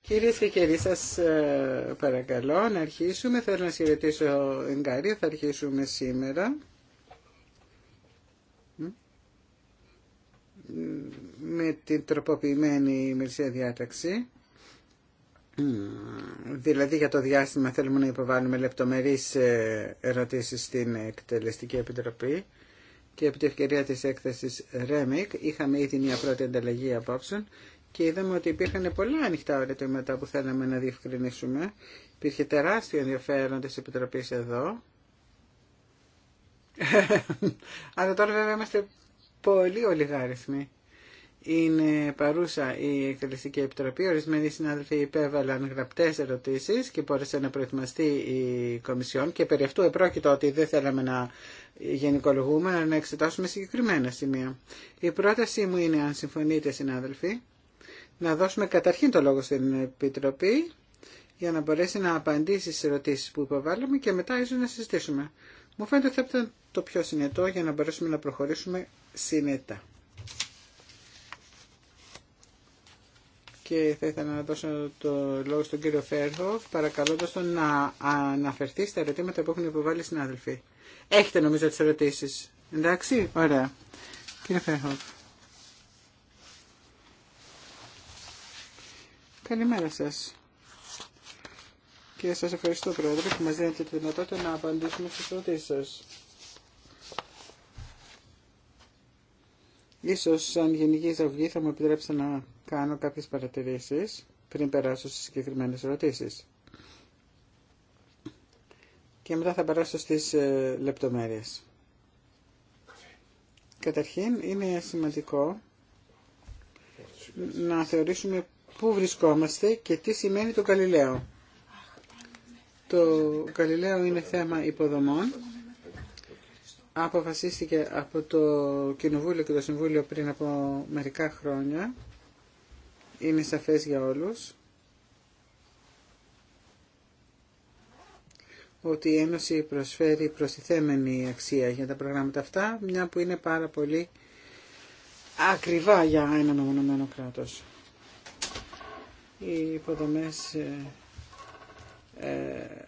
Κυρίε και κύριοι, σας ε, παρακαλώ να αρχίσουμε. Θέλω να σας χαιρετήσω εγκάρια. Θα αρχίσουμε σήμερα. Με την τροποποιημένη μερσία διάταξη. Δηλαδή για το διάστημα θέλουμε να υποβάλουμε λεπτομερείς ε, ερωτήσεις στην Εκτελεστική Επιτροπή και από την ευκαιρία της έκθεσης REMIC είχαμε ήδη μια πρώτη ανταλλαγή απόψεων και είδαμε ότι υπήρχαν πολλά ανοιχτά ερωτήματα που θέλαμε να διευκρινίσουμε. Υπήρχε τεράστιο ενδιαφέρον της Επιτροπής εδώ. Αλλά τώρα βέβαια είμαστε πολύ ολιγάριθμοι. Είναι παρούσα η Εκτελεστική Επιτροπή. Ορισμένοι συνάδελφοι υπέβαλαν γραπτέ ερωτήσει και μπόρεσε να προετοιμαστεί η Κομισιόν. Και περί αυτού επρόκειτο ότι δεν θέλαμε να γενικολογούμε, αλλά να εξετάσουμε συγκεκριμένα σημεία. Η πρότασή μου είναι, αν συμφωνείτε συνάδελφοι, να δώσουμε καταρχήν το λόγο στην Επιτροπή για να μπορέσει να απαντήσει στις ερωτήσεις που υποβάλλουμε και μετά ίσως να συζητήσουμε. Μου φαίνεται ότι θα ήταν το πιο συνετό για να μπορέσουμε να προχωρήσουμε συνετά. Και θα ήθελα να δώσω το λόγο στον κύριο Φέρχοφ, παρακαλώντα τον να αναφερθεί στα ερωτήματα που έχουν υποβάλει οι συνάδελφοι. Έχετε νομίζω τις ερωτήσεις. Εντάξει, ωραία. Κύριε Φέρχοφ. Καλημέρα σας. Και σας ευχαριστώ Πρόεδρε που μας δίνετε τη δυνατότητα να απαντήσουμε στις ερωτήσεις σας. Ίσως σαν γενική εισαγωγή θα μου επιτρέψετε να κάνω κάποιες παρατηρήσεις πριν περάσω στις συγκεκριμένε ερωτήσεις. Και μετά θα περάσω στις ε, λεπτομέρειες. Καταρχήν είναι σημαντικό να θεωρήσουμε πού βρισκόμαστε και τι σημαίνει το Γαλιλαίο. Το Γαλιλαίο είναι θέμα υποδομών. Αποφασίστηκε από το Κοινοβούλιο και το Συμβούλιο πριν από μερικά χρόνια. Είναι σαφές για όλους. ότι η Ένωση προσφέρει προστιθέμενη αξία για τα προγράμματα αυτά, μια που είναι πάρα πολύ ακριβά για ένα ομονωμένο κράτος. Οι υποδομές ε, ε,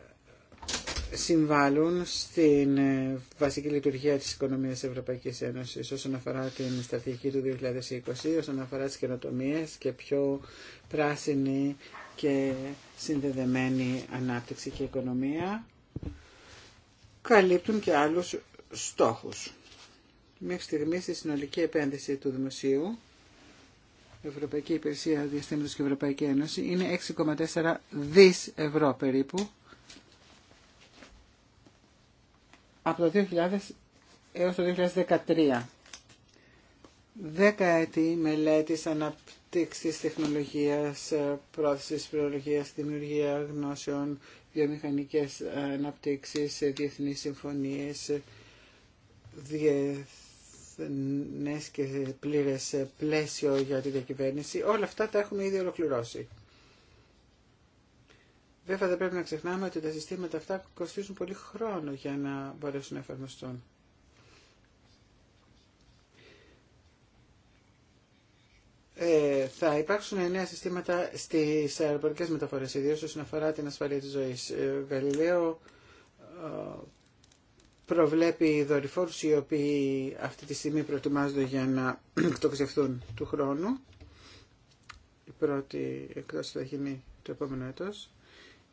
συμβάλλουν στην ε, βασική λειτουργία της οικονομίας της Ευρωπαϊκής Ένωσης όσον αφορά την στρατηγική του 2020, όσον αφορά τις καινοτομίες και πιο πράσινη και συνδεδεμένη ανάπτυξη και οικονομία, καλύπτουν και άλλους στόχους. Μέχρι στιγμή η συνολική επένδυση του Δημοσίου Ευρωπαϊκή Υπηρεσία Διαστήματος και Ευρωπαϊκή Ένωση είναι 6,4 δις ευρώ περίπου από το 2000 έως το 2013. Δέκα έτη μελέτης αναπτύξης τεχνολογίας, ε, πρόθεσης πληρολογίας, δημιουργία γνώσεων, βιομηχανικές αναπτύξεις, ε, διεθνείς συμφωνίες, ε, διεθνείς διεθνές και πλήρε πλαίσιο για τη διακυβέρνηση, όλα αυτά τα έχουμε ήδη ολοκληρώσει. Βέβαια δεν πρέπει να ξεχνάμε ότι τα συστήματα αυτά κοστίζουν πολύ χρόνο για να μπορέσουν να εφαρμοστούν. Ε, θα υπάρξουν νέα συστήματα στις αεροπορικές μεταφορές, ιδίως όσον αφορά την ασφαλεία της ζωής. Ε, ε προβλέπει δορυφόρους οι οποίοι αυτή τη στιγμή προετοιμάζονται για να εκτοξευθούν του χρόνου. Η πρώτη εκδόση θα γίνει το επόμενο έτος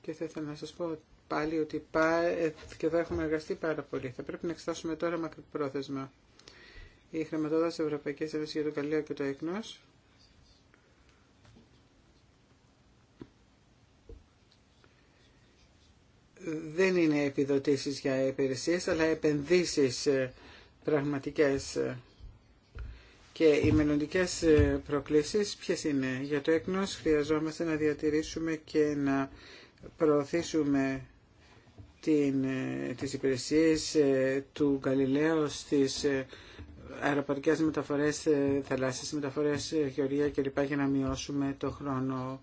και θα ήθελα να σας πω πάλι ότι ε, και εδώ έχουμε εργαστεί πάρα πολύ. Θα πρέπει να εξετάσουμε τώρα μακροπρόθεσμα. Η χρηματοδότηση Ευρωπαϊκή Ένωση για το Καλλιό και το ΕΚΝΟΣ δεν είναι επιδοτήσεις για υπηρεσίες, αλλά επενδύσεις ε, πραγματικές. Και οι μελλοντικέ ε, προκλήσεις ποιες είναι. Για το έκνος χρειαζόμαστε να διατηρήσουμε και να προωθήσουμε την, ε, τις υπηρεσίες του Γαλιλαίου στις αεροπορικές μεταφορές, θαλάσσιες μεταφορές, γεωργία κλπ. για να μειώσουμε το χρόνο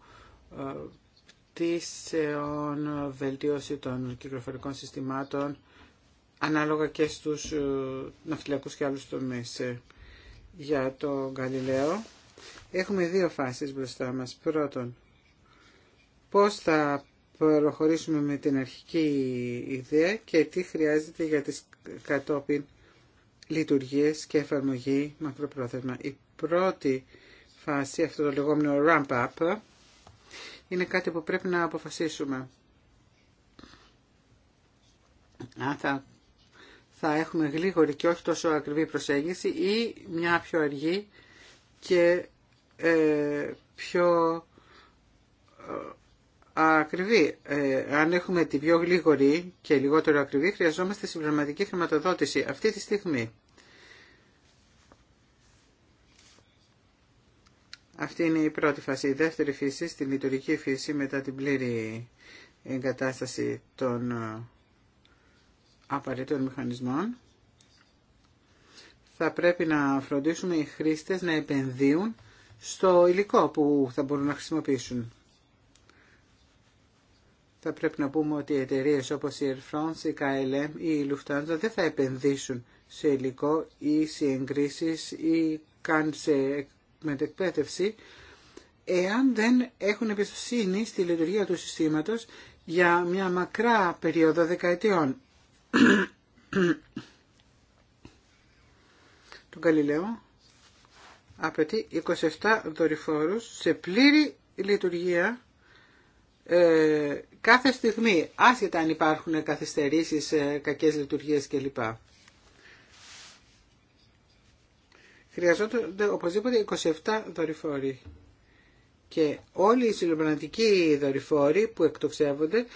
επενδύσεων, βελτίωση των κυκλοφορικών συστημάτων, ανάλογα και στους ε, ναυτιλιακούς και άλλους τομείς. Ε, για το Γαλιλαίο έχουμε δύο φάσεις μπροστά μας. Πρώτον, πώς θα προχωρήσουμε με την αρχική ιδέα και τι χρειάζεται για τις κατόπιν λειτουργίες και εφαρμογή μακροπρόθεσμα. Η πρώτη φάση, αυτό το λεγόμενο ramp-up, είναι κάτι που πρέπει να αποφασίσουμε. Αν θα, έχουμε γλίγορη και όχι τόσο ακριβή προσέγγιση ή μια πιο αργή και ε, πιο ε, ακριβή. Ε, αν έχουμε την πιο γλίγορη και λιγότερο ακριβή, χρειαζόμαστε συμπληρωματική χρηματοδότηση αυτή τη στιγμή. Αυτή είναι η πρώτη φάση. Η δεύτερη φύση, στη λειτουργική φύση, μετά την πλήρη εγκατάσταση των ε, απαραίτητων μηχανισμών, θα πρέπει να φροντίσουμε οι χρήστες να επενδύουν στο υλικό που θα μπορούν να χρησιμοποιήσουν. Θα πρέπει να πούμε ότι οι εταιρείε όπως η Air France, η KLM ή η Lufthansa δεν θα επενδύσουν σε υλικό ή σε εγκρίσεις ή καν σε με εκπαίδευση, εάν δεν έχουν εμπιστοσύνη στη λειτουργία του συστήματος για μια μακρά περίοδο δεκαετιών. το Καλλιλέο απαιτεί 27 δορυφόρους σε πλήρη λειτουργία ε, κάθε στιγμή, άσχετα αν υπάρχουν καθυστερήσεις, ε, κακές λειτουργίες κλπ. χρειαζόταν οπωσδήποτε 27 δορυφόροι. Και όλοι οι συλλομπραντικοί δορυφόροι που εκτοξεύονται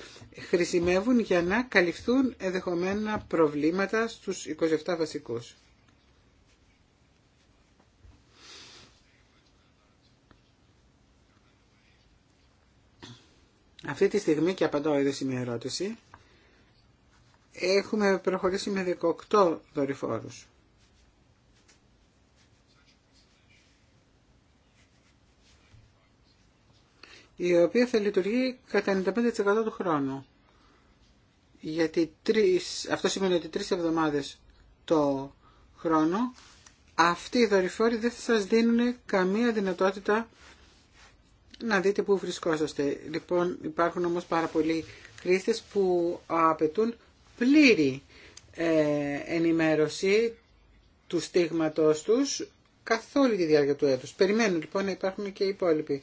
χρησιμεύουν για να καλυφθούν ενδεχομένα προβλήματα στους 27 βασικούς. Αυτή τη στιγμή, και απαντώ ήδη σε μια ερώτηση, έχουμε προχωρήσει με 18 δορυφόρους. η οποία θα λειτουργεί κατά 95% του χρόνου. Γιατί τρεις, αυτό σημαίνει ότι τρεις εβδομάδες το χρόνο αυτοί οι δορυφόροι δεν θα σας δίνουν καμία δυνατότητα να δείτε πού βρισκόσαστε. Λοιπόν υπάρχουν όμως πάρα πολλοί χρήστες που απαιτούν πλήρη ε, ενημέρωση του στίγματός τους καθ' όλη τη διάρκεια του έτους. Περιμένουν λοιπόν να υπάρχουν και οι υπόλοιποι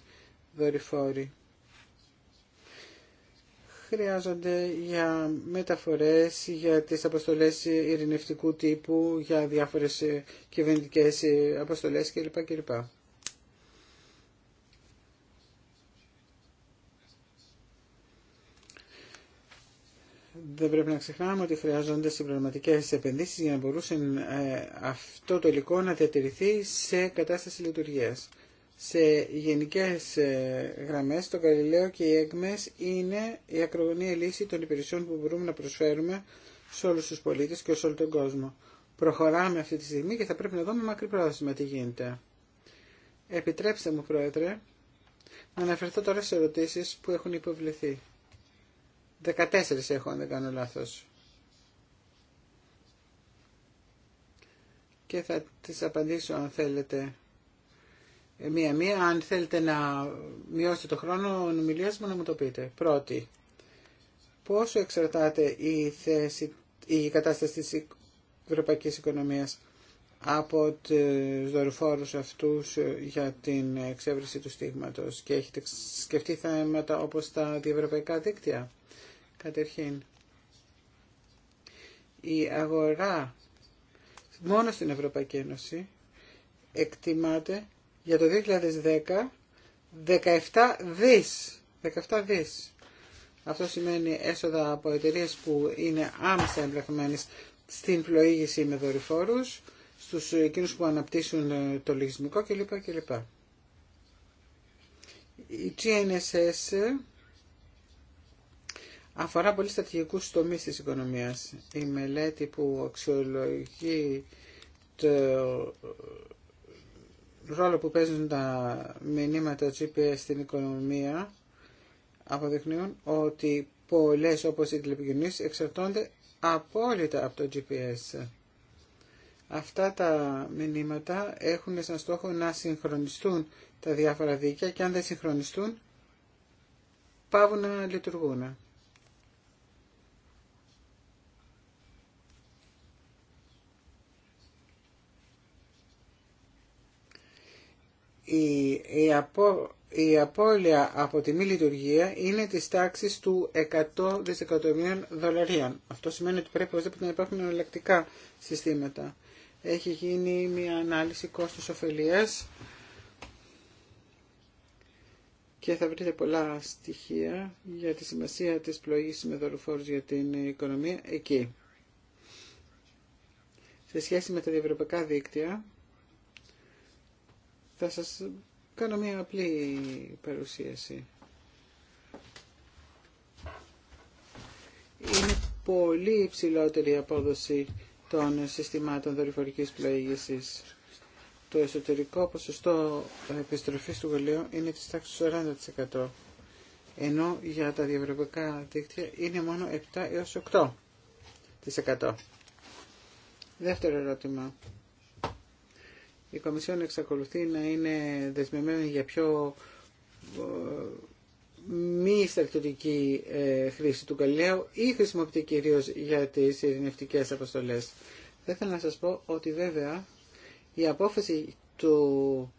χρειάζονται για μεταφορές, για τις αποστολές ειρηνευτικού τύπου, για διάφορες ε, κυβερνητικέ ε, αποστολές κλπ. κλπ. Δεν πρέπει να ξεχνάμε ότι χρειάζονται συμπληρωματικές επενδύσεις για να μπορούσε ε, αυτό το υλικό να διατηρηθεί σε κατάσταση λειτουργίας σε γενικές ε, γραμμές το Γαλιλαίο και οι έγκμες είναι η ακρογωνία λύση των υπηρεσιών που μπορούμε να προσφέρουμε σε όλους τους πολίτες και σε όλο τον κόσμο. Προχωράμε αυτή τη στιγμή και θα πρέπει να δούμε μακρυπρόθεσμα τι γίνεται. Επιτρέψτε μου, Πρόεδρε, να αναφερθώ τώρα σε ερωτήσεις που έχουν υποβληθεί. 14 έχω, αν δεν κάνω λάθος. Και θα τις απαντήσω αν θέλετε μία-μία. Αν θέλετε να μειώσετε το χρόνο ομιλία μου να μου το πείτε. Πρώτη, πόσο εξαρτάται η, θέση, η κατάσταση της ευρωπαϊκής οικονομίας από τους δορυφόρους αυτούς ε, για την εξέβριση του στίγματος και έχετε σκεφτεί θέματα όπως τα διευρωπαϊκά δίκτυα. Κατερχήν, η αγορά μόνο στην Ευρωπαϊκή Ένωση εκτιμάται για το 2010 17 δις. 17 δις. Αυτό σημαίνει έσοδα από εταιρείε που είναι άμεσα εμπλεκμένες στην πλοήγηση με δορυφόρους, στους εκείνους που αναπτύσσουν ε, το λογισμικό κλπ. κλπ. Η GNSS αφορά πολύ στρατηγικούς τομείς της οικονομίας. Η μελέτη που αξιολογεί το ρόλο που παίζουν τα μηνύματα GPS στην οικονομία αποδεικνύουν ότι πολλές όπως οι τηλεπικοινωνίες εξαρτώνται απόλυτα από το GPS. Αυτά τα μηνύματα έχουν σαν στόχο να συγχρονιστούν τα διάφορα δίκαια και αν δεν συγχρονιστούν πάβουν να λειτουργούν. η, η, απο, απώλεια από τη μη λειτουργία είναι της τάξης του 100 δισεκατομμυρίων δολαρίων. Αυτό σημαίνει ότι πρέπει οπωσδήποτε να υπάρχουν εναλλακτικά συστήματα. Έχει γίνει μια ανάλυση κοστος ωφελίας και θα βρείτε πολλά στοιχεία για τη σημασία της πλοήγησης με δολοφόρους για την οικονομία εκεί. Σε σχέση με τα διευρωπαϊκά δίκτυα, θα σας κάνω μια απλή παρουσίαση. Είναι πολύ υψηλότερη η απόδοση των συστημάτων δορυφορικής πλοήγησης. Το εσωτερικό ποσοστό επιστροφής του γολίου είναι της τάξης 40%, ενώ για τα διευρωπαϊκά δίκτυα είναι μόνο 7 έως 8%. Δεύτερο ερώτημα η Κομισιόν εξακολουθεί να είναι δεσμευμένη για πιο ε, μη στρατιωτική ε, χρήση του Γαλιλαίου ή χρησιμοποιείται κυρίως για τις ειρηνευτικές αποστολές. Θα ήθελα να σας πω ότι βέβαια η απόφαση του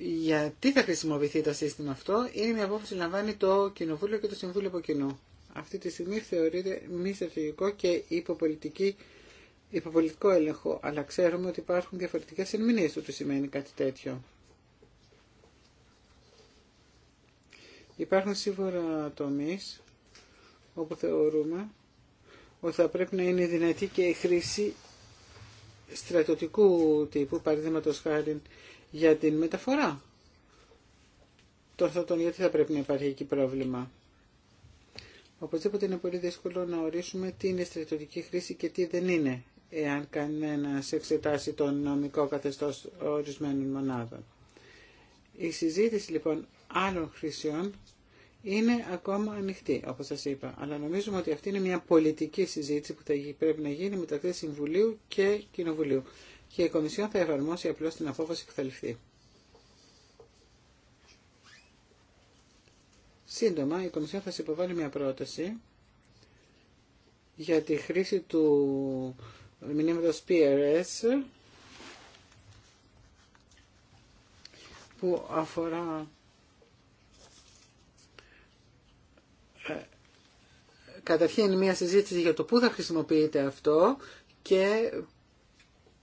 γιατί θα χρησιμοποιηθεί το σύστημα αυτό είναι μια απόφαση που λαμβάνει το Κοινοβούλιο και το Συμβούλιο από κοινού. Αυτή τη στιγμή θεωρείται μη στρατιωτικό και υποπολιτική υποπολιτικό έλεγχο, αλλά ξέρουμε ότι υπάρχουν διαφορετικές ερμηνείες του τι σημαίνει κάτι τέτοιο. Υπάρχουν σίγουρα τομείς όπου θεωρούμε ότι θα πρέπει να είναι δυνατή και η χρήση στρατιωτικού τύπου, παραδείγματο χάρη για την μεταφορά των στρατών, γιατί θα πρέπει να υπάρχει εκεί πρόβλημα. Οπωσδήποτε είναι πολύ δύσκολο να ορίσουμε τι είναι στρατιωτική χρήση και τι δεν είναι εάν κανένας εξετάσει τον νομικό καθεστώς ορισμένων μονάδων. Η συζήτηση λοιπόν άλλων χρήσεων είναι ακόμα ανοιχτή, όπως σας είπα. Αλλά νομίζουμε ότι αυτή είναι μια πολιτική συζήτηση που θα πρέπει να γίνει μεταξύ Συμβουλίου και Κοινοβουλίου. Και η Κομισιόν θα εφαρμόσει απλώς την απόφαση που θα ληφθεί. Σύντομα, η Κομισιόν θα σε υποβάλει μια πρόταση για τη χρήση του μηνύματος PRS που αφορά ε, καταρχήν μια συζήτηση για το πού θα χρησιμοποιείται αυτό και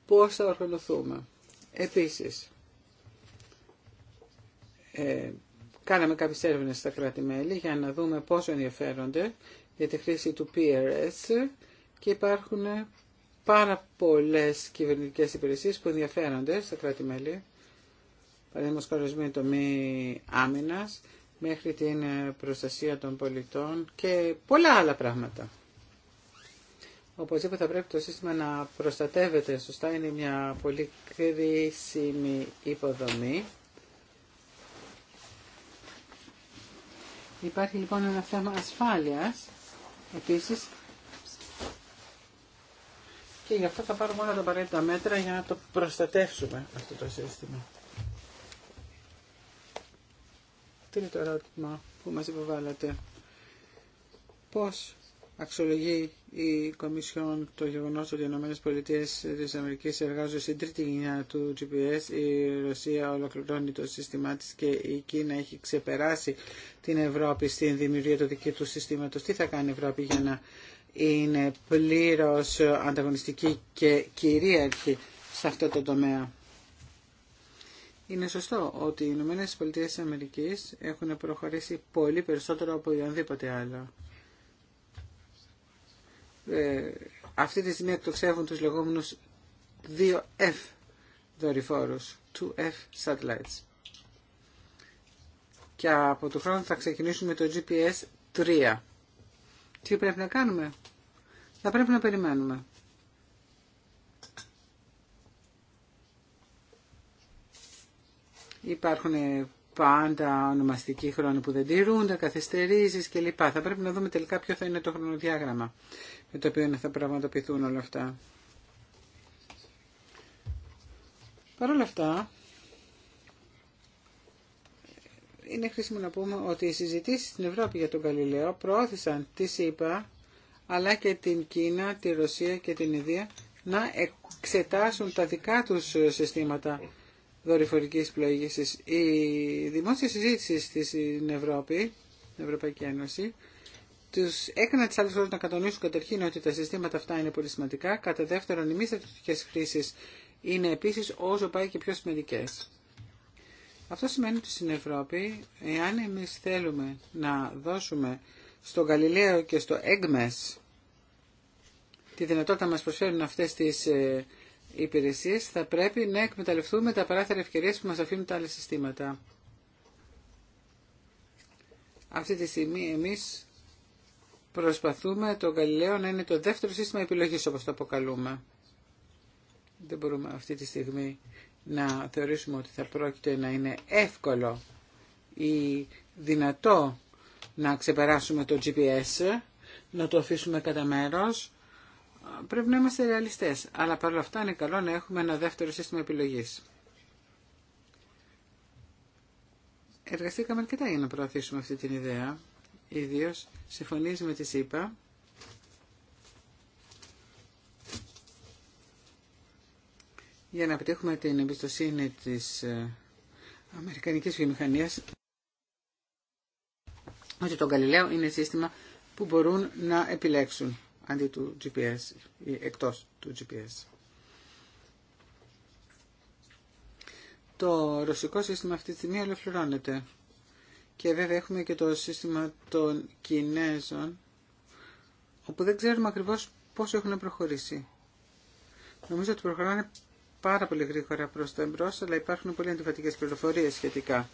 πώς θα οργανωθούμε. Επίσης, ε, κάναμε κάποιες έρευνες στα κράτη-μέλη για να δούμε πόσο ενδιαφέρονται για τη χρήση του PRS και υπάρχουν πάρα πολλέ κυβερνητικέ υπηρεσίες που ενδιαφέρονται στα κράτη-μέλη, παραδείγματος κανονισμένοι τομεί Άμυνα μέχρι την προστασία των πολιτών και πολλά άλλα πράγματα. Οπωσδήποτε θα πρέπει το σύστημα να προστατεύεται σωστά, είναι μια πολύ κρίσιμη υποδομή. Υπάρχει λοιπόν ένα θέμα ασφάλειας επίσης και γι' αυτό θα πάρουμε όλα τα απαραίτητα μέτρα για να το προστατεύσουμε αυτό το σύστημα. είναι το ερώτημα που μας υποβάλλατε. Πώς αξιολογεί η Κομισιόν το γεγονός ότι οι ΗΠΑ της Αμερικής εργάζονται στην τρίτη γενιά του GPS, η Ρωσία ολοκληρώνει το σύστημά της και η Κίνα έχει ξεπεράσει την Ευρώπη στην δημιουργία του δικού του συστήματος. Τι θα κάνει η Ευρώπη για να είναι πλήρως ανταγωνιστική και κυρίαρχη σε αυτό το τομέα. Είναι σωστό ότι οι Ηνωμένε Πολιτείε Αμερική έχουν προχωρήσει πολύ περισσότερο από οποιονδήποτε άλλο. Ε, αυτή τη στιγμή εκτοξεύουν τους λεγόμενους 2F δορυφόρους, 2F satellites. Και από το χρόνο θα ξεκινήσουμε το GPS 3. Τι πρέπει να κάνουμε. Θα πρέπει να περιμένουμε. Υπάρχουν πάντα ονομαστικοί χρόνοι που δεν τηρούνται, καθυστερήσει κλπ. Θα πρέπει να δούμε τελικά ποιο θα είναι το χρονοδιάγραμμα με το οποίο θα πραγματοποιηθούν όλα αυτά. Παρ' όλα αυτά, είναι χρήσιμο να πούμε ότι οι συζητήσεις στην Ευρώπη για τον Καλλιλέο προώθησαν τη ΣΥΠΑ αλλά και την Κίνα, τη Ρωσία και την Ιδία να εξετάσουν τα δικά τους συστήματα δορυφορικής πλοήγησης. Η δημόσια συζήτηση στην Ευρώπη, την Ευρωπαϊκή Ένωση, τους έκανα τις άλλες να κατανοήσουν καταρχήν ότι τα συστήματα αυτά είναι πολύ σημαντικά, κατά δεύτερον οι μη στρατιωτικές χρήσεις είναι επίσης όσο πάει και πιο σημαντικές. Αυτό σημαίνει ότι στην Ευρώπη, εάν εμείς θέλουμε να δώσουμε στο Γαλιλαίο και στο ΕΓΜΕΣ τη δυνατότητα να μας προσφέρουν αυτές τις ε, υπηρεσίες, θα πρέπει να εκμεταλλευτούμε τα παράθυρα ευκαιρίες που μας αφήνουν τα άλλα συστήματα. Αυτή τη στιγμή εμείς προσπαθούμε το Γαλιλαίο να είναι το δεύτερο σύστημα επιλογής όπως το αποκαλούμε. Δεν μπορούμε αυτή τη στιγμή να θεωρήσουμε ότι θα πρόκειται να είναι εύκολο ή δυνατό να ξεπεράσουμε το GPS, να το αφήσουμε κατά μέρος. Πρέπει να είμαστε ρεαλιστές, αλλά παρόλα αυτά είναι καλό να έχουμε ένα δεύτερο σύστημα επιλογής. Εργαστήκαμε αρκετά για να προωθήσουμε αυτή την ιδέα, ιδίως συμφωνείς με τη ΣΥΠΑ, για να πετύχουμε την εμπιστοσύνη της ε, Αμερικανικής βιομηχανίας ότι το Γαλιλαίο είναι σύστημα που μπορούν να επιλέξουν αντί του GPS ή εκτός του GPS. Το ρωσικό σύστημα αυτή τη στιγμή ολοκληρώνεται. Και βέβαια έχουμε και το σύστημα των Κινέζων, όπου δεν ξέρουμε ακριβώς πόσο έχουν προχωρήσει. Νομίζω ότι προχωράνε πάρα πολύ γρήγορα προς το εμπρός, αλλά υπάρχουν πολύ αντιφατικές πληροφορίες σχετικά.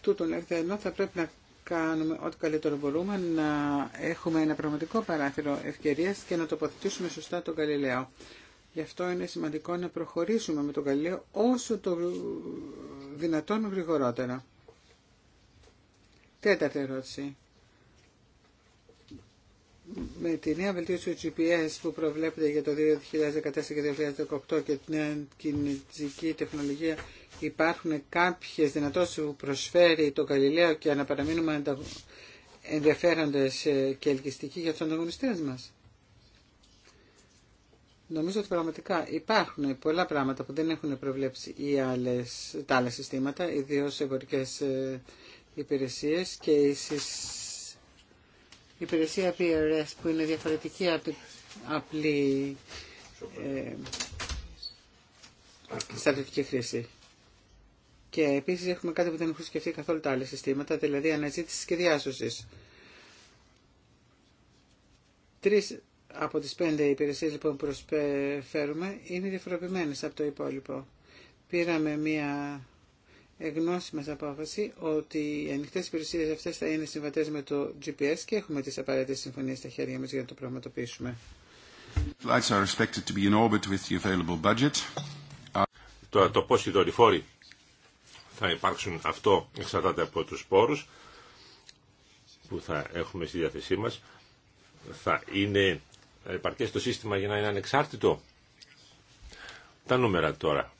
Τούτον ενώ θα πρέπει να κάνουμε ό,τι καλύτερο μπορούμε, να έχουμε ένα πραγματικό παράθυρο ευκαιρίας και να τοποθετήσουμε σωστά τον Γαλιλαίο. Γι' αυτό είναι σημαντικό να προχωρήσουμε με τον Γαλιλαίο όσο το δυνατόν γρηγορότερα. Τέταρτη ερώτηση με τη νέα βελτίωση του GPS που προβλέπεται για το 2014 και 2018 και την νέα κινητική τεχνολογία υπάρχουν κάποιες δυνατότητες που προσφέρει το Γαλιλαίο και να παραμείνουμε ενδιαφέροντες και ελκυστικοί για τους ανταγωνιστές μας. Νομίζω ότι πραγματικά υπάρχουν πολλά πράγματα που δεν έχουν προβλέψει οι άλλες, τα άλλα συστήματα, ιδίως εμπορικές ε, υπηρεσίες και οι η υπηρεσία PRS που είναι διαφορετική από την απλή ε, χρήση. Και επίσης έχουμε κάτι που δεν έχουν σκεφτεί καθόλου τα άλλα συστήματα, δηλαδή αναζήτηση και διάσωση. Τρεις από τις πέντε υπηρεσίες λοιπόν που προσφέρουμε είναι διαφοροποιημένες από το υπόλοιπο. Πήραμε μία γνώση μας απόφαση ότι οι ανοιχτές υπηρεσίε αυτές θα είναι συμβατές με το GPS και έχουμε τις απαραίτητες συμφωνίες στα χέρια μας για να το πραγματοποιήσουμε. Τώρα το πώς οι δορυφόροι θα υπάρξουν αυτό εξαρτάται από τους πόρους που θα έχουμε στη διάθεσή μας. Θα είναι επαρκές το σύστημα για να είναι ανεξάρτητο. Τα νούμερα τώρα.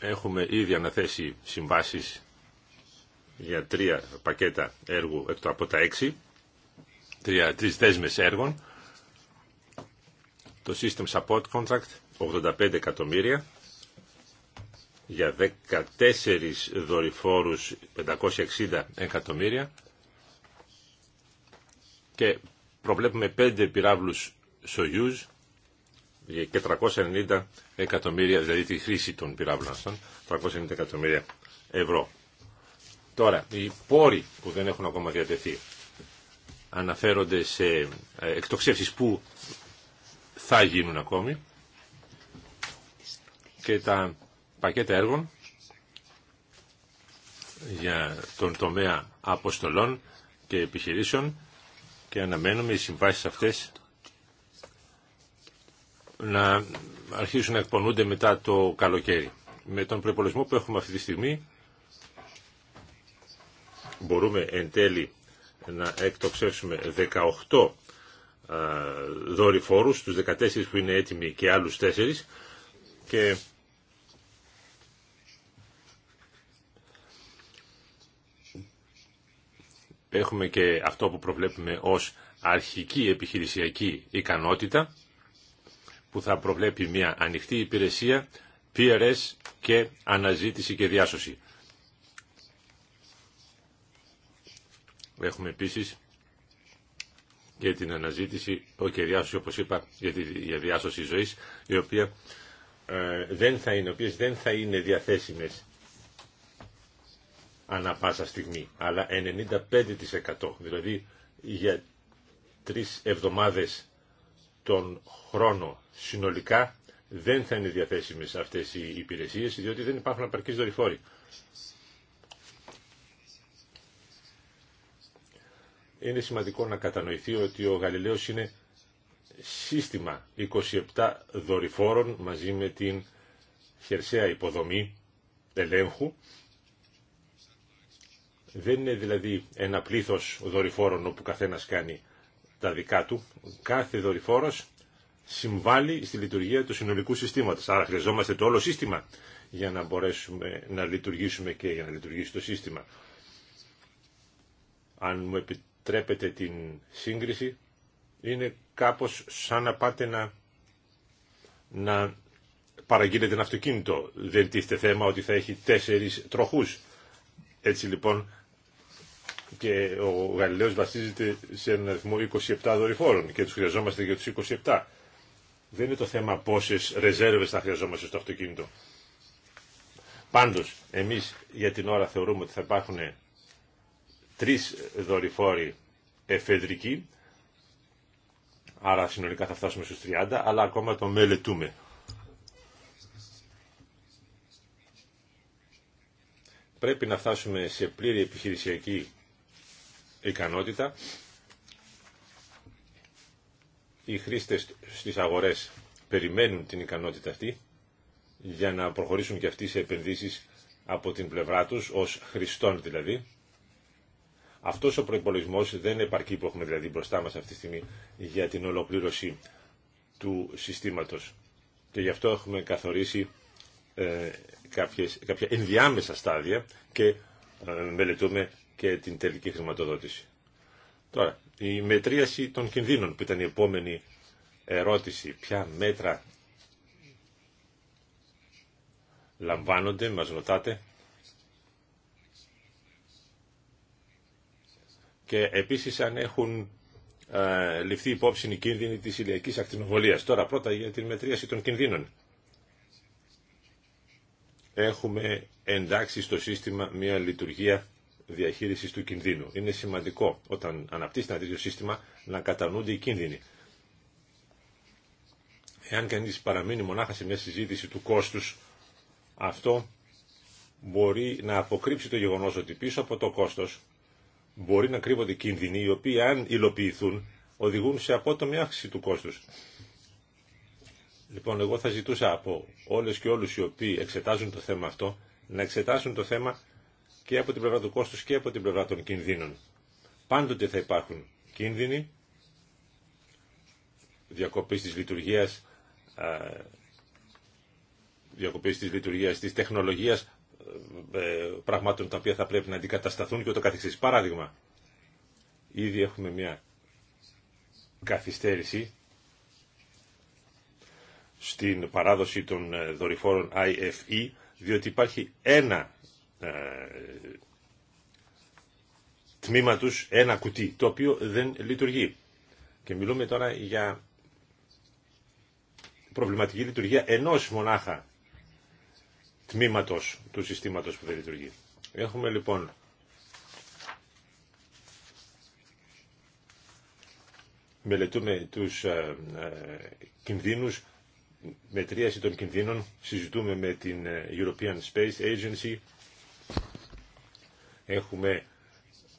Έχουμε ήδη αναθέσει συμβάσεις για τρία πακέτα έργου εκτό από τα έξι, τρία, τρεις δέσμες έργων, το System Support Contract 85 εκατομμύρια για 14 δορυφόρους 560 εκατομμύρια και προβλέπουμε 5 πυράβλους Soyuz και 390 εκατομμύρια, δηλαδή τη χρήση των πυράβλων αυτών, 390 εκατομμύρια ευρώ. Τώρα, οι πόροι που δεν έχουν ακόμα διατεθεί αναφέρονται σε ε, εκτοξεύσεις που θα γίνουν ακόμη και τα πακέτα έργων για τον τομέα αποστολών και επιχειρήσεων και αναμένουμε οι συμβάσεις αυτές να αρχίσουν να εκπονούνται μετά το καλοκαίρι. Με τον προπολογισμό που έχουμε αυτή τη στιγμή μπορούμε εν τέλει να εκτοξεύσουμε 18 δορυφόρους, τους 14 που είναι έτοιμοι και άλλους 4 και έχουμε και αυτό που προβλέπουμε ως αρχική επιχειρησιακή ικανότητα που θα προβλέπει μια ανοιχτή υπηρεσία PRS και αναζήτηση και διάσωση. Έχουμε επίσης και την αναζήτηση και διάσωση, όπως είπα, για τη διάσωση ζωής, η οποία ε, δεν θα είναι, οποίες δεν θα είναι διαθέσιμες ανά πάσα στιγμή, αλλά 95%. Δηλαδή για τρεις εβδομάδες τον χρόνο συνολικά δεν θα είναι διαθέσιμες αυτές οι υπηρεσίες, διότι δεν υπάρχουν απαρκείς δορυφόροι. Είναι σημαντικό να κατανοηθεί ότι ο Γαλιλαίος είναι σύστημα 27 δορυφόρων μαζί με την χερσαία υποδομή ελέγχου. Δεν είναι δηλαδή ένα πλήθος δορυφόρων όπου καθένας κάνει τα δικά του. Κάθε δορυφόρος συμβάλλει στη λειτουργία του συνολικού συστήματος. Άρα χρειαζόμαστε το όλο σύστημα για να μπορέσουμε να λειτουργήσουμε και για να λειτουργήσει το σύστημα. Αν μου επιτρέπετε την σύγκριση, είναι κάπως σαν να πάτε να, να παραγγείλετε ένα αυτοκίνητο. Δεν τίθεται θέμα ότι θα έχει τέσσερις τροχούς. Έτσι λοιπόν και ο Γαλιλαίος βασίζεται σε έναν αριθμό 27 δορυφόρων και τους χρειαζόμαστε για τους 27. Δεν είναι το θέμα πόσες ρεζέρβες θα χρειαζόμαστε στο αυτοκίνητο. Πάντως, εμείς για την ώρα θεωρούμε ότι θα υπάρχουν τρεις δορυφόροι εφεδρικοί, άρα συνολικά θα φτάσουμε στους 30, αλλά ακόμα το μελετούμε. Πρέπει να φτάσουμε σε πλήρη επιχειρησιακή ικανότητα. Οι χρήστες στις αγορές περιμένουν την ικανότητα αυτή για να προχωρήσουν και αυτοί σε επενδύσεις από την πλευρά τους, ως χρηστών δηλαδή. Αυτός ο προϋπολογισμός δεν επαρκεί που έχουμε δηλαδή μπροστά μας αυτή τη στιγμή για την ολοκλήρωση του συστήματος. Και γι' αυτό έχουμε καθορίσει ε, κάποιες, κάποια ενδιάμεσα στάδια και ε, μελετούμε και την τελική χρηματοδότηση. Τώρα, η μετρίαση των κινδύνων που ήταν η επόμενη ερώτηση. Ποια μέτρα λαμβάνονται, μας ρωτάτε. Και επίσης αν έχουν ε, ληφθεί υπόψη οι κίνδυνοι της ηλιακής ακτινοβολίας. Τώρα πρώτα για την μετρίαση των κινδύνων. Έχουμε εντάξει στο σύστημα μια λειτουργία Διαχείριση του κινδύνου. Είναι σημαντικό όταν αναπτύσσεται ένα τέτοιο σύστημα να κατανοούνται οι κίνδυνοι. Εάν κανεί παραμείνει μονάχα σε μια συζήτηση του κόστου, αυτό μπορεί να αποκρύψει το γεγονό ότι πίσω από το κόστο μπορεί να κρύβονται κίνδυνοι οι οποίοι αν υλοποιηθούν οδηγούν σε απότομη αύξηση του κόστους. Λοιπόν, εγώ θα ζητούσα από όλες και όλους οι οποίοι εξετάζουν το θέμα αυτό να εξετάσουν το θέμα και από την πλευρά του κόστους και από την πλευρά των κινδύνων. Πάντοτε θα υπάρχουν κίνδυνοι διακοπής της λειτουργίας διακοπής της λειτουργίας της τεχνολογίας ε, πραγμάτων τα οποία θα πρέπει να αντικατασταθούν και ούτω καθεξής. Παράδειγμα, ήδη έχουμε μια καθυστέρηση στην παράδοση των ε, δορυφόρων IFE, διότι υπάρχει ένα ε, τμήμα τους ένα κουτί, το οποίο δεν λειτουργεί. Και μιλούμε τώρα για προβληματική λειτουργία ενός μονάχα τμήματος του συστήματος που δεν λειτουργεί. Έχουμε λοιπόν μελετούμε τους ε, ε, κινδύνους, μετρίαση των κινδύνων, συζητούμε με την ε, European Space Agency, Έχουμε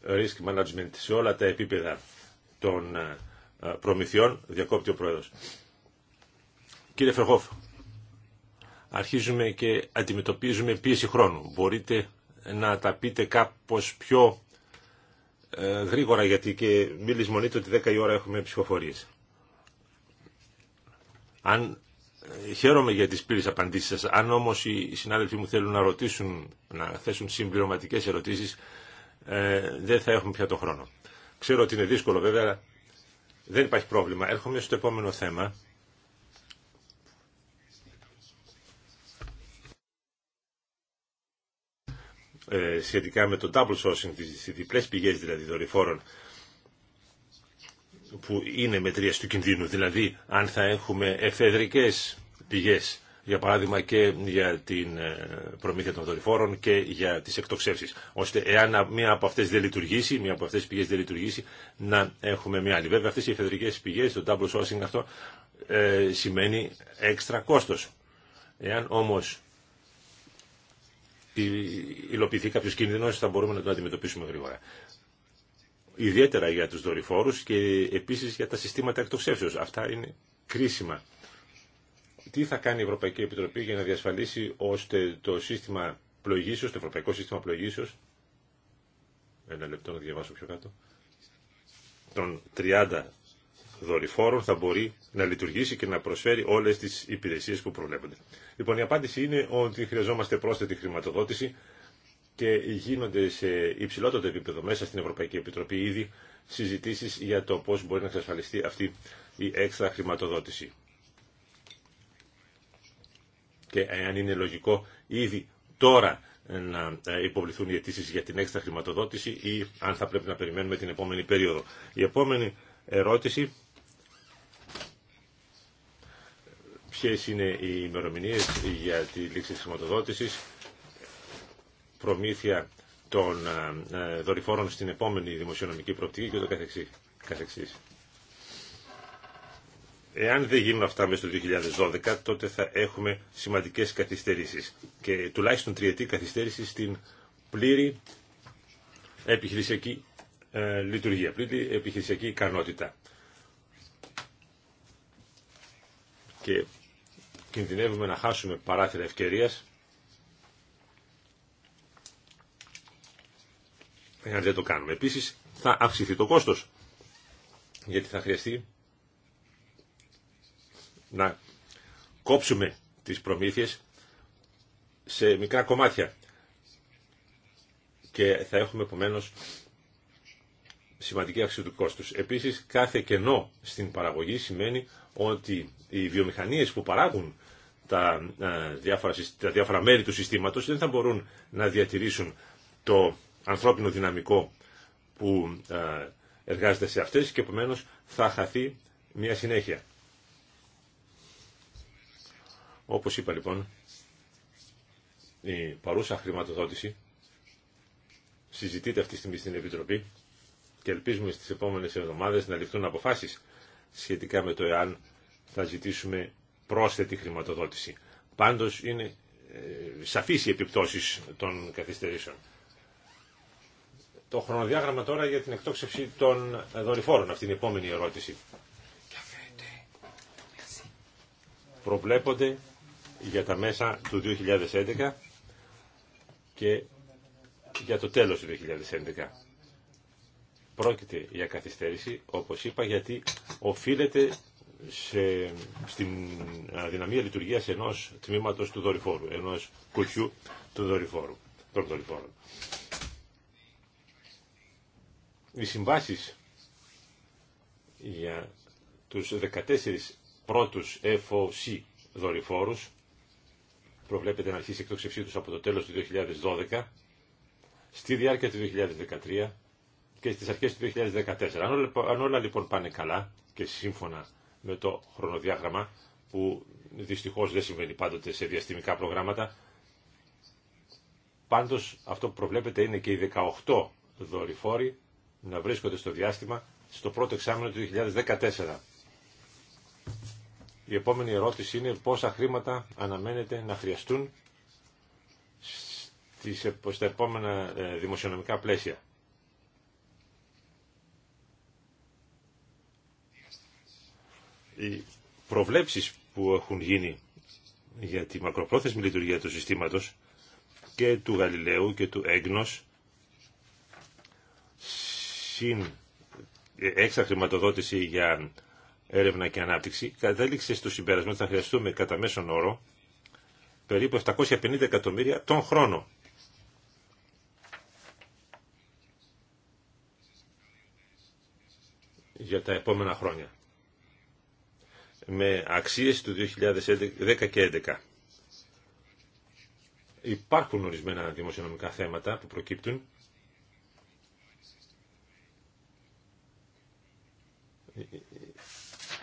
risk management σε όλα τα επίπεδα των ε, προμηθειών, διακόπτει ο Πρόεδρος. Κύριε Φερχόφ, αρχίζουμε και αντιμετωπίζουμε πίεση χρόνου. Μπορείτε να τα πείτε κάπως πιο ε, γρήγορα, γιατί και μη λησμονείτε ότι 10 η ώρα έχουμε ψηφοφορίες. Αν Χαίρομαι για τις πλήρες απαντήσεις σας. Αν όμως οι συνάδελφοί μου θέλουν να ρωτήσουν, να θέσουν συμπληρωματικές ερωτήσεις, ε, δεν θα έχουμε πια τον χρόνο. Ξέρω ότι είναι δύσκολο βέβαια, δεν υπάρχει πρόβλημα. Έρχομαι στο επόμενο θέμα. Ε, σχετικά με το double sourcing, τις διπλές πηγές δηλαδή δορυφόρων που είναι μετρία του κινδύνου, δηλαδή αν θα έχουμε εφεδρικές πηγές, για παράδειγμα και για την ε, προμήθεια των δορυφόρων και για τις εκτοξεύσεις, ώστε εάν μία από αυτές δεν λειτουργήσει, μία από αυτές τις πηγές δεν λειτουργήσει, να έχουμε μία άλλη. Βέβαια αυτές οι εφεδρικές πηγές, το double sourcing αυτό, ε, σημαίνει έξτρα κόστος. Εάν όμως υλοποιηθεί κάποιος κίνδυνος θα μπορούμε να το αντιμετωπίσουμε γρήγορα ιδιαίτερα για τους δορυφόρους και επίσης για τα συστήματα εκτοξεύσεως. Αυτά είναι κρίσιμα. Τι θα κάνει η Ευρωπαϊκή Επιτροπή για να διασφαλίσει ώστε το σύστημα πλογήσεως, το ευρωπαϊκό σύστημα Πλογήσεως, ένα λεπτό να διαβάσω πιο κάτω, των 30 δορυφόρων θα μπορεί να λειτουργήσει και να προσφέρει όλες τις υπηρεσίες που προβλέπονται. Λοιπόν, η απάντηση είναι ότι χρειαζόμαστε πρόσθετη χρηματοδότηση και γίνονται σε υψηλότερο επίπεδο μέσα στην Ευρωπαϊκή Επιτροπή ήδη συζητήσεις για το πώς μπορεί να εξασφαλιστεί αυτή η έξτρα χρηματοδότηση. Και αν είναι λογικό ήδη τώρα να ε, υποβληθούν οι αιτήσει για την έξτρα χρηματοδότηση ή αν θα πρέπει να περιμένουμε την επόμενη περίοδο. Η επόμενη ερώτηση ποιες είναι οι ημερομηνίε για τη λήξη της χρηματοδότησης προμήθεια των ε, ε, δορυφόρων στην επόμενη δημοσιονομική προοπτική και ούτω καθεξής. Εάν δεν γίνουν αυτά μέσα στο 2012, τότε θα έχουμε σημαντικές καθυστερήσεις και τουλάχιστον τριετή καθυστέρηση στην πλήρη επιχειρησιακή ε, λειτουργία, πλήρη επιχειρησιακή ικανότητα. Και κινδυνεύουμε να χάσουμε παράθυρα ευκαιρίας εάν δεν το κάνουμε. Επίσης θα αυξηθεί το κόστος, γιατί θα χρειαστεί να κόψουμε τις προμήθειες σε μικρά κομμάτια και θα έχουμε επομένως σημαντική αύξηση του κόστους. Επίσης κάθε κενό στην παραγωγή σημαίνει ότι οι βιομηχανίες που παράγουν τα ε, διάφορα, τα διάφορα μέρη του συστήματος δεν θα μπορούν να διατηρήσουν το ανθρώπινο δυναμικό που ε, εργάζεται σε αυτές και επομένω θα χαθεί μια συνέχεια. Όπως είπα λοιπόν, η παρούσα χρηματοδότηση συζητείται αυτή τη στιγμή στην Επιτροπή και ελπίζουμε στις επόμενες εβδομάδες να ληφθούν αποφάσεις σχετικά με το εάν θα ζητήσουμε πρόσθετη χρηματοδότηση. Πάντως είναι ε, σαφής οι επιπτώσεις των καθυστερήσεων. Το χρονοδιάγραμμα τώρα για την εκτόξευση των δορυφόρων. Αυτή είναι η επόμενη ερώτηση. Προβλέπονται για τα μέσα του 2011 και για το τέλος του 2011. Πρόκειται για καθυστέρηση, όπως είπα, γιατί οφείλεται σε, στην αδυναμία λειτουργίας ενός τμήματος του δορυφόρου, ενός κουτιού του δορυφόρου, των δορυφόρων οι συμβάσεις για τους 14 πρώτους FOC δορυφόρους προβλέπεται να αρχίσει η εκτόξευσή τους από το τέλος του 2012 στη διάρκεια του 2013 και στις αρχές του 2014. Αν όλα, αν όλα λοιπόν πάνε καλά και σύμφωνα με το χρονοδιάγραμμα που δυστυχώς δεν συμβαίνει πάντοτε σε διαστημικά προγράμματα πάντως αυτό που προβλέπεται είναι και οι 18 δορυφόροι να βρίσκονται στο διάστημα στο πρώτο εξάμεινο του 2014. Η επόμενη ερώτηση είναι πόσα χρήματα αναμένεται να χρειαστούν στις, στα επόμενα ε, δημοσιονομικά πλαίσια. Οι προβλέψεις που έχουν γίνει για τη μακροπρόθεσμη λειτουργία του συστήματος και του Γαλιλαίου και του Έγνος συν έξα χρηματοδότηση για έρευνα και ανάπτυξη, κατέληξε στο συμπέρασμα ότι θα χρειαστούμε κατά μέσον όρο περίπου 750 εκατομμύρια τον χρόνο. για τα επόμενα χρόνια. Με αξίες του 2010 και 2011. Υπάρχουν ορισμένα δημοσιονομικά θέματα που προκύπτουν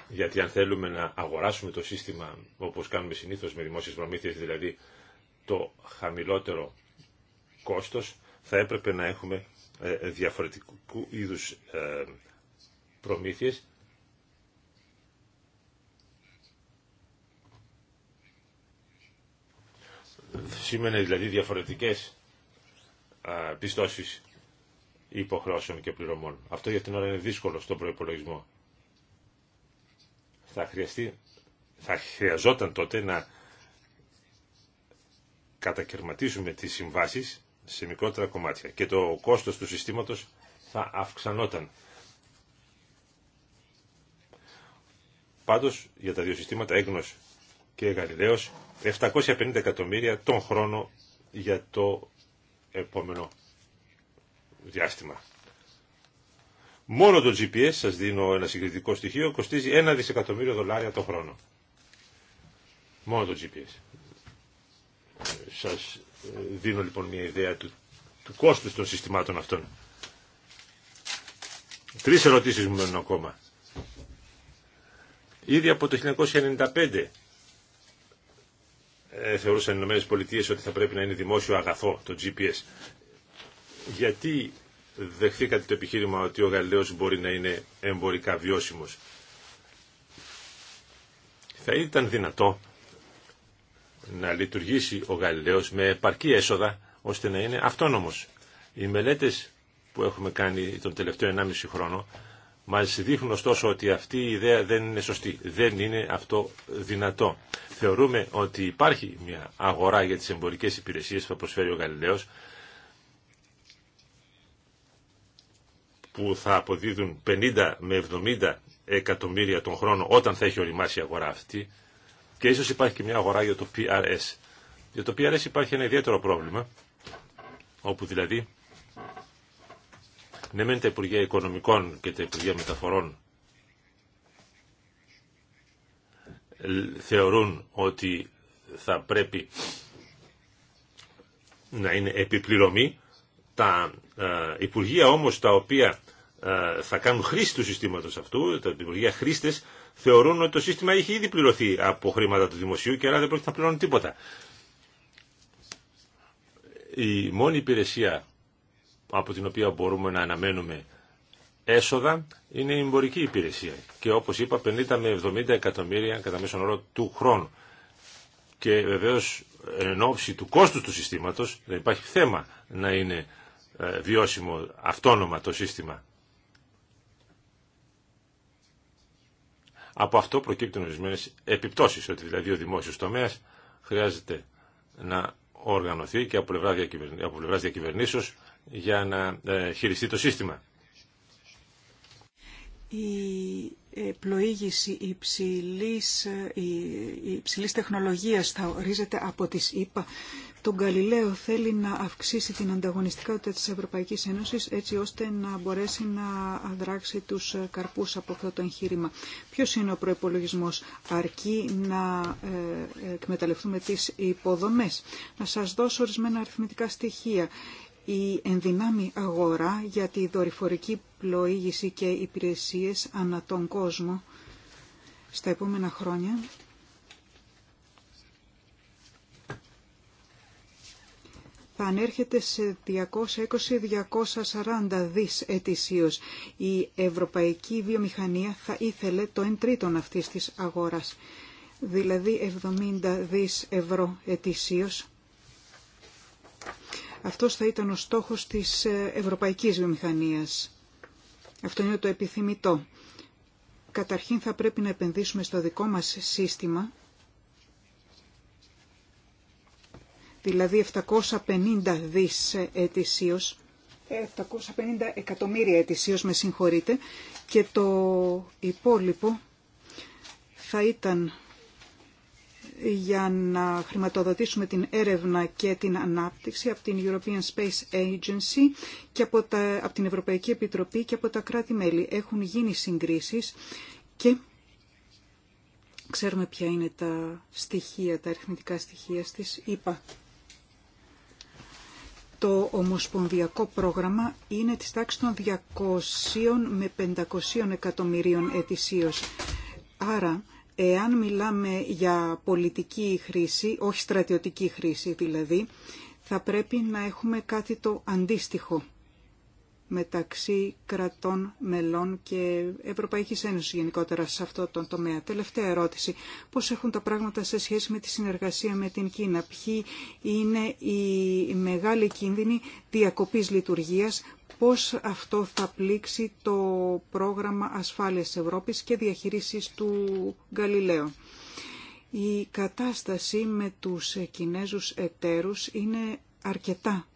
Γιατί αν θέλουμε να αγοράσουμε το σύστημα όπως κάνουμε συνήθως με δημόσιες προμήθειες, δηλαδή το χαμηλότερο κόστος, θα έπρεπε να έχουμε ε, διαφορετικού είδους ε, προμήθειες σήμαινε δηλαδή διαφορετικές πιστώσεις υποχρεώσεων και πληρωμών. Αυτό για την ώρα είναι δύσκολο στον προϋπολογισμό θα, χρειαζόταν τότε να κατακαιρματίσουμε τις συμβάσεις σε μικρότερα κομμάτια και το κόστος του συστήματος θα αυξανόταν. Πάντως για τα δύο συστήματα έγνωση και γαλιλαίος 750 εκατομμύρια τον χρόνο για το επόμενο διάστημα. Μόνο το GPS, σας δίνω ένα συγκριτικό στοιχείο, κοστίζει ένα δισεκατομμύριο δολάρια το χρόνο. Μόνο το GPS. Σας ε, δίνω λοιπόν μια ιδέα του, του κόστους των συστημάτων αυτών. Τρεις ερωτήσεις μου μένουν ακόμα. Ήδη από το 1995 ε, θεωρούσαν οι ΗΠΑ ότι θα πρέπει να είναι δημόσιο αγαθό το GPS. Γιατί δεχθήκατε το επιχείρημα ότι ο Γαλιλαίος μπορεί να είναι εμπορικά βιώσιμος. Θα ήταν δυνατό να λειτουργήσει ο Γαλιλαίος με επαρκή έσοδα ώστε να είναι αυτόνομος. Οι μελέτες που έχουμε κάνει τον τελευταίο 1,5 χρόνο μας δείχνουν ωστόσο ότι αυτή η ιδέα δεν είναι σωστή. Δεν είναι αυτό δυνατό. Θεωρούμε ότι υπάρχει μια αγορά για τις εμπορικές υπηρεσίες που προσφέρει ο Γαλιλαίος που θα αποδίδουν 50 με 70 εκατομμύρια τον χρόνο όταν θα έχει οριμάσει η αγορά αυτή και ίσως υπάρχει και μια αγορά για το PRS. Για το PRS υπάρχει ένα ιδιαίτερο πρόβλημα όπου δηλαδή ναι μεν τα Υπουργεία Οικονομικών και τα Υπουργεία Μεταφορών θεωρούν ότι θα πρέπει να είναι επιπληρωμή τα ε, Υπουργεία όμως τα οποία ε, θα κάνουν χρήση του συστήματος αυτού, τα Υπουργεία χρήστες, θεωρούν ότι το σύστημα έχει ήδη πληρωθεί από χρήματα του δημοσίου και άρα δεν πρόκειται να πληρώνουν τίποτα. Η μόνη υπηρεσία από την οποία μπορούμε να αναμένουμε έσοδα είναι η εμπορική υπηρεσία και όπως είπα 50 με 70 εκατομμύρια κατά μέσον όρο του χρόνου και βεβαίως εν ώψη του κόστου του συστήματος δεν υπάρχει θέμα να είναι ε, βιώσιμο, αυτόνομα το σύστημα. Από αυτό προκύπτουν ορισμένε επιπτώσει, ότι δηλαδή ο δημόσιο τομέα χρειάζεται να οργανωθεί και από πλευρά διακυβερνήσεω για να ε, χειριστεί το σύστημα. Η ε, πλοήγηση υψηλής, η τεχνολογίας θα ορίζεται από τις ΗΠΑ το Γαλιλαίο θέλει να αυξήσει την ανταγωνιστικότητα της Ευρωπαϊκής Ένωσης έτσι ώστε να μπορέσει να αδράξει τους καρπούς από αυτό το εγχείρημα. Ποιος είναι ο προϋπολογισμός αρκεί να ε, εκμεταλλευτούμε τις υποδομές. Να σας δώσω ορισμένα αριθμητικά στοιχεία. Η ενδυνάμει αγορά για τη δορυφορική πλοήγηση και υπηρεσίες ανά τον κόσμο στα επόμενα χρόνια θα ανέρχεται σε 220-240 δις ετησίως. Η ευρωπαϊκή βιομηχανία θα ήθελε το 1 τρίτον αυτής της αγοράς, δηλαδή 70 δις ευρώ ετησίως. Αυτός θα ήταν ο στόχος της ε, ευρωπαϊκής βιομηχανίας. Αυτό είναι το επιθυμητό. Καταρχήν θα πρέπει να επενδύσουμε στο δικό μας σύστημα δηλαδή 750 δις ετησίως, 750 ε, εκατομμύρια ετησίως με συγχωρείτε και το υπόλοιπο θα ήταν για να χρηματοδοτήσουμε την έρευνα και την ανάπτυξη από την European Space Agency και από, από την Ευρωπαϊκή Επιτροπή και από τα κράτη-μέλη. Έχουν γίνει συγκρίσεις και ξέρουμε ποια είναι τα στοιχεία, τα αριθμητικά στοιχεία στις ΕΠΑ. Το ομοσπονδιακό πρόγραμμα είναι της τάξης των 200 με 500 εκατομμυρίων ετησίως. Άρα, εάν μιλάμε για πολιτική χρήση, όχι στρατιωτική χρήση δηλαδή, θα πρέπει να έχουμε κάτι το αντίστοιχο μεταξύ κρατών μελών και Ευρωπαϊκή Ένωση γενικότερα σε αυτό το τομέα. Τελευταία ερώτηση. Πώς έχουν τα πράγματα σε σχέση με τη συνεργασία με την Κίνα. Ποιοι είναι οι μεγάλοι κίνδυνοι διακοπής λειτουργίας. Πώς αυτό θα πλήξει το πρόγραμμα ασφάλειας Ευρώπης και διαχείρισης του Γαλιλαίου. Η κατάσταση με τους Κινέζους εταίρους είναι αρκετά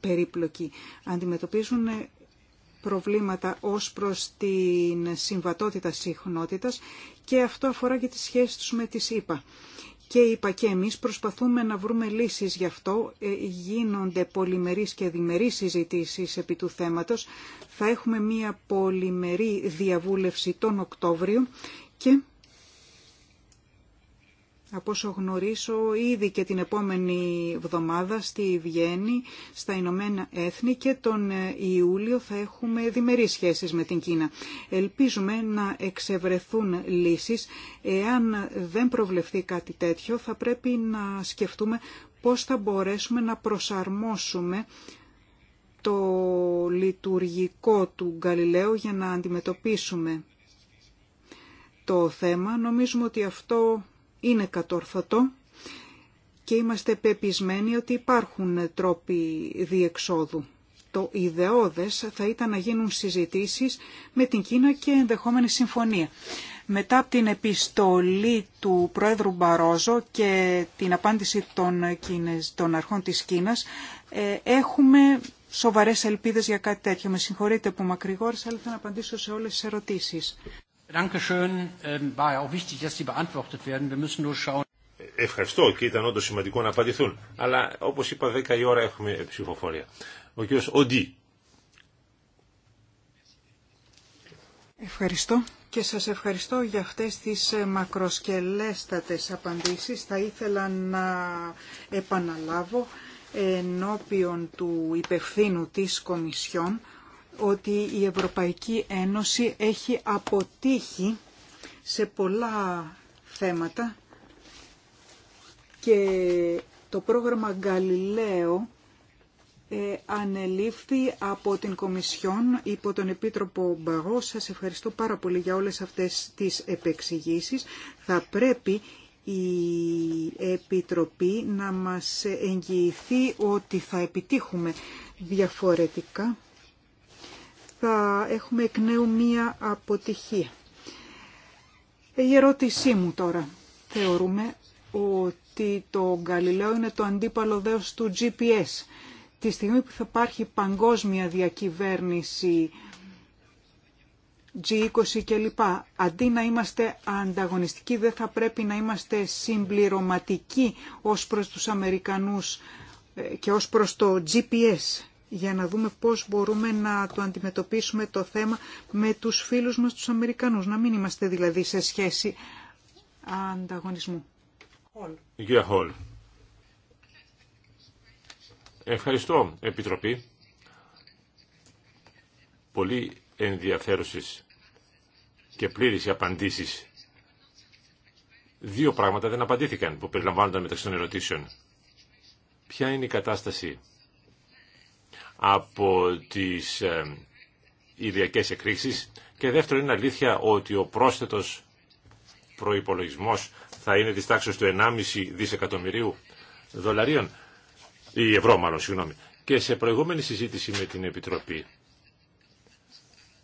περίπλοκοι. Αντιμετωπίζουν προβλήματα ως προς την συμβατότητα συχνότητας και αυτό αφορά και τις σχέσεις τους με τις ΕΠΑ. Και είπα και εμείς προσπαθούμε να βρούμε λύσεις γι' αυτό. Ε, γίνονται πολυμερείς και διμερείς συζητήσεις επί του θέματος. Θα έχουμε μία πολυμερή διαβούλευση τον Οκτώβριο και από όσο γνωρίζω ήδη και την επόμενη εβδομάδα στη Βιέννη, στα Ηνωμένα Έθνη και τον ε, Ιούλιο θα έχουμε διμερείς σχέσεις με την Κίνα. Ελπίζουμε να εξευρεθούν λύσεις. Εάν δεν προβλεφθεί κάτι τέτοιο θα πρέπει να σκεφτούμε πώς θα μπορέσουμε να προσαρμόσουμε το λειτουργικό του Γκαλιλαίου για να αντιμετωπίσουμε το θέμα. Νομίζουμε ότι αυτό είναι κατόρθωτο και είμαστε πεπισμένοι ότι υπάρχουν τρόποι διεξόδου. Το ιδεώδες θα ήταν να γίνουν συζητήσεις με την Κίνα και ενδεχόμενη συμφωνία. Μετά από την επιστολή του Πρόεδρου Μπαρόζο και την απάντηση των, Κίνες, αρχών της Κίνας, ε, έχουμε σοβαρές ελπίδες για κάτι τέτοιο. Με συγχωρείτε που μακρηγόρησα, αλλά θα απαντήσω σε όλες τις ερωτήσεις. Ευχαριστώ και ήταν όντω σημαντικό να απαντηθούν. Αλλά όπως είπα 10 η ώρα έχουμε ψηφοφορία. Ο κ. Οντί. Ευχαριστώ και σας ευχαριστώ για αυτές τις ε, μακροσκελέστατες απαντήσεις. Θα ήθελα να επαναλάβω ενώπιον του υπευθύνου της Κομισιόν ότι η Ευρωπαϊκή Ένωση έχει αποτύχει σε πολλά θέματα και το πρόγραμμα Γαλιλαίο ε, ανελήφθη από την Κομισιόν υπό τον Επίτροπο Μπαγό. Σας ευχαριστώ πάρα πολύ για όλες αυτές τις επεξηγήσεις. Θα πρέπει η Επιτροπή να μας εγγυηθεί ότι θα επιτύχουμε διαφορετικά θα έχουμε εκ νέου μία αποτυχία. Η ερώτησή μου τώρα. Θεωρούμε ότι το Γκαλιλαίο είναι το αντίπαλο δέος του GPS. Τη στιγμή που θα υπάρχει παγκόσμια διακυβέρνηση G20 κλπ. Αντί να είμαστε ανταγωνιστικοί δεν θα πρέπει να είμαστε συμπληρωματικοί ως προς τους Αμερικανούς ε, και ως προς το GPS για να δούμε πώς μπορούμε να το αντιμετωπίσουμε το θέμα με τους φίλους μας τους Αμερικανούς. Να μην είμαστε δηλαδή σε σχέση ανταγωνισμού. Γεια Χολ. Ευχαριστώ Επιτροπή. Πολύ ενδιαφέρουσες και πλήρης απαντήσεις. Δύο πράγματα δεν απαντήθηκαν που περιλαμβάνονταν μεταξύ των ερωτήσεων. Ποια είναι η κατάσταση από τις ε, ιδιακές εκρήξεις και δεύτερον είναι αλήθεια ότι ο πρόσθετος προϋπολογισμός θα είναι της τάξης του 1,5 δισεκατομμυρίου δολαρίων ή ευρώ μάλλον, συγγνώμη. Και σε προηγούμενη συζήτηση με την Επιτροπή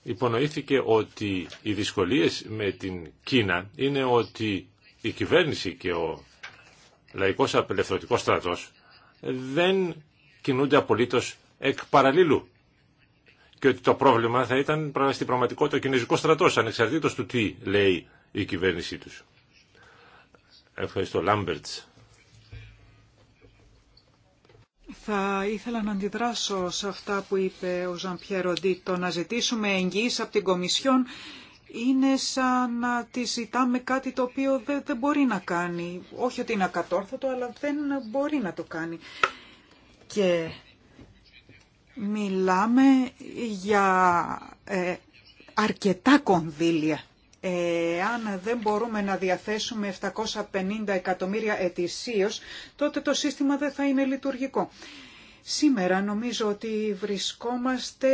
υπονοήθηκε ότι οι δυσκολίες με την Κίνα είναι ότι η κυβέρνηση και ο λαϊκός απελευθερωτικός στρατός δεν κινούνται απολύτως εκ παραλίλου και ότι το πρόβλημα θα ήταν στην πραγματικότητα ο Κινέζικο στρατό, ανεξαρτήτω του τι λέει η κυβέρνησή τους. Ευχαριστώ Λάμπερτ. Θα ήθελα να αντιδράσω σε αυτά που είπε ο Ζαμπιέρο Το να ζητήσουμε εγγύηση από την Κομισιόν είναι σαν να τη ζητάμε κάτι το οποίο δεν, μπορεί να κάνει. Όχι ότι είναι ακατόρθωτο, αλλά δεν μπορεί να το κάνει. Και Μιλάμε για ε, αρκετά κονδύλια. Αν δεν μπορούμε να διαθέσουμε 750 εκατομμύρια ετησίως, τότε το σύστημα δεν θα είναι λειτουργικό. Σήμερα νομίζω ότι βρισκόμαστε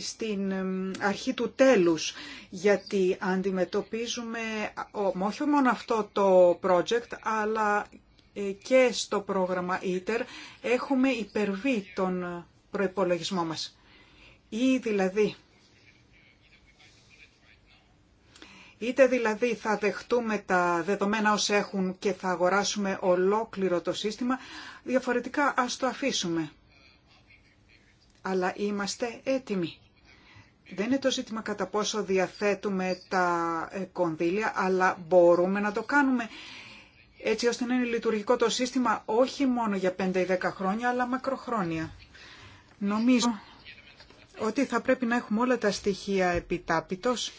στην αρχή του τέλους γιατί αντιμετωπίζουμε όχι μόνο αυτό το project αλλά ε, και στο πρόγραμμα ITER έχουμε υπερβεί τον προϋπολογισμό μας. Ή δηλαδή, είτε δηλαδή θα δεχτούμε τα δεδομένα όσα έχουν και θα αγοράσουμε ολόκληρο το σύστημα, διαφορετικά ας το αφήσουμε. Αλλά είμαστε έτοιμοι. Δεν είναι το ζήτημα κατά πόσο διαθέτουμε τα κονδύλια, αλλά μπορούμε να το κάνουμε έτσι ώστε να είναι λειτουργικό το σύστημα όχι μόνο για 5 ή 10 χρόνια, αλλά μακροχρόνια. Νομίζω ότι θα πρέπει να έχουμε όλα τα στοιχεία επιτάπητος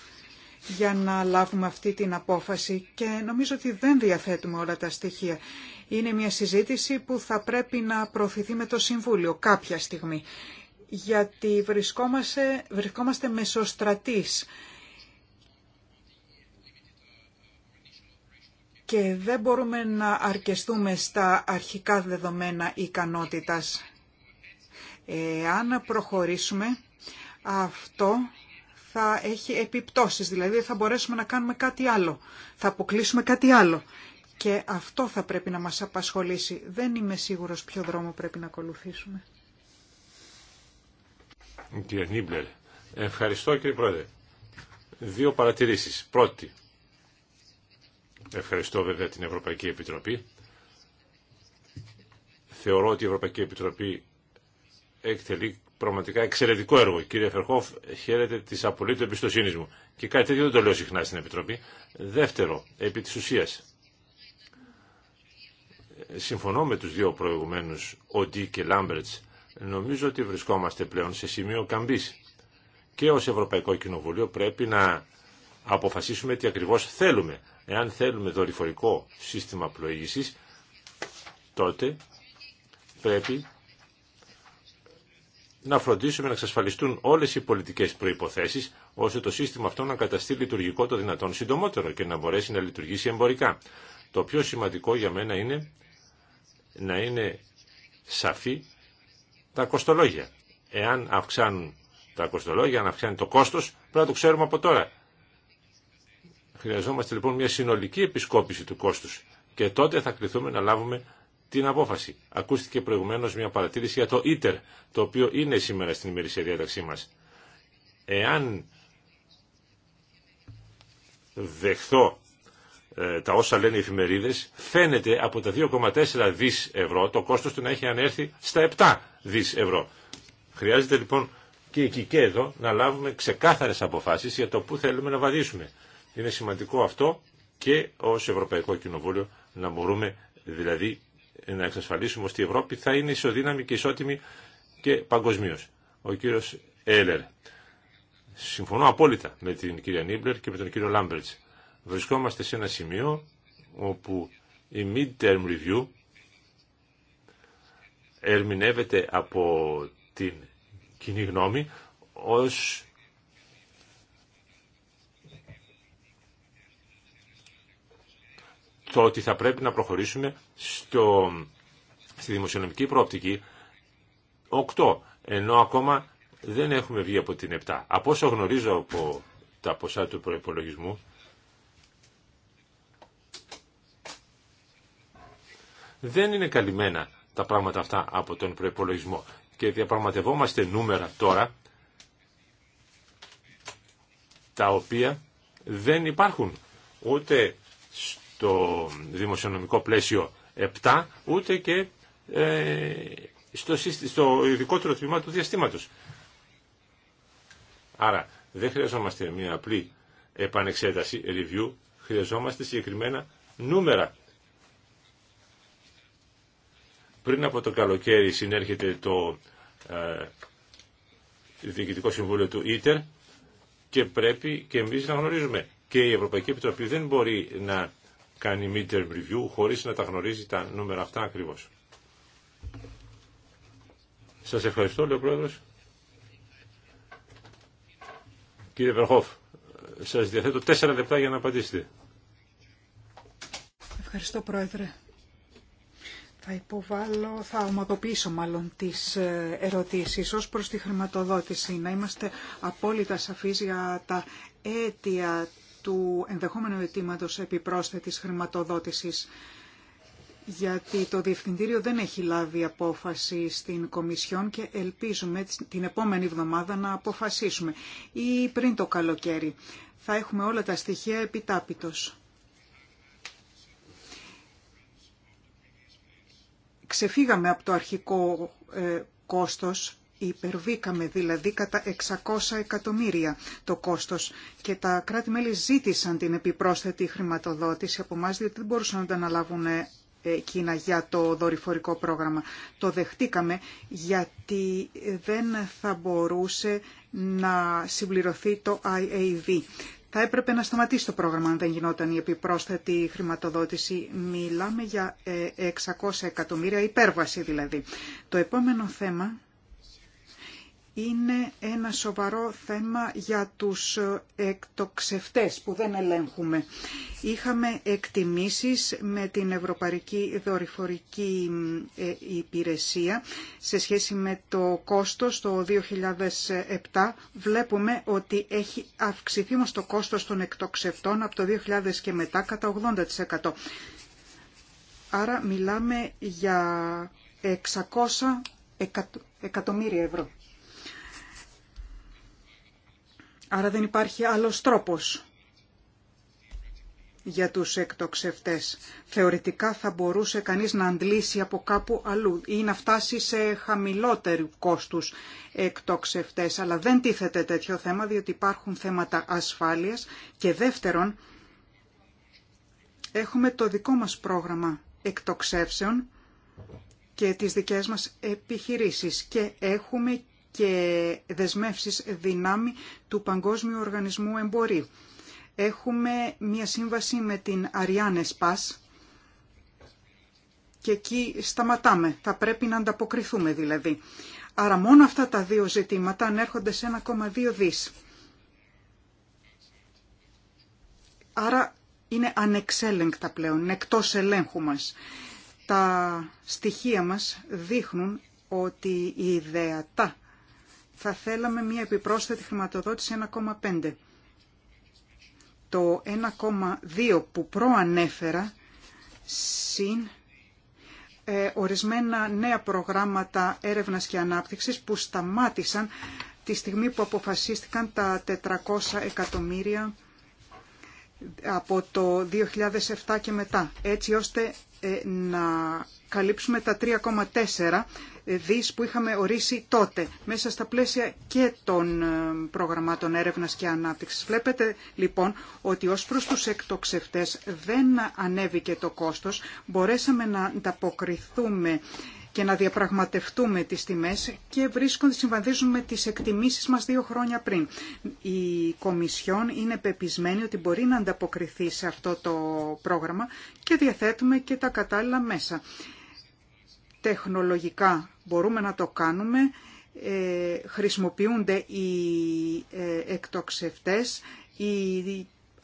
για να λάβουμε αυτή την απόφαση και νομίζω ότι δεν διαθέτουμε όλα τα στοιχεία. Είναι μια συζήτηση που θα πρέπει να προωθηθεί με το Συμβούλιο κάποια στιγμή, γιατί βρισκόμαστε, βρισκόμαστε και δεν μπορούμε να αρκεστούμε στα αρχικά δεδομένα ικανότητας. Αν προχωρήσουμε, αυτό θα έχει επιπτώσεις, δηλαδή θα μπορέσουμε να κάνουμε κάτι άλλο, θα αποκλείσουμε κάτι άλλο. Και αυτό θα πρέπει να μας απασχολήσει. Δεν είμαι σίγουρος ποιο δρόμο πρέπει να ακολουθήσουμε. Κύριε Νίμπλερ, ευχαριστώ κύριε Πρόεδρε. Δύο παρατηρήσεις. Πρώτη, Ευχαριστώ βέβαια την Ευρωπαϊκή Επιτροπή. Θεωρώ ότι η Ευρωπαϊκή Επιτροπή εκτελεί πραγματικά εξαιρετικό έργο. Κύριε Φερχόφ, χαίρετε τη απολύτω εμπιστοσύνη μου. Και κάτι τέτοιο δεν το λέω συχνά στην Επιτροπή. Δεύτερο, επί τη ουσία. Συμφωνώ με του δύο προηγουμένου, Οντί και Λάμπερτ. Νομίζω ότι βρισκόμαστε πλέον σε σημείο καμπή. Και ω Ευρωπαϊκό Κοινοβούλιο πρέπει να αποφασίσουμε τι ακριβώ θέλουμε. Εάν θέλουμε δορυφορικό σύστημα πλοήγησης, τότε πρέπει να φροντίσουμε να εξασφαλιστούν όλες οι πολιτικές προϋποθέσεις, ώστε το σύστημα αυτό να καταστεί λειτουργικό το δυνατόν συντομότερο και να μπορέσει να λειτουργήσει εμπορικά. Το πιο σημαντικό για μένα είναι να είναι σαφή τα κοστολόγια. Εάν αυξάνουν τα κοστολόγια, αν αυξάνει το κόστος, πρέπει να το ξέρουμε από τώρα. Χρειαζόμαστε λοιπόν μια συνολική επισκόπηση του κόστους και τότε θα κληθούμε να λάβουμε την απόφαση. Ακούστηκε προηγουμένω μια παρατήρηση για το ίτερ, το οποίο είναι σήμερα στην ημερήσια διάταξή μα. Εάν δεχθώ ε, τα όσα λένε οι εφημερίδε, φαίνεται από τα 2,4 δι ευρώ το κόστο του να έχει ανέρθει στα 7 δι ευρώ. Χρειάζεται λοιπόν και εκεί και εδώ να λάβουμε ξεκάθαρε αποφάσει για το πού θέλουμε να βαδίσουμε. Είναι σημαντικό αυτό και ως Ευρωπαϊκό Κοινοβούλιο να μπορούμε δηλαδή να εξασφαλίσουμε ότι η Ευρώπη θα είναι ισοδύναμη και ισότιμη και παγκοσμίω. Ο κύριος Έλερ. Συμφωνώ απόλυτα με την κυρία Νίμπλερ και με τον κύριο Λάμπερτς. Βρισκόμαστε σε ένα σημείο όπου η mid-term review ερμηνεύεται από την κοινή γνώμη ως το ότι θα πρέπει να προχωρήσουμε στο, στη δημοσιονομική προοπτική 8, ενώ ακόμα δεν έχουμε βγει από την 7. Από όσο γνωρίζω από τα ποσά του προϋπολογισμού, δεν είναι καλυμμένα τα πράγματα αυτά από τον προϋπολογισμό και διαπραγματευόμαστε νούμερα τώρα τα οποία δεν υπάρχουν ούτε το δημοσιονομικό πλαίσιο 7, ούτε και ε, στο, στο ειδικότερο τμήμα του διαστήματος. Άρα δεν χρειαζόμαστε μια απλή επανεξέταση, review, χρειαζόμαστε συγκεκριμένα νούμερα. Πριν από το καλοκαίρι συνέρχεται το ε, Διοικητικό Συμβούλιο του ΙΤΕΡ και πρέπει και εμείς να γνωρίζουμε. Και η Ευρωπαϊκή Επιτροπή δεν μπορεί να κάνει mid-term review χωρίς να τα γνωρίζει τα νούμερα αυτά ακριβώς. Σας ευχαριστώ, λέει ο Πρόεδρος. Κύριε Βερχόφ, σας διαθέτω τέσσερα λεπτά για να απαντήσετε. Ευχαριστώ, Πρόεδρε. Θα υποβάλω, θα ομαδοποιήσω μάλλον τις ε, ερωτήσεις ως προς τη χρηματοδότηση. Να είμαστε απόλυτα σαφείς για τα αίτια του ενδεχόμενου αιτήματο επιπρόσθετη χρηματοδότησης γιατί το Διευθυντήριο δεν έχει λάβει απόφαση στην Κομισιόν και ελπίζουμε την επόμενη εβδομάδα να αποφασίσουμε ή πριν το καλοκαίρι. Θα έχουμε όλα τα στοιχεία επιτάπητος. Ξεφύγαμε από το αρχικό ε, κόστος Υπερβήκαμε δηλαδή κατά 600 εκατομμύρια το κόστος και τα κράτη-μέλη ζήτησαν την επιπρόσθετη χρηματοδότηση από εμά διότι δεν μπορούσαν να τα αναλάβουν ε, εκείνα για το δορυφορικό πρόγραμμα. Το δεχτήκαμε γιατί δεν θα μπορούσε να συμπληρωθεί το IAV. Θα έπρεπε να σταματήσει το πρόγραμμα αν δεν γινόταν η επιπρόσθετη χρηματοδότηση. Μιλάμε για 600 ε, εκατομμύρια υπέρβαση δηλαδή. Το επόμενο θέμα είναι ένα σοβαρό θέμα για τους εκτοξευτές που δεν ελέγχουμε. Είχαμε εκτιμήσεις με την Ευρωπαϊκή Δορυφορική ε, Υπηρεσία σε σχέση με το κόστος το 2007. Βλέπουμε ότι έχει αυξηθεί μας το κόστος των εκτοξευτών από το 2000 και μετά κατά 80%. Άρα μιλάμε για 600 εκατομμύρια ευρώ. Άρα δεν υπάρχει άλλος τρόπος για τους εκτοξευτές. Θεωρητικά θα μπορούσε κανείς να αντλήσει από κάπου αλλού ή να φτάσει σε χαμηλότερου κόστους εκτοξευτές. Αλλά δεν τίθεται τέτοιο θέμα διότι υπάρχουν θέματα ασφάλειας και δεύτερον έχουμε το δικό μας πρόγραμμα εκτοξεύσεων και τις δικές μας επιχειρήσεις και έχουμε και δεσμεύσεις δυνάμει του Παγκόσμιου Οργανισμού Εμπορίου. Έχουμε μία σύμβαση με την Αριάνε Σπάς και εκεί σταματάμε. Θα πρέπει να ανταποκριθούμε δηλαδή. Άρα μόνο αυτά τα δύο ζητήματα ανέρχονται σε 1,2 δις. Άρα είναι ανεξέλεγκτα πλέον, είναι εκτός ελέγχου μας. Τα στοιχεία μας δείχνουν ότι η ιδεατά θα θέλαμε μια επιπρόσθετη χρηματοδότηση 1,5. Το 1,2 που προανέφερα συν ε, ορισμένα νέα προγράμματα έρευνας και ανάπτυξης που σταμάτησαν τη στιγμή που αποφασίστηκαν τα 400 εκατομμύρια από το 2007 και μετά, έτσι ώστε ε, να καλύψουμε τα 3,4 δις που είχαμε ορίσει τότε, μέσα στα πλαίσια και των ε, προγραμμάτων έρευνας και ανάπτυξης. Βλέπετε λοιπόν ότι ως προς τους εκτοξευτές δεν ανέβηκε το κόστος, μπορέσαμε να ανταποκριθούμε και να διαπραγματευτούμε τις τιμές και βρίσκονται, συμβαδίζουν με τις εκτιμήσεις μας δύο χρόνια πριν. Η Κομισιόν είναι πεπισμένη ότι μπορεί να ανταποκριθεί σε αυτό το πρόγραμμα και διαθέτουμε και τα κατάλληλα μέσα. Τεχνολογικά μπορούμε να το κάνουμε, ε, χρησιμοποιούνται οι ε, εκτοξευτές, οι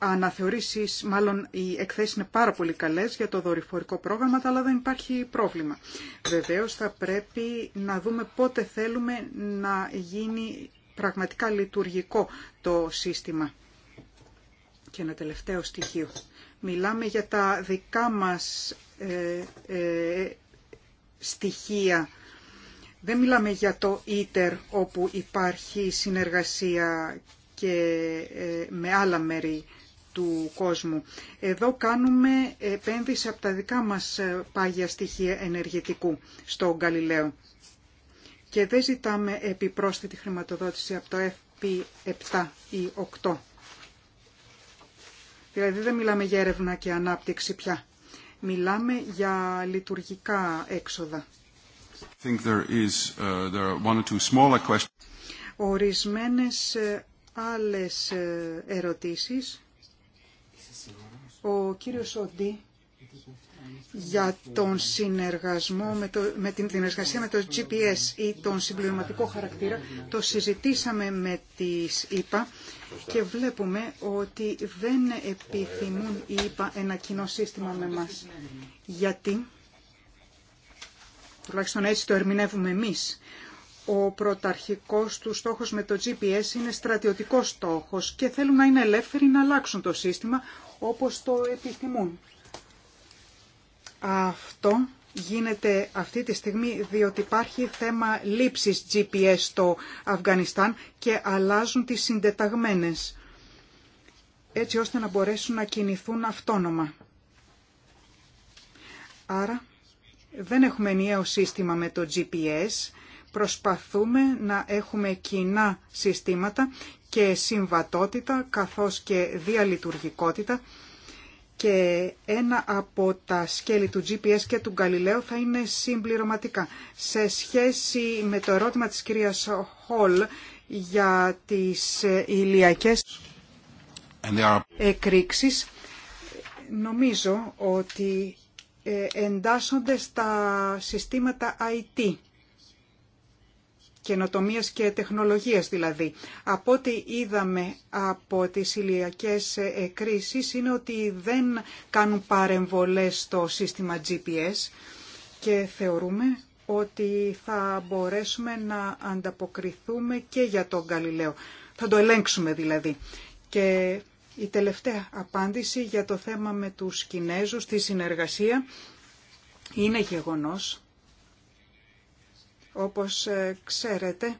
αναθεωρήσεις, μάλλον οι εκθέσεις είναι πάρα πολύ καλές για το δορυφορικό πρόγραμμα, αλλά δεν υπάρχει πρόβλημα. Βεβαίως θα πρέπει να δούμε πότε θέλουμε να γίνει πραγματικά λειτουργικό το σύστημα. Και ένα τελευταίο στοιχείο. Μιλάμε για τα δικά μας ε, ε, στοιχεία. Δεν μιλάμε για το ίτερ όπου υπάρχει συνεργασία και ε, με άλλα μέρη του κόσμου. Εδώ κάνουμε επένδυση από τα δικά μας ε, πάγια στοιχεία ενεργητικού στο Γαλιλαίο. Και δεν ζητάμε επιπρόσθετη χρηματοδότηση από το FP7 ή 8. Δηλαδή δεν μιλάμε για έρευνα και ανάπτυξη πια. Μιλάμε για λειτουργικά έξοδα. Think there uh, Ορισμένες ε, άλλες ε, ερωτήσεις ο κύριος Οντί για τον συνεργασμό με, με την, συνεργασία με το GPS ή τον συμπληρωματικό χαρακτήρα. Το συζητήσαμε με τις ΙΠΑ και βλέπουμε ότι δεν επιθυμούν οι ΙΠΑ ένα κοινό σύστημα με μας. Γιατί, τουλάχιστον έτσι το ερμηνεύουμε εμείς, ο πρωταρχικός του στόχος με το GPS είναι στρατιωτικός στόχος και θέλουν να είναι ελεύθεροι να αλλάξουν το σύστημα όπως το επιθυμούν. Αυτό γίνεται αυτή τη στιγμή διότι υπάρχει θέμα λήψης GPS στο Αφγανιστάν και αλλάζουν τις συντεταγμένες έτσι ώστε να μπορέσουν να κινηθούν αυτόνομα. Άρα δεν έχουμε ενιαίο σύστημα με το GPS Προσπαθούμε να έχουμε κοινά συστήματα και συμβατότητα καθώς και διαλειτουργικότητα και ένα από τα σκέλη του GPS και του Galileo θα είναι συμπληρωματικά. Σε σχέση με το ερώτημα της κυρίας Χολ για τις ε, ηλιακές εκρήξεις, νομίζω ότι ε, εντάσσονται στα συστήματα IT καινοτομίας και τεχνολογίας δηλαδή. Από ό,τι είδαμε από τις ηλιακές κρίσεις είναι ότι δεν κάνουν παρεμβολές στο σύστημα GPS και θεωρούμε ότι θα μπορέσουμε να ανταποκριθούμε και για τον Γαλιλαίο. Θα το ελέγξουμε δηλαδή. Και η τελευταία απάντηση για το θέμα με τους Κινέζους, τη συνεργασία, είναι γεγονός όπως ε, ξέρετε,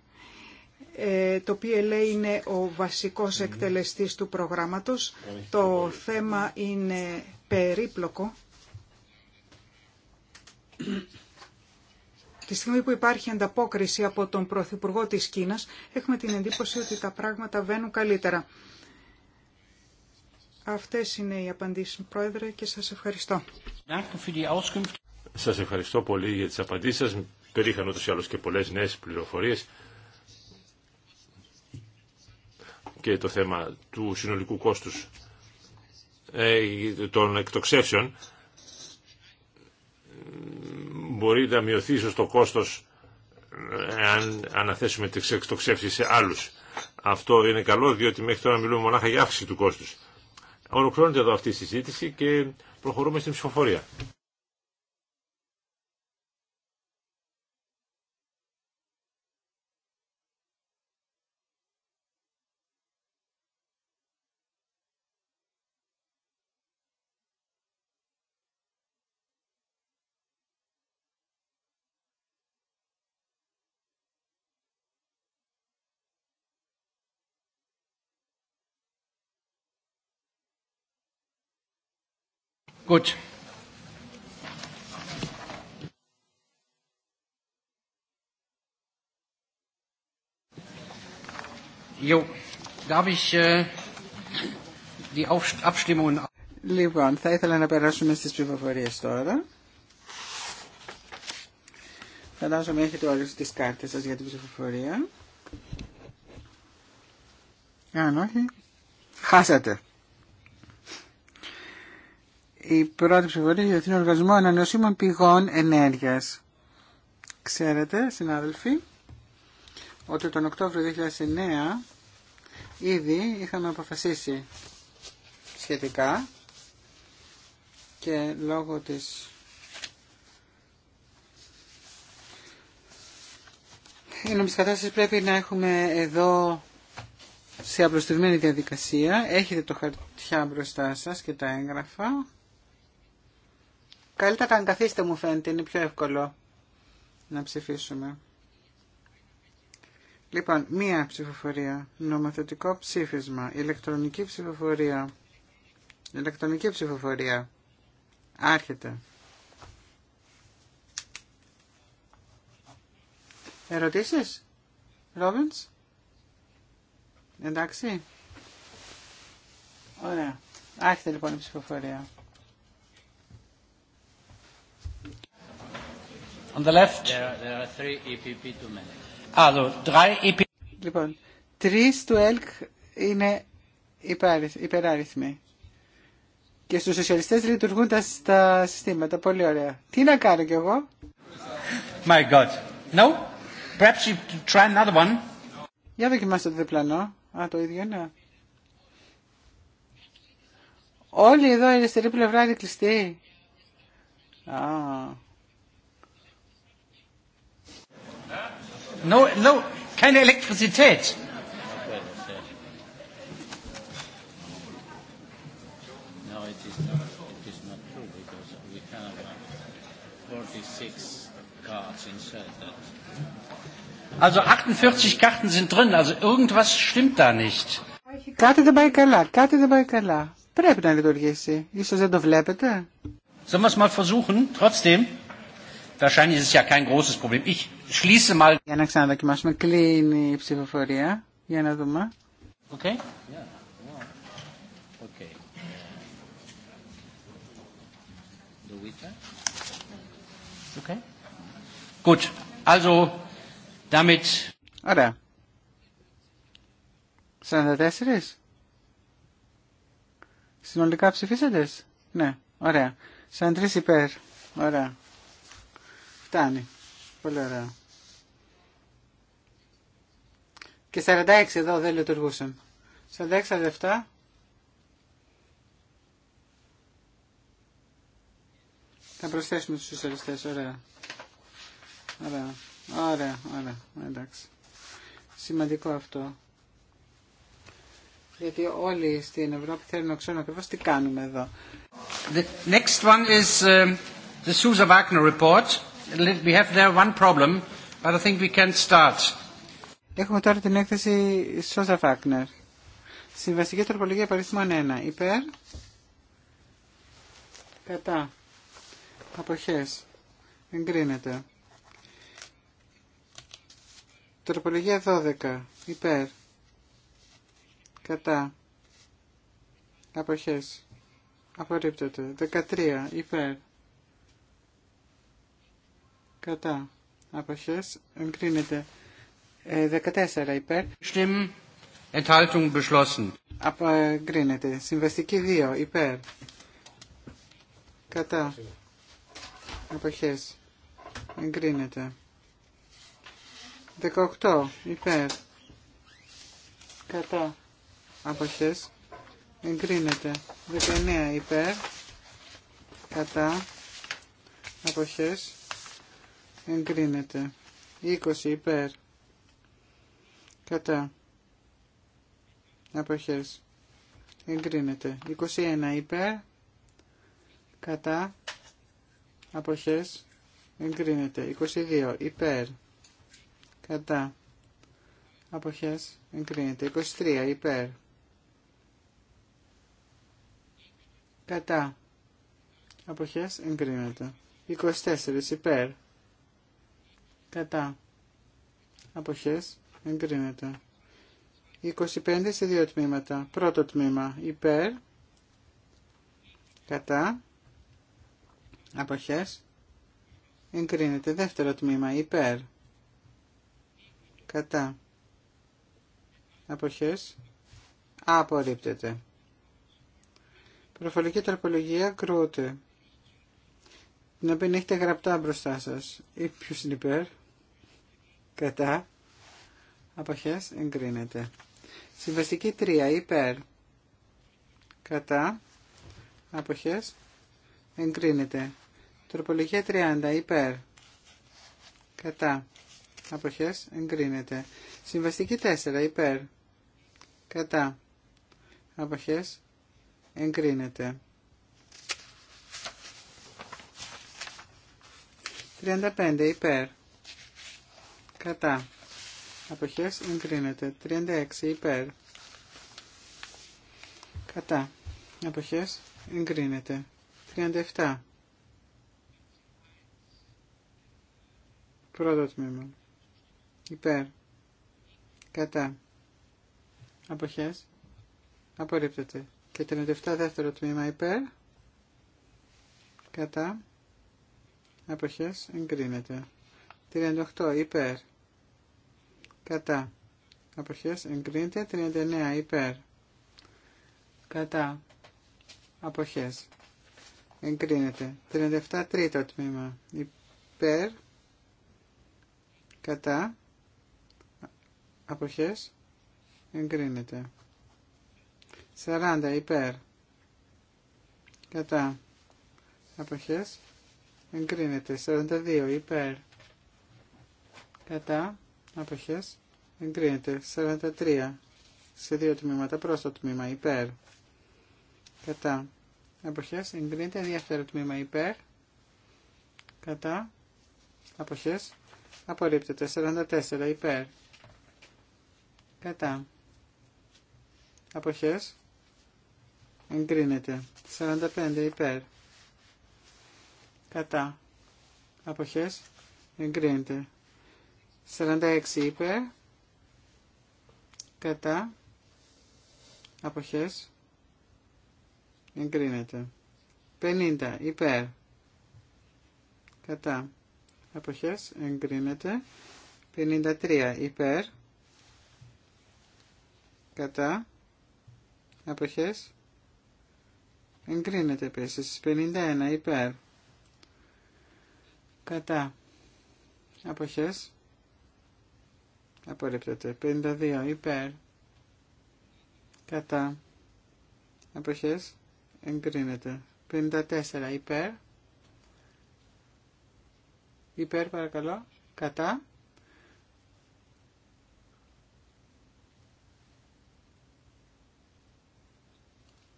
ε, το PLA είναι ο βασικός εκτελεστής του προγράμματος. Το θέμα είναι περίπλοκο. Τη στιγμή που υπάρχει ανταπόκριση από τον Πρωθυπουργό της Κίνας, έχουμε την εντύπωση ότι τα πράγματα βαίνουν καλύτερα. Αυτές είναι οι απαντήσεις, Πρόεδρε, και σας ευχαριστώ. Σας ευχαριστώ πολύ για τις απαντήσεις σας. Υπήρχαν ούτως ή άλλως και πολλές νέες πληροφορίες και το θέμα του συνολικού κόστους ε, των εκτοξεύσεων μπορεί να μειωθεί ίσως το κόστος ε, αν αναθέσουμε τις εκτοξεύσεις σε άλλους. Αυτό είναι καλό διότι μέχρι τώρα μιλούμε μονάχα για αύξηση του κόστους. Ολοκληρώνεται εδώ αυτή η συζήτηση και προχωρούμε στην ψηφοφορία. Gut. Jo, darf ich äh, die Abstimmung... Λοιπόν, θα ήθελα να περάσουμε στις ψηφοφορίες τώρα. Φαντάζομαι έχετε όλες τις κάρτες σας για την ψηφοφορία. Αν όχι, χάσατε η πρώτη ψηφοφορία για την οργασμό ανανεωσίμων πηγών ενέργειας. Ξέρετε, συνάδελφοι, ότι τον Οκτώβριο 2009 ήδη είχαμε αποφασίσει σχετικά και λόγω της νομική κατάσταση πρέπει να έχουμε εδώ σε απλωστευμένη διαδικασία. Έχετε το χαρτιά μπροστά σας και τα έγγραφα. Καλύτερα αν καθίστε μου φαίνεται, είναι πιο εύκολο να ψηφίσουμε. Λοιπόν, μία ψηφοφορία, νομοθετικό ψήφισμα, ηλεκτρονική ψηφοφορία, ηλεκτρονική ψηφοφορία, άρχεται. Ερωτήσεις, Ρόβινς, εντάξει, ωραία, άρχεται λοιπόν η ψηφοφορία. On the left. Λοιπόν, τρεις του ΕΛΚ είναι υπεράριθμοι. Και στους σοσιαλιστές λειτουργούν τα, τα συστήματα. Πολύ ωραία. Τι να κάνω κι εγώ. My God. No? Perhaps you try another one. Για δοκιμάστε το διπλανό. Α, το ίδιο είναι. Όλοι εδώ η αριστερή πλευρά είναι κλειστή. Α. No, no, keine Elektrizität. 46 Also 48 Karten sind drin, also irgendwas stimmt da nicht. Κάτι δεν πάει καλά, κάτι δεν πάει καλά. Πρέπει να λειτουργήσει. Ίσως δεν το βλέπετε. Sollen wir es mal versuchen, trotzdem? Wahrscheinlich ist es ja kein großes Problem. Ich για να ξαναδοκιμάσουμε. Κλείνει η ψηφοφορία. Για να δούμε. Okay. Yeah. Okay. Okay. Also, damit... Ωραία. 44. Συνολικά ψηφίσατε. Ναι. Ωραία. Σαν 43 υπέρ. Ωραία. Φτάνει. Πολύ ωραία. Και 46 εδώ δεν λειτουργούσαν. 46-47. Θα προσθέσουμε τους σοσιαλιστές. Ωραία. Ωραία. Ωραία. Ωραία. Εντάξει. Σημαντικό αυτό. Γιατί όλοι στην Ευρώπη θέλουν να ξέρουν ακριβώς τι κάνουμε εδώ. The next one is um, the Sousa Wagner report. We have there one problem, but I think we can start. Έχουμε τώρα την έκθεση Σόζα Φάκνερ. Συμβαστική τροπολογία παριθμών 1. Υπέρ. Κατά. Αποχές. Εγκρίνεται. Τροπολογία 12. Υπέρ. Κατά. Αποχές. Απορρίπτεται. 13. Υπέρ. Κατά. Αποχές. Εγκρίνεται. 14 ε, υπέρ. Stimmen. Enthaltung beschlossen. Απαγκρίνεται. Συμβαστική 2 υπέρ. Κατά. Αποχέ. Εγκρίνεται. 18 υπέρ. Κατά. Αποχέ. Εγκρίνεται. 19 υπέρ. Κατά. Αποχέ. Εγκρίνεται. 20 υπέρ. Κατά. Αποχές. Εγκρίνεται. 21 υπέρ. Κατά. Αποχές. Εγκρίνεται. 22 υπέρ. Κατά. Αποχές. Εγκρίνεται. 23 υπέρ. Κατά. Αποχές. Εγκρίνεται. 24 υπέρ. Κατά. Αποχές εγκρίνεται. 25 σε δύο τμήματα. Πρώτο τμήμα υπέρ, κατά, αποχές, εγκρίνεται. Δεύτερο τμήμα υπέρ, κατά, αποχές, απορρίπτεται. Προφορική τροπολογία κρούτε. Την οποία έχετε γραπτά μπροστά σας. Ή ποιος είναι υπέρ. Κατά αποχές εγκρίνεται. Συμβαστική 3 υπέρ κατά αποχές εγκρίνεται. Τροπολογία 30 υπέρ κατά αποχές εγκρίνεται. Συμβαστική 4 υπέρ κατά αποχές εγκρίνεται. 35 υπέρ κατά αποχές εγκρίνεται 36 υπέρ κατά αποχές εγκρίνεται 37 πρώτο τμήμα υπέρ κατά αποχές απορρίπτεται και 37 δεύτερο τμήμα υπέρ κατά αποχές εγκρίνεται 38 υπέρ κατά αποχές εγκρίνεται 39 υπέρ κατά αποχές εγκρίνεται 37 τρίτο τμήμα υπέρ κατά αποχές εγκρίνεται 40 υπέρ κατά αποχές εγκρίνεται 42 υπέρ κατά αποχές εγκρίνεται 43 σε δύο τμήματα πρώτο τμήμα υπέρ κατά αποχές εγκρίνεται δεύτερο τμήμα υπέρ κατά αποχές απορρίπτεται 44 υπέρ κατά αποχές εγκρίνεται 45 υπέρ κατά αποχές εγκρίνεται 46 υπέρ κατά αποχές εγκρίνεται 50 υπέρ κατά αποχές εγκρίνεται 53 υπέρ κατά αποχές εγκρίνεται επίση 51 υπέρ κατά αποχές Απορρίπτεται. 52 υπέρ. Κατά. Αποχές. Εγκρίνεται. 54 υπέρ. Υπέρ παρακαλώ. Κατά.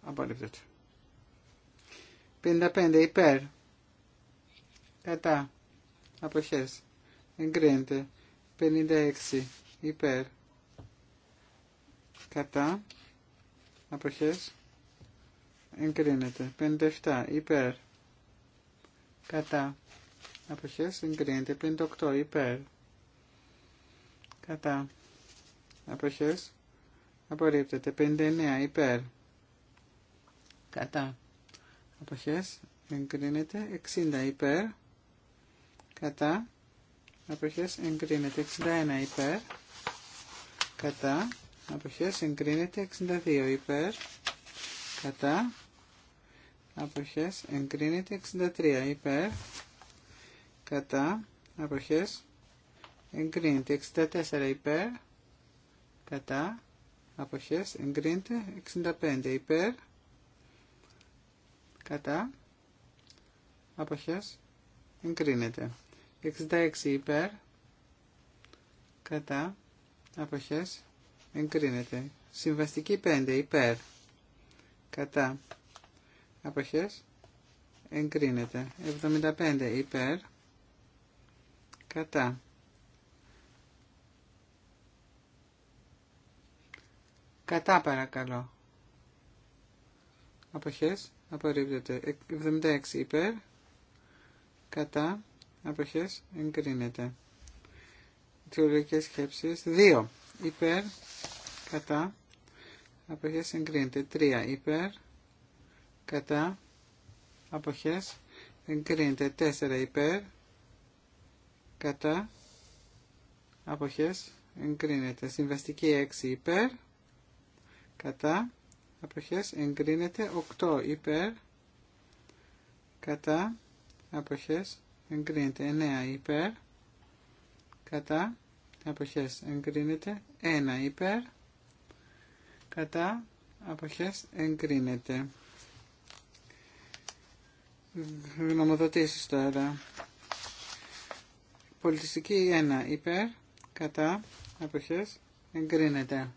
Απορρίπτεται. 55 υπέρ. Κατά. Αποχές. Εγκρίνεται. 56 υπέρ κατά αποχές εγκρίνεται 57 υπέρ κατά αποχές εγκρίνεται 58 υπέρ κατά αποχές απορρίπτεται 59 υπέρ κατά αποχές εγκρίνεται 60 υπέρ κατά αποχές εγκρίνεται 61 υπέρ κατά αποχές εγκρίνεται 62 υπέρ κατά αποχές εγκρίνεται 63 υπέρ κατά αποχές εγκρίνεται 64 υπέρ κατά αποχές εγκρίνεται 65 υπέρ κατά αποχές εγκρίνεται 66 υπέρ κατά αποχές εγκρίνεται. Συμβαστική 5 υπέρ κατά αποχές εγκρίνεται. 75 υπέρ κατά κατά παρακαλώ αποχές απορρίπτεται. 76 υπέρ κατά αποχές εγκρίνεται. Τριολογικές σκέψεις 2 υπέρ κατά αποχές εγκρίνεται. 3 υπέρ κατά αποχές εγκρίνεται. 4 υπέρ κατά αποχές εγκρίνεται. Συμβαστική 6 υπέρ κατά αποχές εγκρίνεται. 8 υπέρ κατά αποχές εγκρίνεται 9 υπέρ κατά αποχές εγκρίνεται 1 υπέρ κατά αποχές εγκρίνεται γνωμοδοτήσεις τώρα πολιτιστική 1 υπέρ κατά αποχές εγκρίνεται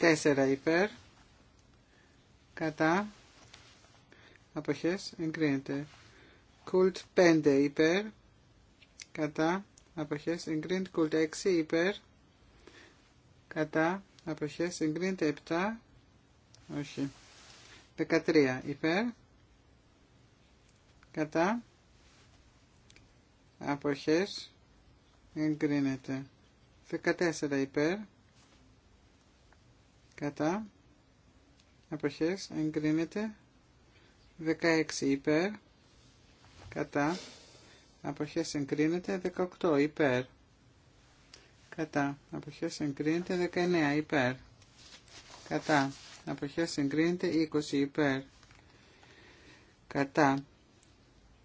4 υπέρ κατά αποχές εγκρίνεται κουλτ 5 υπέρ κατά αποχές εγκρίνεται κουλτ 6 υπέρ κατά αποχές εγκρίνεται 7 όχι 13 υπέρ κατά αποχές εγκρίνεται 14 υπέρ κατά αποχές εγκρίνεται 16 υπέρ κατά αποχές εγκρίνεται 18 υπέρ κατά αποχές εγκρίνεται 19 υπέρ κατά αποχές εγκρίνεται 20 υπέρ κατά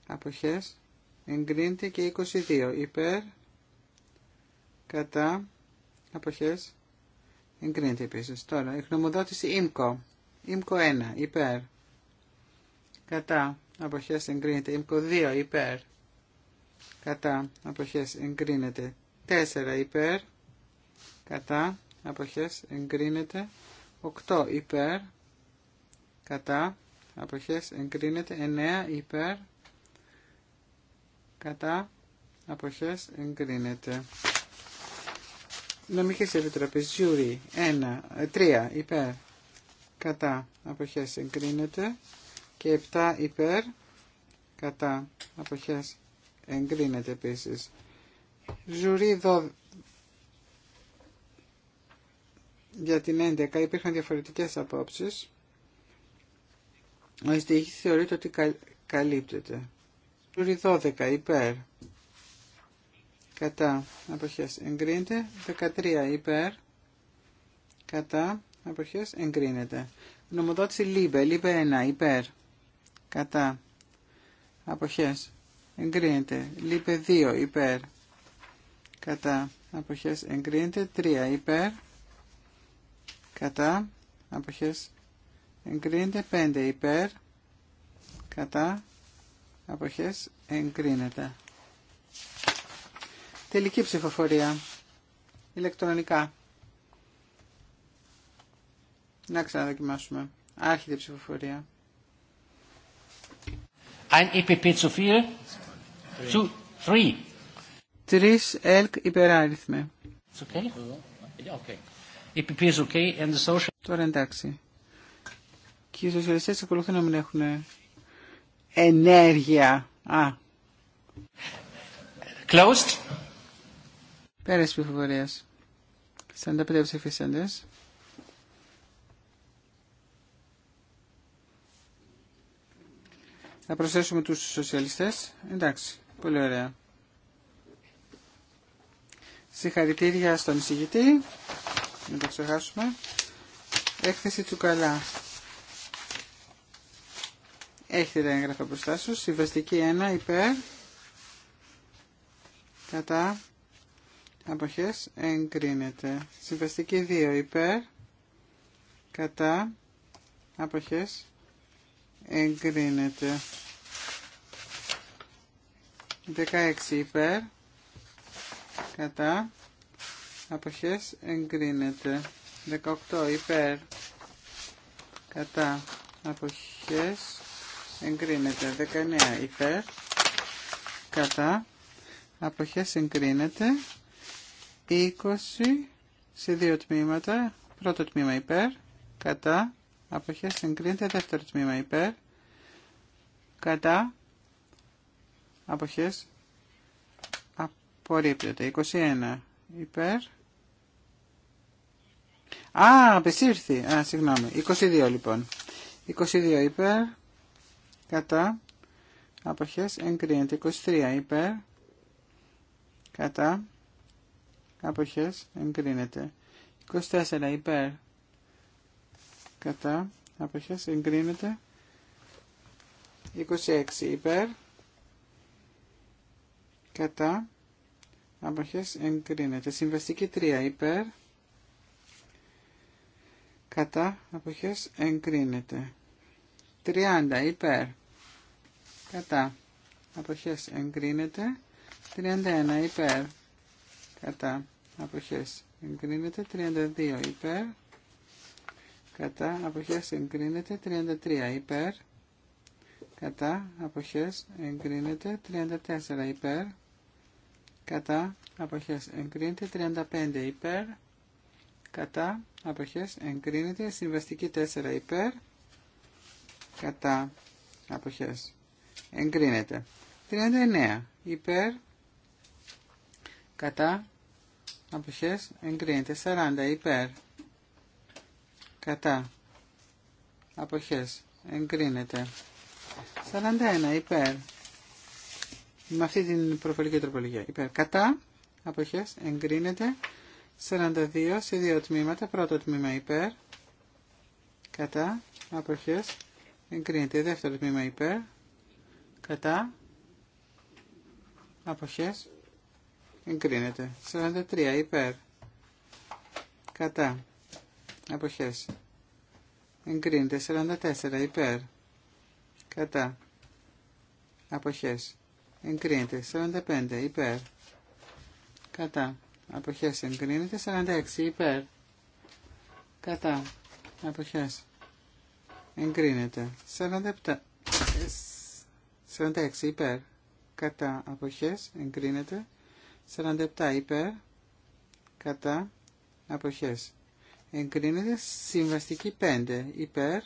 αποχές εγκρίνεται και 22 υπέρ κατά αποχές Εγκρίνεται επίση. Τώρα, η χνομοδότηση ΙΜΚΟ. ΙΜΚΟ 1, υπέρ. Κατά. αποχέ, εγκρίνεται. ΙΜΚΟ 2, υπέρ. Κατά. Αποχές εγκρίνεται. 4, υπέρ. Κατά. Αποχές εγκρίνεται. 8, υπέρ. Κατά. Αποχές εγκρίνεται. 9, υπέρ. Κατά. Αποχές εγκρίνεται. Νομικές επιτροπές, Ζούρι, 1, 3 υπέρ, κατά αποχές εγκρίνεται και 7 υπέρ, κατά αποχές εγκρίνεται επίση. Ζουρί 12 για την 11 υπήρχαν διαφορετικές απόψεις. Ο εστιχής θεωρείται ότι καλύπτεται. Ζουρί 12 υπέρ, κατά αποχές εγκρίνεται 13 υπέρ κατά αποχές εγκρίνεται νομοδότηση Νομοδότηση λίπε, 1 υπέρ κατά αποχές εγκρίνεται Λίπε 2 υπέρ κατά αποχές εγκρίνεται 3 υπέρ κατά αποχές εγκρίνεται 5 υπέρ κατά αποχές εγκρίνεται Τελική ψηφοφορία. Ηλεκτρονικά. Να ξαναδοκιμάσουμε. Άρχιτε ψηφοφορία. Ein EPP zu viel. Zu three. Τρεις ΕΛΚ υπεράριθμε. Okay. Okay. EPP Τώρα εντάξει. Και οι σοσιαλιστές ακολουθούν να μην έχουν ενέργεια. Α. Closed. Πέρας τα 45 ψηφίσαντες. Θα προσθέσουμε τους σοσιαλιστές. Εντάξει, πολύ ωραία. Συγχαρητήρια στον εισηγητή. Να το ξεχάσουμε. Έκθεση του καλά. Έχετε τα έγγραφα μπροστά σου. Συμβαστική 1 υπέρ. Κατά αποχές εγκρίνεται. Συμβαστική 2 υπέρ, κατά, αποχές εγκρίνεται. 16 υπέρ, κατά, αποχές εγκρίνεται. 18 υπέρ, κατά, αποχές εγκρίνεται. 19 υπέρ, κατά, αποχές εγκρίνεται. 20 σε δύο τμήματα. Πρώτο τμήμα υπέρ, κατά, αποχές εγκρίνεται. Δεύτερο τμήμα υπέρ, κατά, αποχές απορρίπτεται. 21 υπέρ. Α, απεσύρθη. Α, συγγνώμη. 22 λοιπόν. 22 υπέρ, κατά, αποχές εγκρίνεται. 23 υπέρ, κατά, αποχές εγκρίνεται. 24 υπέρ κατά αποχές εγκρίνεται. 26 υπέρ κατά αποχές εγκρίνεται. Συμβαστική 3 υπέρ κατά αποχές εγκρίνεται. 30 υπέρ κατά αποχές εγκρίνεται. 31 υπέρ κατά αποχές εγκρίνεται 32 υπέρ κατά αποχές εγκρίνεται 33 υπέρ κατά αποχές εγκρίνεται 34 υπέρ κατά αποχές εγκρίνεται 35 υπέρ κατά αποχές εγκρίνεται συμβαστική 4 υπέρ κατά αποχές εγκρίνεται 39 υπέρ κατά αποχές εγκρίνεται 40 υπέρ κατά αποχές εγκρίνεται 41 υπέρ με αυτή την προφορική τροπολογία υπέρ κατά αποχές εγκρίνεται 42 σε δύο τμήματα πρώτο τμήμα υπέρ κατά αποχές εγκρίνεται δεύτερο τμήμα υπέρ κατά αποχές εγκρίνεται. 43 υπέρ. Κατά. Αποχές. Εγκρίνεται. 44 υπέρ. Κατά. Αποχές. Εγκρίνεται. 45 υπέρ. Κατά. Αποχές εγκρίνεται. 46 υπέρ. Κατά. Αποχές. Εγκρίνεται. 47. 46 ε, υπέρ. Κατά. Αποχές εγκρίνεται. 47 υπέρ κατά αποχές εγκρίνεται συμβαστική 5 υπέρ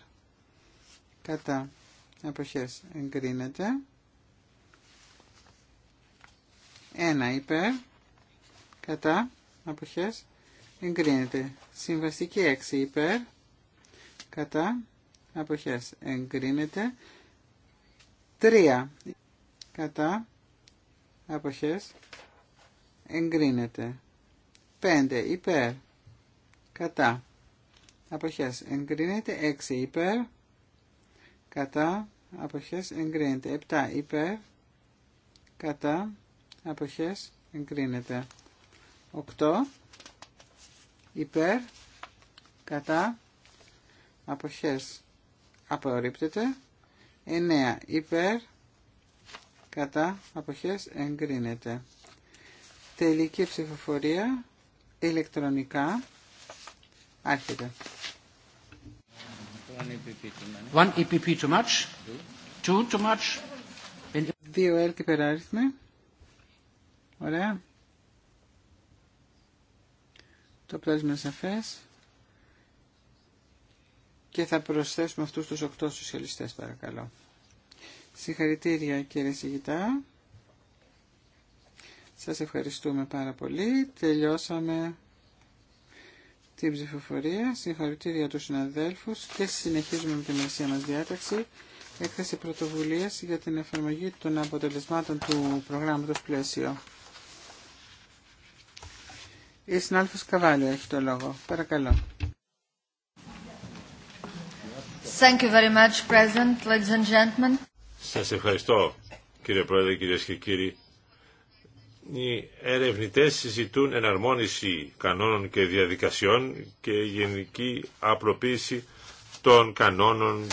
κατά αποχές εγκρίνεται 1 υπέρ κατά αποχές εγκρίνεται συμβαστική 6 υπέρ κατά αποχές εγκρίνεται 3 κατά αποχές εγκρίνεται. 5 υπέρ κατά αποχές εγκρίνεται. 6 υπέρ κατά απόχέ, εγκρίνεται. 7 υπέρ κατά αποχές εγκρίνεται. 8 υπέρ κατά απόχέ. απορρίπτεται. 9 υπέρ κατά αποχέ, εγκρίνεται. Τελική ψηφοφορία ηλεκτρονικά. Άρχεται. One EPP e too much. Two too much. Δύο και Ωραία. Το πλάσμα σαφές. Και θα προσθέσουμε αυτούς τους οκτώ σοσιαλιστές παρακαλώ. Συγχαρητήρια κύριε Σιγητά. Σας ευχαριστούμε πάρα πολύ. Τελειώσαμε την ψηφοφορία. Συγχαρητήρια τους συναδέλφους και συνεχίζουμε με την μερσία μας διάταξη. Έκθεση πρωτοβουλία για την εφαρμογή των αποτελεσμάτων του προγράμματος πλαίσιο. Η συνάδελφος Καβάλιο έχει το λόγο. Παρακαλώ. Thank you very much, President, ladies and gentlemen. Σας ευχαριστώ, κύριε Πρόεδρε, κυρίες και κύριοι οι ερευνητές ζητούν εναρμόνιση κανόνων και διαδικασιών και γενική απλοποίηση των κανόνων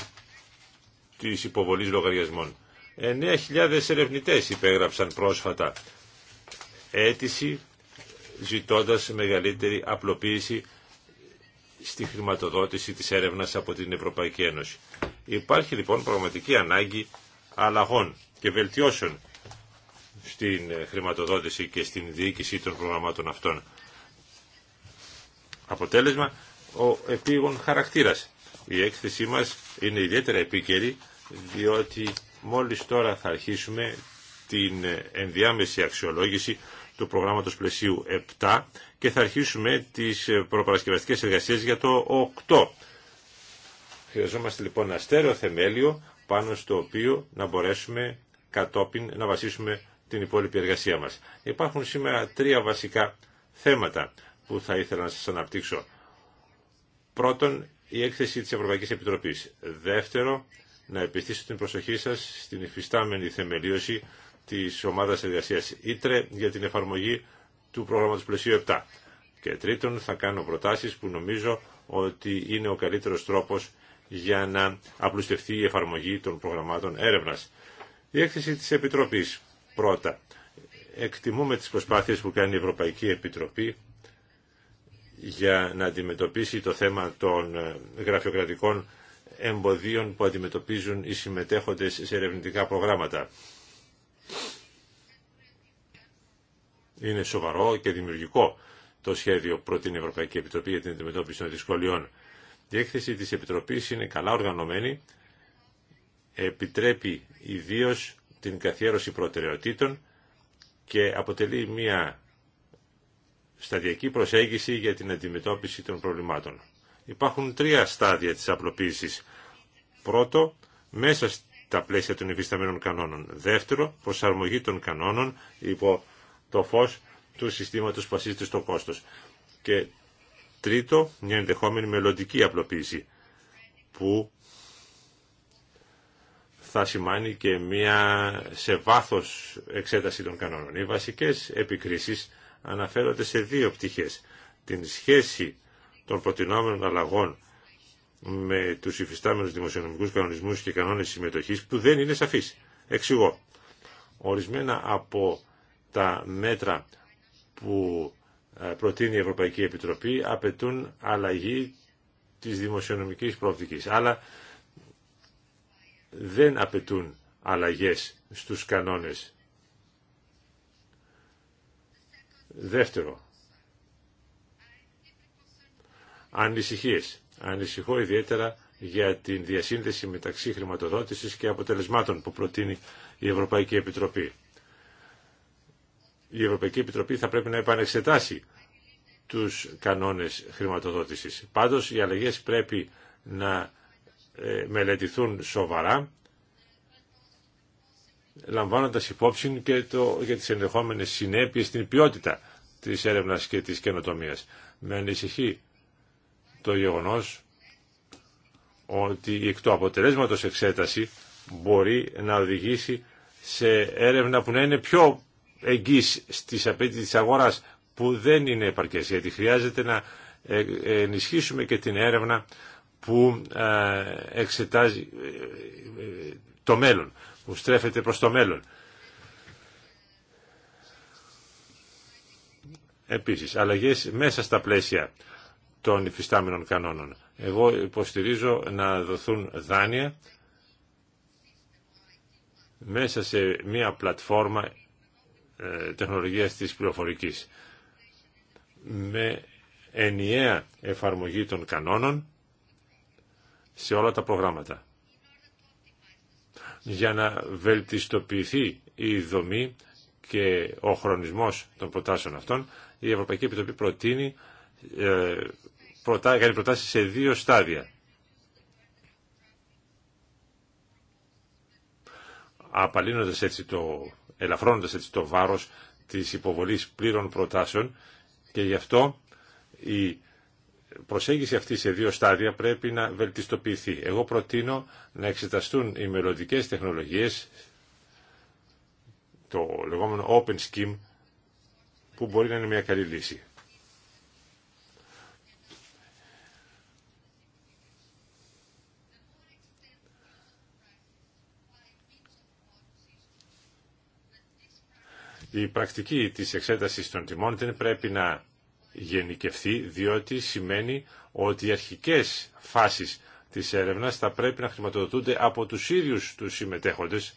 της υποβολής λογαριασμών. 9.000 ερευνητές υπέγραψαν πρόσφατα αίτηση ζητώντας μεγαλύτερη απλοποίηση στη χρηματοδότηση της έρευνας από την Ευρωπαϊκή Ένωση. Υπάρχει λοιπόν πραγματική ανάγκη αλλαγών και βελτιώσεων στην ε, χρηματοδότηση και στην διοίκηση των προγραμμάτων αυτών. Αποτέλεσμα, ο επίγον χαρακτήρας. Η έκθεσή μας είναι ιδιαίτερα επίκαιρη, διότι μόλις τώρα θα αρχίσουμε την ε, ενδιάμεση αξιολόγηση του προγράμματος πλαισίου 7 και θα αρχίσουμε τις ε, προπαρασκευαστικές εργασίες για το 8. Χρειαζόμαστε λοιπόν ένα στέρεο θεμέλιο πάνω στο οποίο να μπορέσουμε κατόπιν να βασίσουμε την υπόλοιπη εργασία μας. Υπάρχουν σήμερα τρία βασικά θέματα που θα ήθελα να σας αναπτύξω. Πρώτον, η έκθεση της Ευρωπαϊκής Επιτροπής. Δεύτερο, να επιστήσω την προσοχή σας στην υφιστάμενη θεμελίωση της ομάδας εργασίας Ήτρε για την εφαρμογή του πρόγραμματος πλαισίου 7. Και τρίτον, θα κάνω προτάσεις που νομίζω ότι είναι ο καλύτερος τρόπος για να απλουστευτεί η εφαρμογή των προγραμμάτων έρευνας. Η έκθεση της Επιτροπής Πρώτα, εκτιμούμε τις προσπάθειες που κάνει η Ευρωπαϊκή Επιτροπή για να αντιμετωπίσει το θέμα των ε, γραφειοκρατικών εμποδίων που αντιμετωπίζουν οι συμμετέχοντες σε ερευνητικά προγράμματα. Είναι σοβαρό και δημιουργικό το σχέδιο προ την Ευρωπαϊκή Επιτροπή για την αντιμετώπιση των δυσκολιών. Η έκθεση της Επιτροπής είναι καλά οργανωμένη, επιτρέπει ιδίως την καθιέρωση προτεραιοτήτων και αποτελεί μια σταδιακή προσέγγιση για την αντιμετώπιση των προβλημάτων. Υπάρχουν τρία στάδια της απλοποίησης. Πρώτο, μέσα στα πλαίσια των υφισταμένων κανόνων. Δεύτερο, προσαρμογή των κανόνων υπό το φως του συστήματος που ασύζεται στο κόστος. Και τρίτο, μια ενδεχόμενη μελλοντική απλοποίηση που θα σημάνει και μία σε βάθος εξέταση των κανόνων. Οι βασικές επικρίσεις αναφέρονται σε δύο πτυχές. Την σχέση των προτινόμενων αλλαγών με τους υφιστάμενους δημοσιονομικούς κανονισμούς και κανόνες συμμετοχής που δεν είναι σαφείς. Εξηγώ. Ορισμένα από τα μέτρα που ε, προτείνει η Ευρωπαϊκή Επιτροπή απαιτούν αλλαγή της δημοσιονομικής προοπτικής. Αλλά δεν απαιτούν αλλαγές στους κανόνες. Δεύτερο, ανησυχίες. Ανησυχώ ιδιαίτερα για την διασύνδεση μεταξύ χρηματοδότησης και αποτελεσμάτων που προτείνει η Ευρωπαϊκή Επιτροπή. Η Ευρωπαϊκή Επιτροπή θα πρέπει να επανεξετάσει τους κανόνες χρηματοδότησης. Πάντως οι αλλαγές πρέπει να ε, μελετηθούν σοβαρά λαμβάνοντας υπόψη και το, για τις ενδεχόμενες συνέπειες στην ποιότητα της έρευνας και της καινοτομίας. Με ανησυχεί το γεγονός ότι εκ του αποτελέσματος εξέταση μπορεί να οδηγήσει σε έρευνα που να είναι πιο εγγύς στις απαιτήσεις της αγοράς που δεν είναι επαρκές γιατί χρειάζεται να ε, ε, ενισχύσουμε και την έρευνα που ε, εξετάζει ε, το μέλλον, που στρέφεται προς το μέλλον. Επίσης, αλλαγές μέσα στα πλαίσια των υφιστάμενων κανόνων. Εγώ υποστηρίζω να δοθούν δάνεια μέσα σε μια πλατφόρμα ε, τεχνολογίας της πληροφορικής με ενιαία εφαρμογή των κανόνων σε όλα τα προγράμματα. Για να βελτιστοποιηθεί η δομή και ο χρονισμός των προτάσεων αυτών, η Ευρωπαϊκή Επιτροπή προτείνει, ε, προτά, κάνει προτάσεις σε δύο στάδια. Απαλύνοντας έτσι το, ελαφρώνοντας έτσι το βάρος της υποβολής πλήρων προτάσεων και γι' αυτό η προσέγγιση αυτή σε δύο στάδια πρέπει να βελτιστοποιηθεί. Εγώ προτείνω να εξεταστούν οι μελλοντικέ τεχνολογίες, το λεγόμενο open scheme, που μπορεί να είναι μια καλή λύση. Η πρακτική της εξέτασης των τιμών δεν πρέπει να γενικευθεί, διότι σημαίνει ότι οι αρχικές φάσεις της έρευνας θα πρέπει να χρηματοδοτούνται από τους ίδιους τους συμμετέχοντες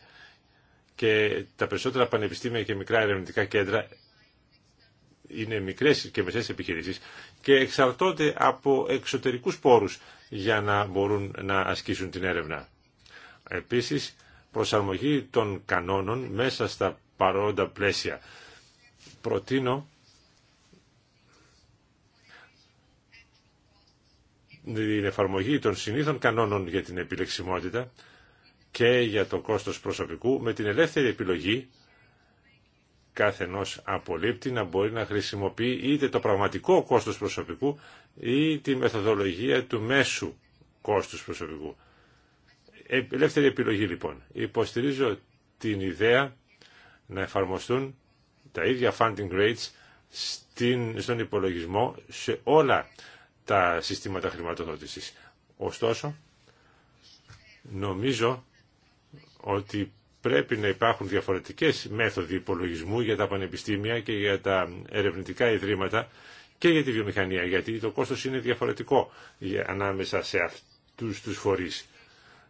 και τα περισσότερα πανεπιστήμια και μικρά ερευνητικά κέντρα είναι μικρές και μεσές επιχειρήσεις και εξαρτώνται από εξωτερικούς πόρους για να μπορούν να ασκήσουν την έρευνα. Επίσης, προσαρμογή των κανόνων μέσα στα παρόντα πλαίσια. Προτείνω την εφαρμογή των συνήθων κανόνων για την επιλεξιμότητα και για το κόστος προσωπικού με την ελεύθερη επιλογή κάθε ενός απολύπτη να μπορεί να χρησιμοποιεί είτε το πραγματικό κόστος προσωπικού ή τη μεθοδολογία του μέσου κόστους προσωπικού. Ε, ελεύθερη επιλογή λοιπόν. Υποστηρίζω την ιδέα να εφαρμοστούν τα ίδια funding rates στην, στον υπολογισμό σε όλα τα συστήματα χρηματοδότησης. Ωστόσο, νομίζω ότι πρέπει να υπάρχουν διαφορετικές μέθοδοι υπολογισμού για τα πανεπιστήμια και για τα ερευνητικά ιδρύματα και για τη βιομηχανία, γιατί το κόστος είναι διαφορετικό ανάμεσα σε αυτούς τους φορείς.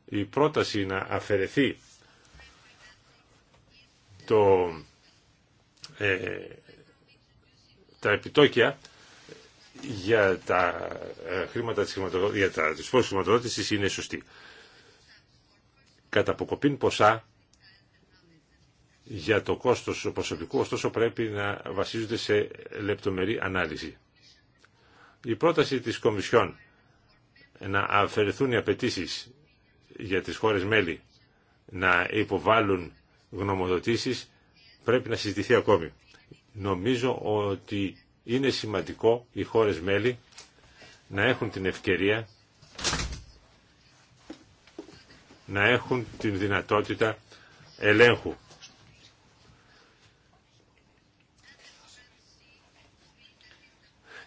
Η πρόταση να αφαιρεθεί το, ε, τα επιτόκια για τα ε, χρήματα της για τα, χρηματοδότησης είναι σωστή. Κατά αποκοπήν ποσά για το κόστος προσωπικού, ωστόσο πρέπει να βασίζονται σε λεπτομερή ανάλυση. Η πρόταση της Κομισιόν να αφαιρεθούν οι απαιτήσει για τις χώρες μέλη να υποβάλουν γνωμοδοτήσεις πρέπει να συζητηθεί ακόμη. Νομίζω ότι είναι σημαντικό οι χώρες μέλη να έχουν την ευκαιρία να έχουν την δυνατότητα ελέγχου.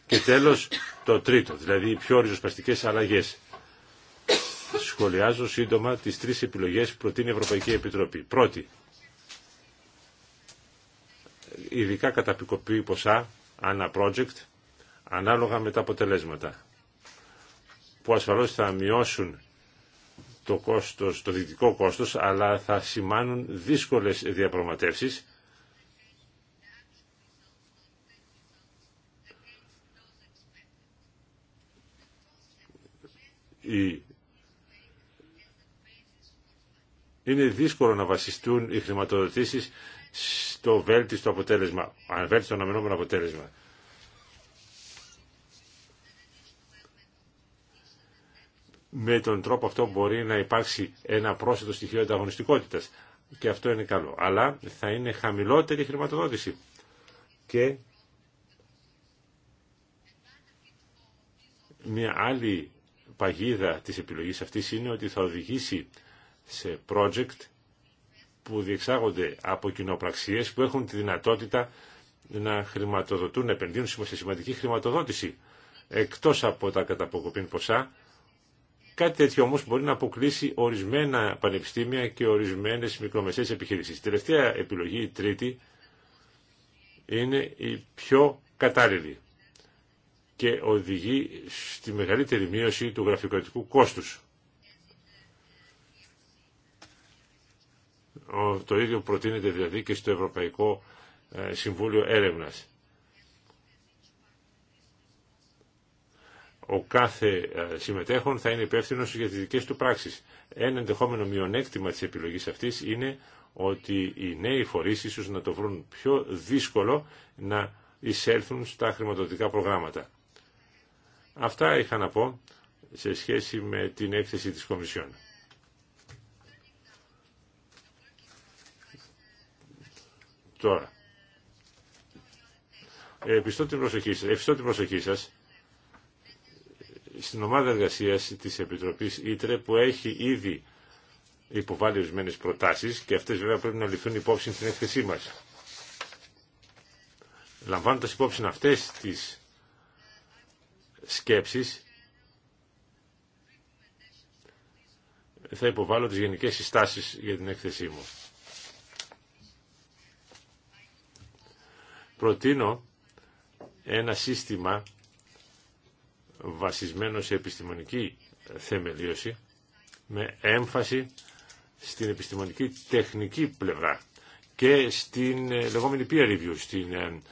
Και τέλος το τρίτο, δηλαδή οι πιο ριζοσπαστικές αλλαγές. Σχολιάζω σύντομα τις τρεις επιλογές που προτείνει η Ευρωπαϊκή Επιτροπή. Πρώτη, ειδικά καταπικοποιεί ποσά ανά project ανάλογα με τα αποτελέσματα που ασφαλώς θα μειώσουν το, κόστος, το κόστος αλλά θα σημάνουν δύσκολες διαπραγματεύσεις Είναι δύσκολο να βασιστούν οι χρηματοδοτήσεις στο βέλτιστο αποτέλεσμα, αν βέλτιστο αναμενόμενο αποτέλεσμα. Με τον τρόπο αυτό μπορεί να υπάρξει ένα πρόσθετο στοιχείο ανταγωνιστικότητα και αυτό είναι καλό. Αλλά θα είναι χαμηλότερη η χρηματοδότηση και μια άλλη παγίδα της επιλογής αυτής είναι ότι θα οδηγήσει σε project που διεξάγονται από κοινοπραξίες που έχουν τη δυνατότητα να χρηματοδοτούν, να επενδύουν σε σημαντική χρηματοδότηση εκτός από τα καταποκοπήν ποσά. Κάτι τέτοιο όμως μπορεί να αποκλείσει ορισμένα πανεπιστήμια και ορισμένες μικρομεσαίες επιχειρήσεις. Η τελευταία επιλογή, η τρίτη, είναι η πιο κατάλληλη και οδηγεί στη μεγαλύτερη μείωση του γραφειοκρατικού κόστους. Το ίδιο προτείνεται δηλαδή και στο Ευρωπαϊκό ε, Συμβούλιο Έρευνας. ο κάθε ε, συμμετέχον θα είναι υπεύθυνο για τι δικέ του πράξει. Ένα ενδεχόμενο μειονέκτημα της επιλογή αυτή είναι ότι οι νέοι φορεί ίσως να το βρουν πιο δύσκολο να εισέλθουν στα χρηματοδοτικά προγράμματα. Αυτά είχα να πω σε σχέση με την έκθεση της Κομισιόν. Τώρα, επιστώ την προσοχή σας, ε, προσοχή σας στην ομάδα εργασίας της Επιτροπής Ήτρε που έχει ήδη υποβάλει ορισμένε προτάσεις και αυτές βέβαια πρέπει να ληφθούν υπόψη στην έκθεσή μας. Λαμβάνοντας υπόψη αυτές τις σκέψεις, θα υποβάλω τις γενικές συστάσεις για την έκθεσή μου. Προτείνω ένα σύστημα βασισμένο σε επιστημονική θεμελίωση με έμφαση στην επιστημονική τεχνική πλευρά και στην ε, λεγόμενη peer review, στην, ε,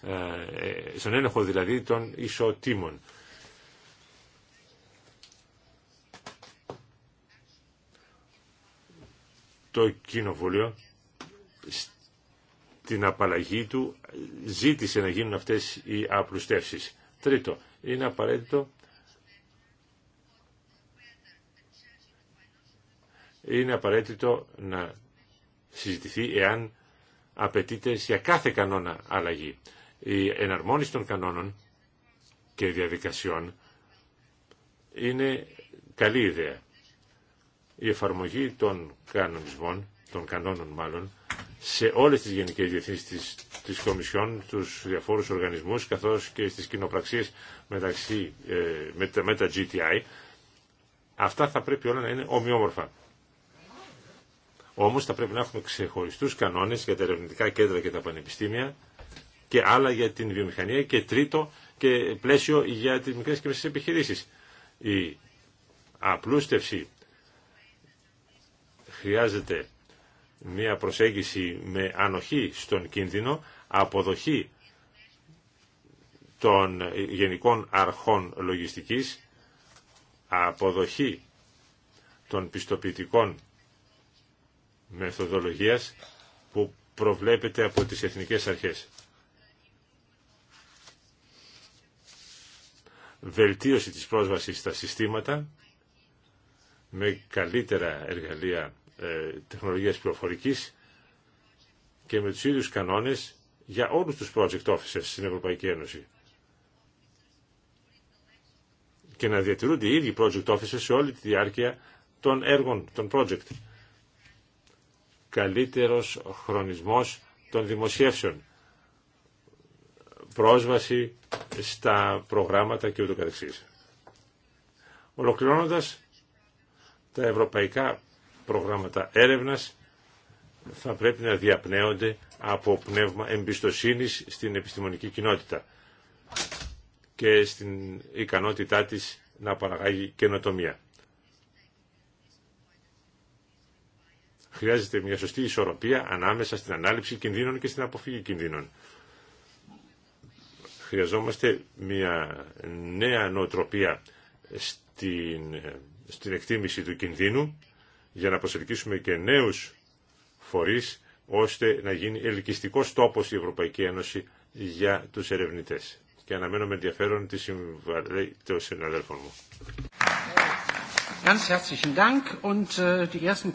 ε, στον έλεγχο δηλαδή των ισοτήμων. Το Κοινοβούλιο την απαλλαγή του ζήτησε να γίνουν αυτές οι απλουστεύσεις. Τρίτο, είναι απαραίτητο είναι απαραίτητο να συζητηθεί εάν απαιτείται για κάθε κανόνα αλλαγή. Η εναρμόνιση των κανόνων και διαδικασιών είναι καλή ιδέα. Η εφαρμογή των κανονισμών, των κανόνων μάλλον, σε όλες τις γενικές διευθύνσεις της, της Κομισιόν, τους διαφόρους οργανισμούς, καθώς και στις κοινοπραξίες μεταξύ, ε, με, τα, GTI. Αυτά θα πρέπει όλα να είναι ομοιόμορφα. Όμως θα πρέπει να έχουμε ξεχωριστούς κανόνες για τα ερευνητικά κέντρα και τα πανεπιστήμια και άλλα για την βιομηχανία και τρίτο και πλαίσιο για τις μικρές και μεσές επιχειρήσεις. Η απλούστευση χρειάζεται μια προσέγγιση με ανοχή στον κίνδυνο, αποδοχή των γενικών αρχών λογιστικής, αποδοχή των πιστοποιητικών μεθοδολογίας που προβλέπεται από τις εθνικές αρχές. Βελτίωση της πρόσβασης στα συστήματα με καλύτερα εργαλεία ε, τεχνολογίας πληροφορικής και με τους ίδιους κανόνες για όλους τους project officers στην Ευρωπαϊκή Ένωση. Και να διατηρούνται οι ίδιοι project officers σε όλη τη διάρκεια των έργων, των project. Καλύτερος χρονισμός των δημοσιεύσεων. Πρόσβαση στα προγράμματα και ούτω καθεξής. Ολοκληρώνοντας, τα ευρωπαϊκά προγράμματα έρευνας θα πρέπει να διαπνέονται από πνεύμα εμπιστοσύνης στην επιστημονική κοινότητα και στην ικανότητά της να παραγάγει καινοτομία. Χρειάζεται μια σωστή ισορροπία ανάμεσα στην ανάληψη κινδύνων και στην αποφύγη κινδύνων. Χρειαζόμαστε μια νέα νοοτροπία στην, στην εκτίμηση του κινδύνου για να προσελκύσουμε και νέους φορείς ώστε να γίνει ελκυστικός τόπος η Ευρωπαϊκή Ένωση για τους ερευνητές. Και αναμένω με ενδιαφέρον τη συμβαλή των συναδέλφων μου.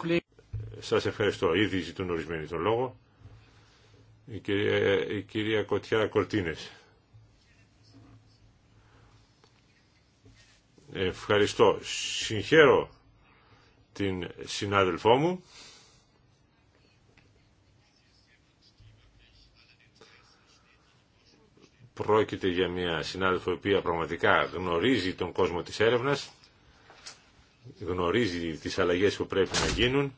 Äh, Σας ευχαριστώ. Ήδη ζητούν ορισμένοι τον λόγο. Η κυρία, η κυρία Κωτιά Κορτίνες. Ευχαριστώ. Συγχαίρω την συνάδελφό μου. Πρόκειται για μια συνάδελφο η οποία πραγματικά γνωρίζει τον κόσμο της έρευνας, γνωρίζει τις αλλαγές που πρέπει να γίνουν,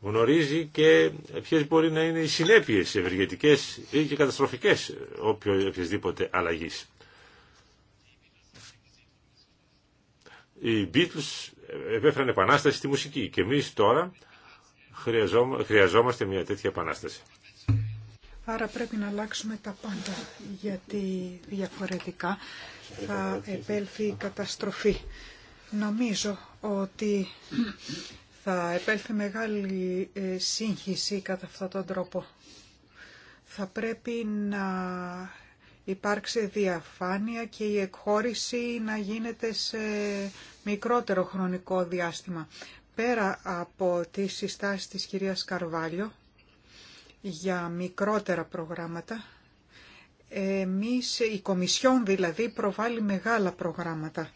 γνωρίζει και ποιες μπορεί να είναι οι συνέπειες ευεργετικές ή και καταστροφικές οποιασδήποτε αλλαγής. Οι Beatles επέφεραν επανάσταση στη μουσική και εμείς τώρα χρειαζόμαστε μια τέτοια επανάσταση. Άρα πρέπει να αλλάξουμε τα πάντα, γιατί διαφορετικά θα επέλθει η καταστροφή. Νομίζω ότι θα επέλθει μεγάλη ε, σύγχυση κατά αυτόν τον τρόπο. Θα πρέπει να υπάρξει διαφάνεια και η εκχώρηση να γίνεται σε μικρότερο χρονικό διάστημα. Πέρα από τις συστάσεις της κυρίας Καρβάλιο για μικρότερα προγράμματα, εμείς, η Κομισιόν δηλαδή, προβάλλει μεγάλα προγράμματα.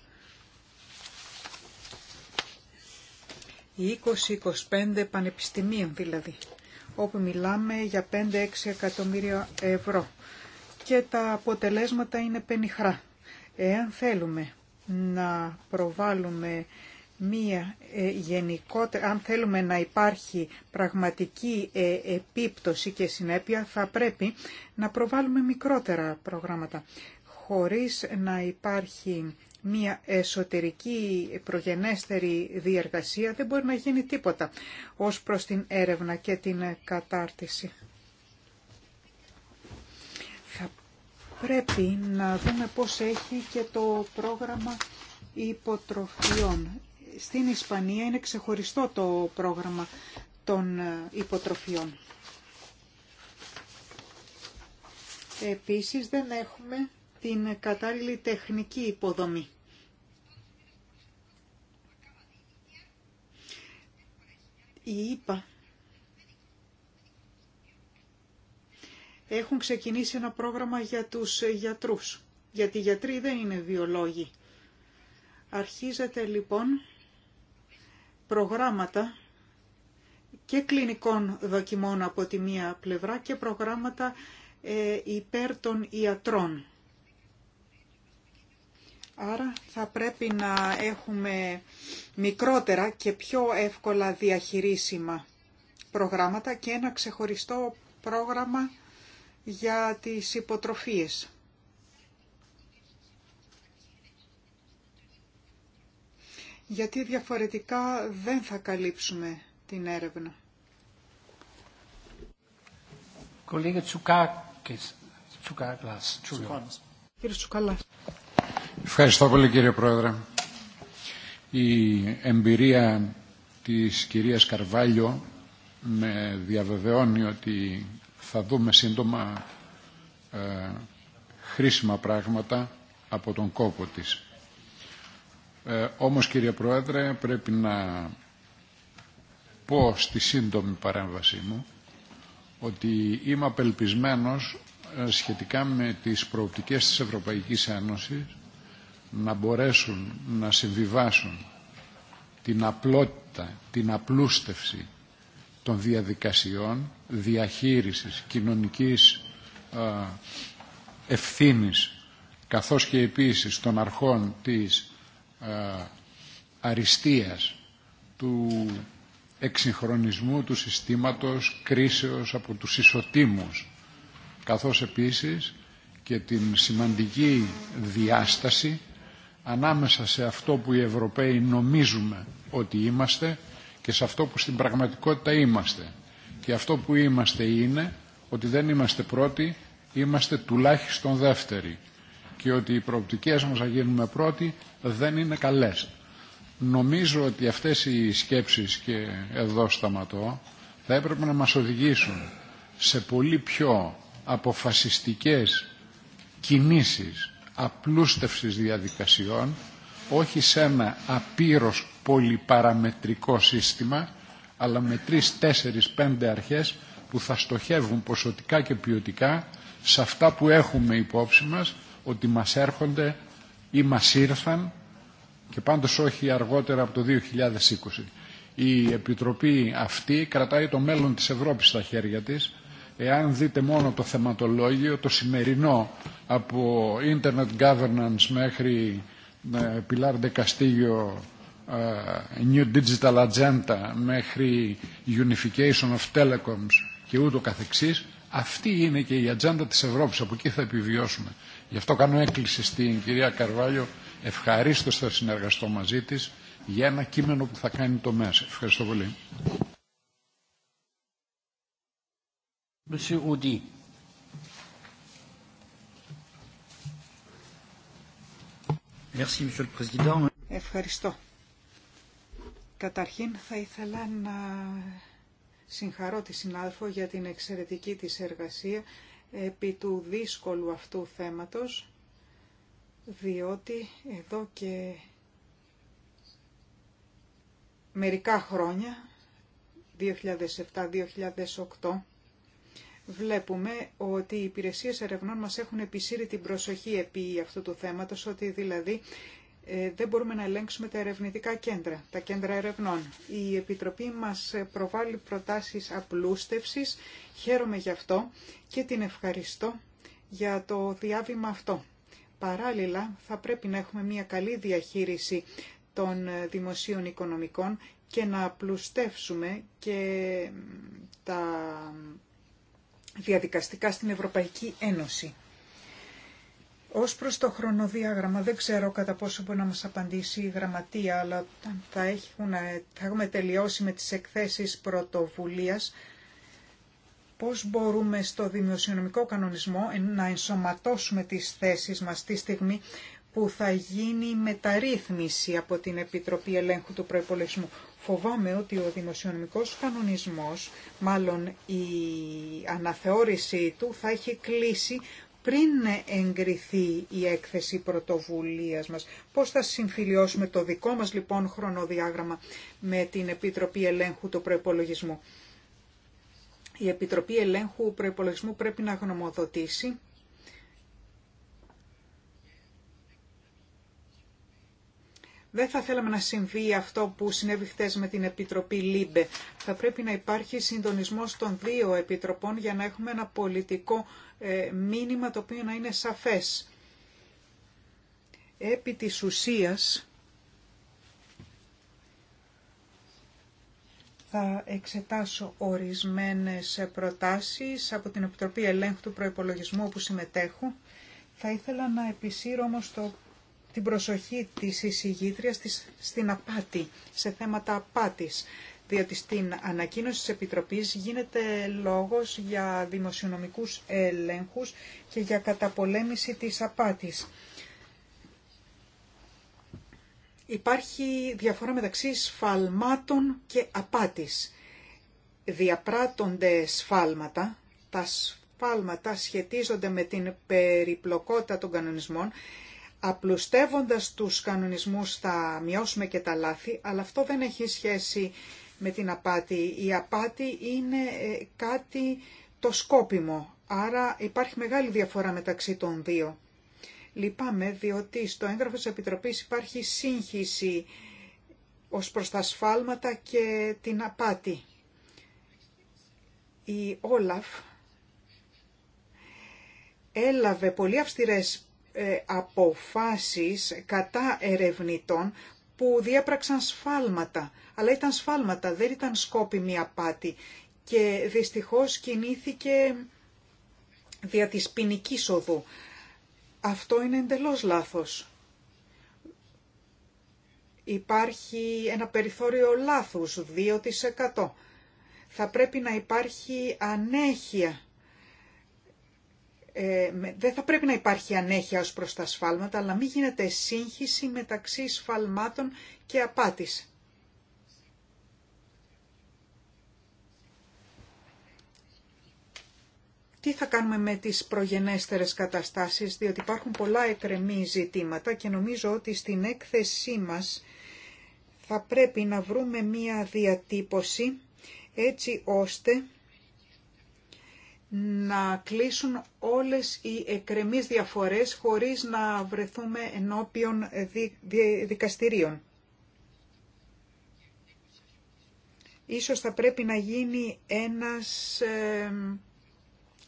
Οι 20-25 πανεπιστημίων δηλαδή, όπου μιλάμε για 5-6 εκατομμύρια ευρώ και τα αποτελέσματα είναι πενιχρά. Εάν θέλουμε να προβάλλουμε μία ε, αν θέλουμε να υπάρχει πραγματική ε, επίπτωση και συνέπεια, θα πρέπει να προβάλλουμε μικρότερα προγράμματα, χωρίς να υπάρχει μία εσωτερική προγενέστερη διεργασία δεν μπορεί να γίνει τίποτα ως προς την έρευνα και την κατάρτιση. Πρέπει να δούμε πώς έχει και το πρόγραμμα υποτροφιών. Στην Ισπανία είναι ξεχωριστό το πρόγραμμα των ε, υποτροφιών. Επίσης δεν έχουμε την κατάλληλη τεχνική υποδομή. Η ΕΠΑ έχουν ξεκινήσει ένα πρόγραμμα για τους γιατρούς. Γιατί οι γιατροί δεν είναι βιολόγοι. Αρχίζεται λοιπόν προγράμματα και κλινικών δοκιμών από τη μία πλευρά και προγράμματα ε, υπέρ των ιατρών. Άρα θα πρέπει να έχουμε μικρότερα και πιο εύκολα διαχειρίσιμα προγράμματα και ένα ξεχωριστό πρόγραμμα για τις υποτροφίες. Γιατί διαφορετικά δεν θα καλύψουμε την έρευνα. Κολλήγε Τσουκάκης. Κύριε Τσουκάλας. Ευχαριστώ πολύ κύριε Πρόεδρε. Η εμπειρία της κυρίας Καρβάλιο με διαβεβαιώνει ότι θα δούμε σύντομα ε, χρήσιμα πράγματα από τον κόπο της. Ε, όμως κύριε Πρόεδρε πρέπει να πω στη σύντομη παρέμβασή μου ότι είμαι απελπισμένος ε, σχετικά με τις προοπτικές της Ευρωπαϊκής Ένωσης να μπορέσουν να συμβιβάσουν την απλότητα, την απλούστευση των διαδικασιών διαχείρισης κοινωνικής ε, ευθύνης καθώς και επίσης των αρχών της ε, αριστείας του εξυγχρονισμού του συστήματος κρίσεως από τους ισοτήμους καθώς επίσης και την σημαντική διάσταση ανάμεσα σε αυτό που οι Ευρωπαίοι νομίζουμε ότι είμαστε και σε αυτό που στην πραγματικότητα είμαστε. Και αυτό που είμαστε είναι ότι δεν είμαστε πρώτοι, είμαστε τουλάχιστον δεύτεροι. Και ότι οι προοπτικές μας να γίνουμε πρώτοι δεν είναι καλές. Νομίζω ότι αυτές οι σκέψεις και εδώ σταματώ θα έπρεπε να μας οδηγήσουν σε πολύ πιο αποφασιστικές κινήσεις απλούστευσης διαδικασιών όχι σε ένα απείρως πολυπαραμετρικό σύστημα, αλλά με τρεις, τέσσερις, πέντε αρχές που θα στοχεύουν ποσοτικά και ποιοτικά σε αυτά που έχουμε υπόψη μας ότι μας έρχονται ή μας ήρθαν και πάντως όχι αργότερα από το 2020. Η Επιτροπή αυτή κρατάει το μέλλον της Ευρώπης στα χέρια της. Εάν δείτε μόνο το θεματολόγιο, το σημερινό από Internet Governance μέχρι Pilar de Castillo ε, New Digital Agenda μέχρι Unification of Telecoms και ούτω καθεξής αυτή είναι και η ατζέντα της Ευρώπης από εκεί θα επιβιώσουμε γι' αυτό κάνω έκκληση στην κυρία Καρβάλιο ευχαρίστω θα συνεργαστώ μαζί της για ένα κείμενο που θα κάνει το ΜΕΣ ευχαριστώ πολύ Ευχαριστώ. Καταρχήν θα ήθελα να συγχαρώ τη συνάδελφο για την εξαιρετική της εργασία επί του δύσκολου αυτού θέματος, διότι εδώ και μερικά χρόνια, 2007-2008, βλέπουμε ότι οι υπηρεσίες ερευνών μας έχουν επισύρει την προσοχή επί αυτού του θέματος, ότι δηλαδή ε, δεν μπορούμε να ελέγξουμε τα ερευνητικά κέντρα, τα κέντρα ερευνών. Η Επιτροπή μας προβάλλει προτάσεις απλούστευσης, χαίρομαι γι' αυτό και την ευχαριστώ για το διάβημα αυτό. Παράλληλα, θα πρέπει να έχουμε μια καλή διαχείριση των δημοσίων οικονομικών και να απλουστεύσουμε και τα διαδικαστικά στην Ευρωπαϊκή Ένωση. Ως προς το χρονοδιάγραμμα, δεν ξέρω κατά πόσο μπορεί να μας απαντήσει η γραμματεία, αλλά θα, θα έχουμε τελειώσει με τις εκθέσεις πρωτοβουλία. πώς μπορούμε στο δημοσιονομικό κανονισμό να ενσωματώσουμε τις θέσεις μας τη στιγμή που θα γίνει μεταρρύθμιση από την Επιτροπή Ελέγχου του Προεπολεσμού. Φοβάμαι ότι ο δημοσιονομικός κανονισμός, μάλλον η αναθεώρησή του, θα έχει κλείσει πριν εγκριθεί η έκθεση πρωτοβουλίας μας. Πώς θα συμφιλιώσουμε το δικό μας λοιπόν χρονοδιάγραμμα με την Επιτροπή Ελέγχου του Προϋπολογισμού. Η Επιτροπή Ελέγχου Προϋπολογισμού πρέπει να γνωμοδοτήσει Δεν θα θέλαμε να συμβεί αυτό που συνέβη χθε με την Επιτροπή ΛΥΜΠΕ. Θα πρέπει να υπάρχει συντονισμός των δύο επιτροπών για να έχουμε ένα πολιτικό ε, μήνυμα το οποίο να είναι σαφές. Επί της ουσίας θα εξετάσω ορισμένες προτάσεις από την Επιτροπή Ελέγχου του Προϋπολογισμού όπου συμμετέχω. Θα ήθελα να επισύρω όμως το την προσοχή της εισηγήτριας στην απάτη, σε θέματα απάτης, διότι στην ανακοίνωση της Επιτροπής γίνεται λόγος για δημοσιονομικούς ελέγχους και για καταπολέμηση της απάτης. Υπάρχει διαφορά μεταξύ σφαλμάτων και απάτης. Διαπράττονται σφάλματα, τα σφάλματα σχετίζονται με την περιπλοκότητα των κανονισμών Απλουστεύοντας τους κανονισμούς θα μειώσουμε και τα λάθη, αλλά αυτό δεν έχει σχέση με την απάτη. Η απάτη είναι ε, κάτι το σκόπιμο, άρα υπάρχει μεγάλη διαφορά μεταξύ των δύο. Λυπάμαι διότι στο έγγραφο της Επιτροπής υπάρχει σύγχυση ως προς τα σφάλματα και την απάτη. Η Όλαφ έλαβε πολύ αυστηρές ε, αποφάσεις κατά ερευνητών που διέπραξαν σφάλματα. Αλλά ήταν σφάλματα, δεν ήταν σκόπιμη απάτη. Και δυστυχώς κινήθηκε δια της ποινική οδού. Αυτό είναι εντελώς λάθος. Υπάρχει ένα περιθώριο λάθους, 2%. Θα πρέπει να υπάρχει ανέχεια ε, δεν θα πρέπει να υπάρχει ανέχεια ως προς τα σφάλματα, αλλά μην γίνεται σύγχυση μεταξύ σφαλμάτων και απάτης. Τι θα κάνουμε με τις προγενέστερες καταστάσεις, διότι υπάρχουν πολλά εκρεμή ζητήματα και νομίζω ότι στην έκθεσή μας θα πρέπει να βρούμε μία διατύπωση έτσι ώστε να κλείσουν όλες οι εκρεμείς διαφορές χωρίς να βρεθούμε ενώπιον δικαστηρίων. Ίσως θα πρέπει να γίνει ένας ε,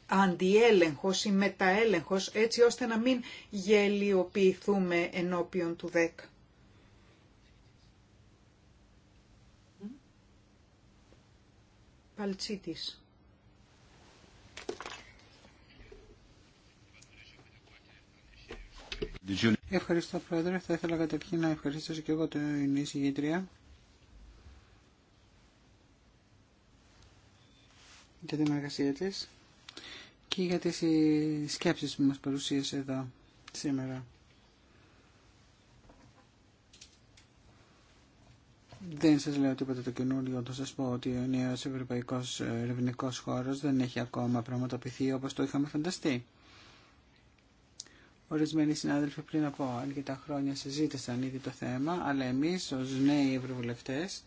αντιέλεγχος ή μεταέλεγχος έτσι ώστε να μην γελιοποιηθούμε ενώπιον του ΔΕΚ. Παλτσίτης. Ευχαριστώ Πρόεδρε. Θα ήθελα καταρχήν να ευχαριστήσω και εγώ την εισηγήτρια για την εργασία της και για τις σκέψεις που μας παρουσίασε εδώ σήμερα. Δεν σας λέω τίποτα το καινούριο, θα σας πω ότι ο νέος ευρωπαϊκός ερευνικός χώρος δεν έχει ακόμα πραγματοποιηθεί όπως το είχαμε φανταστεί. Ορισμένοι συνάδελφοι πριν από αρκετά χρόνια συζήτησαν ήδη το θέμα, αλλά εμείς ως νέοι ευρωβουλευτές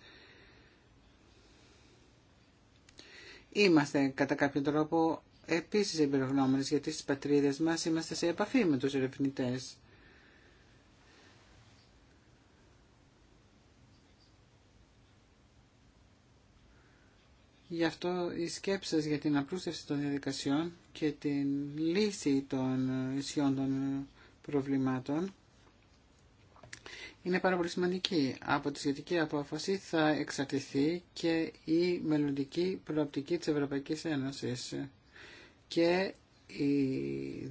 είμαστε κατά κάποιο τρόπο επίσης εμπειρογνώμενες, γιατί στις πατρίδες μας είμαστε σε επαφή με τους ερευνητές. Γι' αυτό οι σκέψεις για την απλούστευση των διαδικασιών και την λύση των ισιών των προβλημάτων είναι πάρα πολύ σημαντική. Από τη σχετική απόφαση θα εξαρτηθεί και η μελλοντική προοπτική της Ευρωπαϊκής Ένωσης και η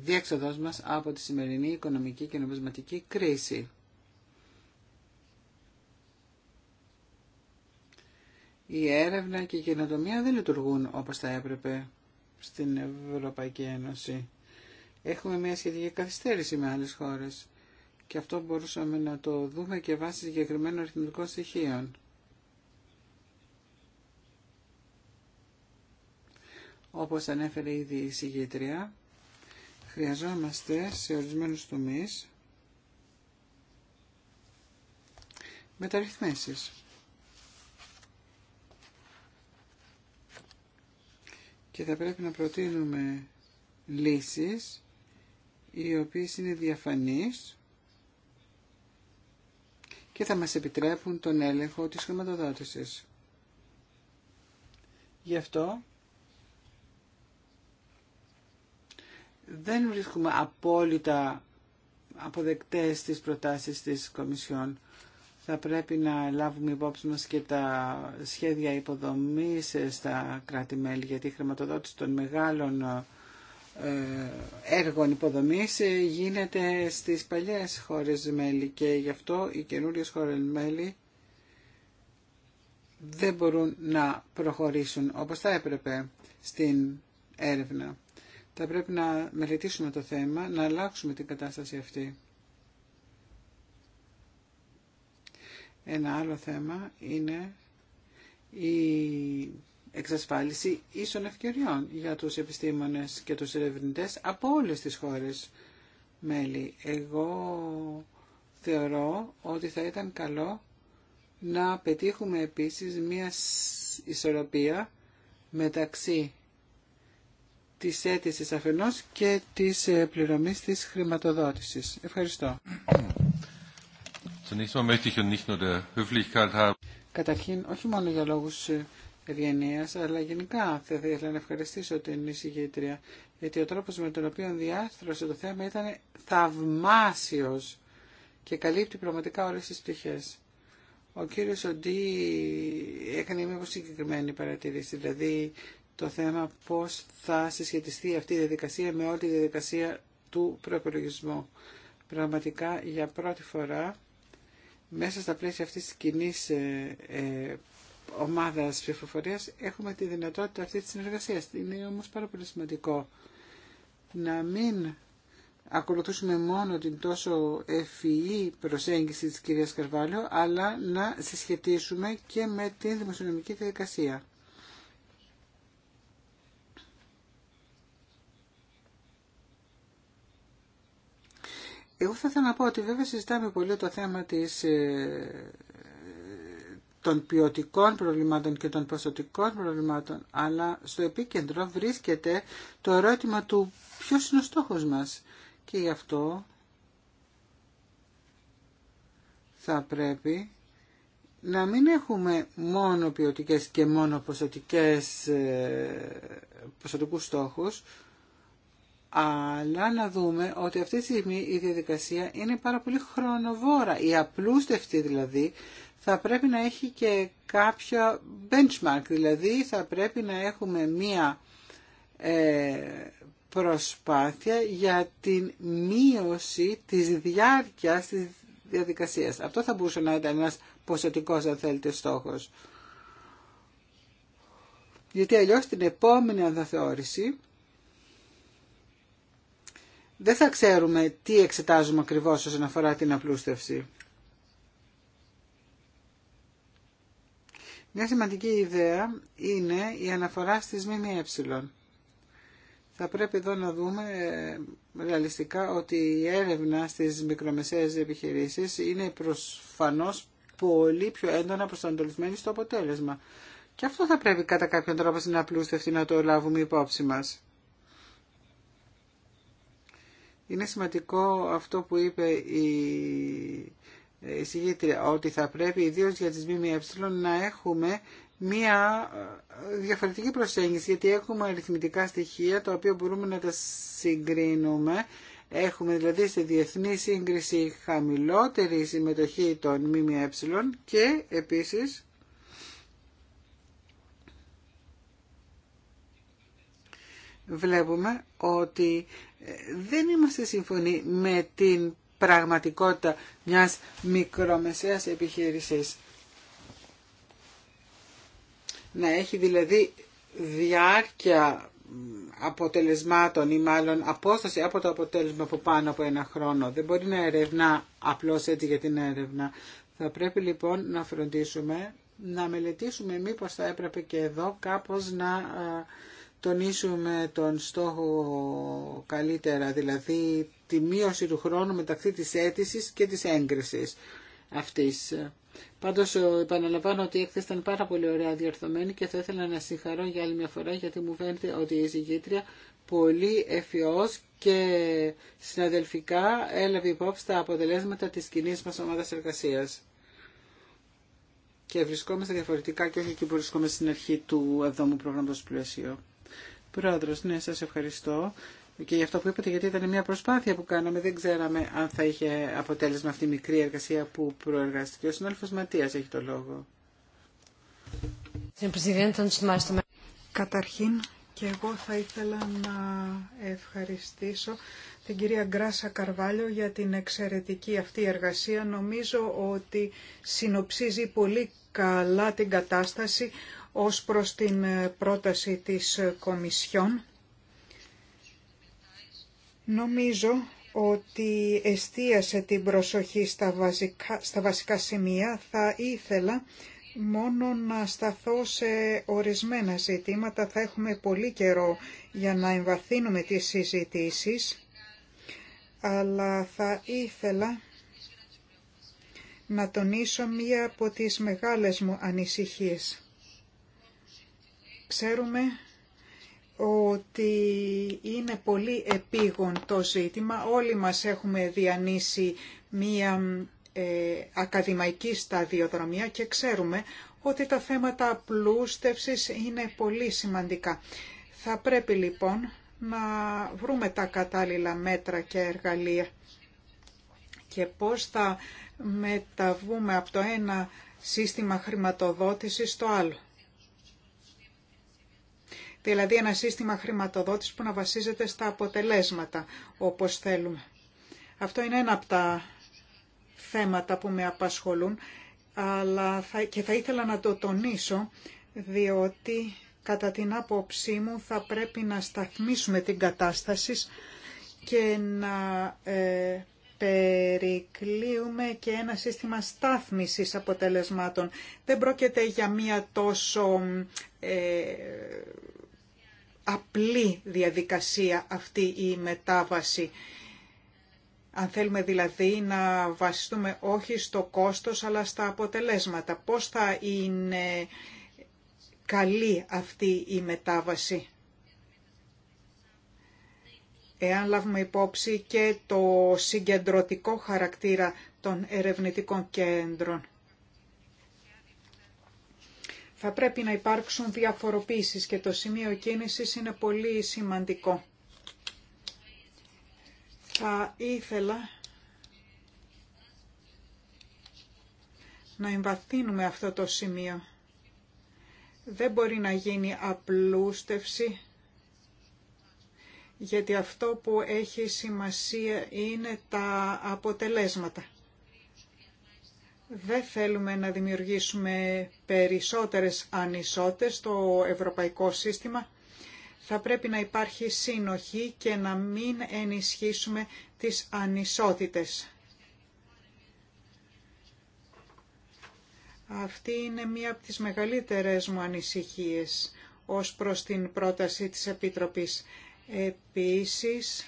διέξοδος μας από τη σημερινή οικονομική και νομισματική κρίση. η έρευνα και η καινοτομία δεν λειτουργούν όπως θα έπρεπε στην Ευρωπαϊκή Ένωση. Έχουμε μια σχετική καθυστέρηση με άλλες χώρες και αυτό μπορούσαμε να το δούμε και βάσει συγκεκριμένων αριθμητικών στοιχείων. Όπως ανέφερε ήδη η συγγήτρια, χρειαζόμαστε σε ορισμένους τομείς μεταρρυθμίσεις. και θα πρέπει να προτείνουμε λύσεις οι οποίες είναι διαφανείς και θα μας επιτρέπουν τον έλεγχο της χρηματοδότησης. Γι' αυτό δεν βρίσκουμε απόλυτα αποδεκτές τις προτάσεις της Κομισιόν θα πρέπει να λάβουμε υπόψη μας και τα σχέδια υποδομής στα κράτη-μέλη, γιατί η χρηματοδότηση των μεγάλων ε, έργων υποδομής ε, γίνεται στις παλιές χώρες μέλη και γι' αυτό οι καινούριε χώρες μέλη δεν μπορούν να προχωρήσουν όπως θα έπρεπε στην έρευνα. Θα πρέπει να μελετήσουμε το θέμα, να αλλάξουμε την κατάσταση αυτή. Ένα άλλο θέμα είναι η εξασφάλιση ίσων ευκαιριών για τους επιστήμονες και τους ερευνητές από όλες τις χώρες μέλη. Εγώ θεωρώ ότι θα ήταν καλό να πετύχουμε επίσης μια ισορροπία μεταξύ της αίτησης αφενός και της ε, πληρωμής της χρηματοδότησης. Ευχαριστώ. Καταρχήν, όχι μόνο για λόγου ε, ευγενία, αλλά γενικά θα ήθελα να ευχαριστήσω την εισηγήτρια, γιατί ο τρόπο με τον οποίο διάστρωσε το θέμα ήταν θαυμάσιο και καλύπτει πραγματικά όλε τι πτυχέ. Ο κύριο Οντί έκανε μια συγκεκριμένη παρατηρήση, δηλαδή το θέμα πώ θα συσχετιστεί αυτή η διαδικασία με όλη τη διαδικασία του προπολογισμού. Πραγματικά για πρώτη φορά μέσα στα πλαίσια αυτής της κοινή ε, ε, ομάδας ψηφοφορία έχουμε τη δυνατότητα αυτή της συνεργασίας. Είναι όμως πάρα πολύ σημαντικό να μην ακολουθήσουμε μόνο την τόσο ευφυή προσέγγιση της κυρίας Καρβάλιο, αλλά να συσχετίσουμε και με την δημοσιονομική διαδικασία. Εγώ θα ήθελα να πω ότι βέβαια συζητάμε πολύ το θέμα της, ε, των ποιοτικών προβλημάτων και των ποσοτικών προβλημάτων, αλλά στο επίκεντρο βρίσκεται το ερώτημα του ποιος είναι ο στόχος μας. Και γι' αυτό θα πρέπει να μην έχουμε μόνο ποιοτικές και μόνο ποσοτικές, ε, ποσοτικούς στόχους, αλλά να δούμε ότι αυτή τη στιγμή η διαδικασία είναι πάρα πολύ χρονοβόρα. Η απλούστευτη δηλαδή θα πρέπει να έχει και κάποιο benchmark, δηλαδή θα πρέπει να έχουμε μία ε, προσπάθεια για την μείωση της διάρκειας της διαδικασίας. Αυτό θα μπορούσε να ήταν ένας ποσοτικός αν θέλετε στόχος. Γιατί αλλιώς την επόμενη ανταθεώρηση δεν θα ξέρουμε τι εξετάζουμε ακριβώς όσον αφορά την απλούστευση. Μια σημαντική ιδέα είναι η αναφορά στις ΜΜΕ. Θα πρέπει εδώ να δούμε ε, ρεαλιστικά ότι η έρευνα στις μικρομεσαίες επιχειρήσεις είναι προσφανώς πολύ πιο έντονα προσανατολισμένη στο αποτέλεσμα. Και αυτό θα πρέπει κατά κάποιον τρόπο στην απλούστευση να το λάβουμε υπόψη μας. Είναι σημαντικό αυτό που είπε η εισηγήτρια, ότι θα πρέπει ιδίω για τις ΜΜΕ να έχουμε μία ε, διαφορετική προσέγγιση, γιατί έχουμε αριθμητικά στοιχεία τα οποία μπορούμε να τα συγκρίνουμε. Έχουμε δηλαδή σε διεθνή σύγκριση χαμηλότερη συμμετοχή των ΜΜΕ και επίσης βλέπουμε ότι δεν είμαστε συμφωνοί με την πραγματικότητα μιας μικρομεσαίας επιχείρησης. Να έχει δηλαδή διάρκεια αποτελεσμάτων ή μάλλον απόσταση από το αποτέλεσμα από πάνω από ένα χρόνο. Δεν μπορεί να ερευνά απλώς έτσι για την έρευνα. Θα πρέπει λοιπόν να φροντίσουμε να μελετήσουμε μήπως θα έπρεπε και εδώ κάπως να τονίσουμε τον στόχο καλύτερα, δηλαδή τη μείωση του χρόνου μεταξύ της αίτησης και της έγκρισης αυτής. Πάντως επαναλαμβάνω ότι η έκθεση ήταν πάρα πολύ ωραία διορθωμένη και θα ήθελα να συγχαρώ για άλλη μια φορά γιατί μου φαίνεται ότι η εισηγήτρια πολύ ευφυώς και συναδελφικά έλαβε υπόψη τα αποτελέσματα της κοινή μας ομάδας εργασίας. Και βρισκόμαστε διαφορετικά και όχι εκεί που βρισκόμαστε στην αρχή του 7ου προγράμματος πλαισίου. Πρόεδρος, ναι, σας ευχαριστώ και για αυτό που είπατε, γιατί ήταν μια προσπάθεια που κάναμε, δεν ξέραμε αν θα είχε αποτέλεσμα αυτή η μικρή εργασία που προεργάστηκε. Ο συνάδελφος Ματίας έχει το λόγο. Καταρχήν, και εγώ θα ήθελα να ευχαριστήσω την κυρία Γκράσα Καρβάλιο για την εξαιρετική αυτή εργασία. Νομίζω ότι συνοψίζει πολύ καλά την κατάσταση ως προς την πρόταση της Κομισιόν. Νομίζω ότι εστίασε την προσοχή στα βασικά, στα βασικά σημεία. Θα ήθελα μόνο να σταθώ σε ορισμένα ζητήματα. Θα έχουμε πολύ καιρό για να εμβαθύνουμε τις συζητήσεις, αλλά θα ήθελα να τονίσω μία από τις μεγάλες μου ανησυχίες. Ξέρουμε ότι είναι πολύ επίγον το ζήτημα. Όλοι μας έχουμε διανύσει μία ε, ακαδημαϊκή σταδιοδρομία και ξέρουμε ότι τα θέματα απλούστευσης είναι πολύ σημαντικά. Θα πρέπει λοιπόν να βρούμε τα κατάλληλα μέτρα και εργαλεία και πώς θα μεταβούμε από το ένα σύστημα χρηματοδότησης στο άλλο δηλαδή ένα σύστημα χρηματοδότησης που να βασίζεται στα αποτελέσματα όπως θέλουμε. Αυτό είναι ένα από τα θέματα που με απασχολούν αλλά και θα ήθελα να το τονίσω διότι κατά την άποψή μου θα πρέπει να σταθμίσουμε την κατάσταση και να ε, περικλείουμε και ένα σύστημα στάθμισης αποτελεσμάτων. Δεν πρόκειται για μία τόσο ε, απλή διαδικασία αυτή η μετάβαση. Αν θέλουμε δηλαδή να βασιστούμε όχι στο κόστος αλλά στα αποτελέσματα. Πώς θα είναι καλή αυτή η μετάβαση. Εάν λάβουμε υπόψη και το συγκεντρωτικό χαρακτήρα των ερευνητικών κέντρων θα πρέπει να υπάρξουν διαφοροποίησεις και το σημείο κίνησης είναι πολύ σημαντικό. Θα ήθελα να εμβαθύνουμε αυτό το σημείο. Δεν μπορεί να γίνει απλούστευση, γιατί αυτό που έχει σημασία είναι τα αποτελέσματα. Δεν θέλουμε να δημιουργήσουμε περισσότερες ανισότητες στο ευρωπαϊκό σύστημα. Θα πρέπει να υπάρχει σύνοχη και να μην ενισχύσουμε τις ανισότητες. Αυτή είναι μία από τις μεγαλύτερες μου ανησυχίες ως προς την πρόταση της Επιτροπής. Επίσης,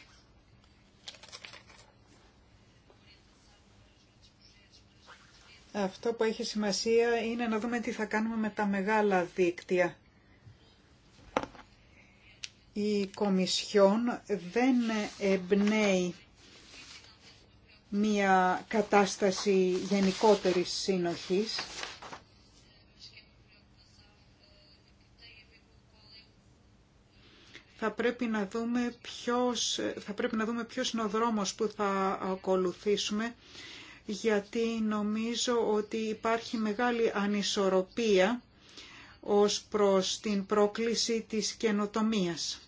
Αυτό που έχει σημασία είναι να δούμε τι θα κάνουμε με τα μεγάλα δίκτυα. Η Κομισιόν δεν εμπνέει μία κατάσταση γενικότερης σύνοχης. Θα πρέπει, να δούμε ποιος, θα πρέπει να δούμε ποιος είναι ο δρόμος που θα ακολουθήσουμε γιατί νομίζω ότι υπάρχει μεγάλη ανισορροπία ως προς την πρόκληση της καινοτομίας.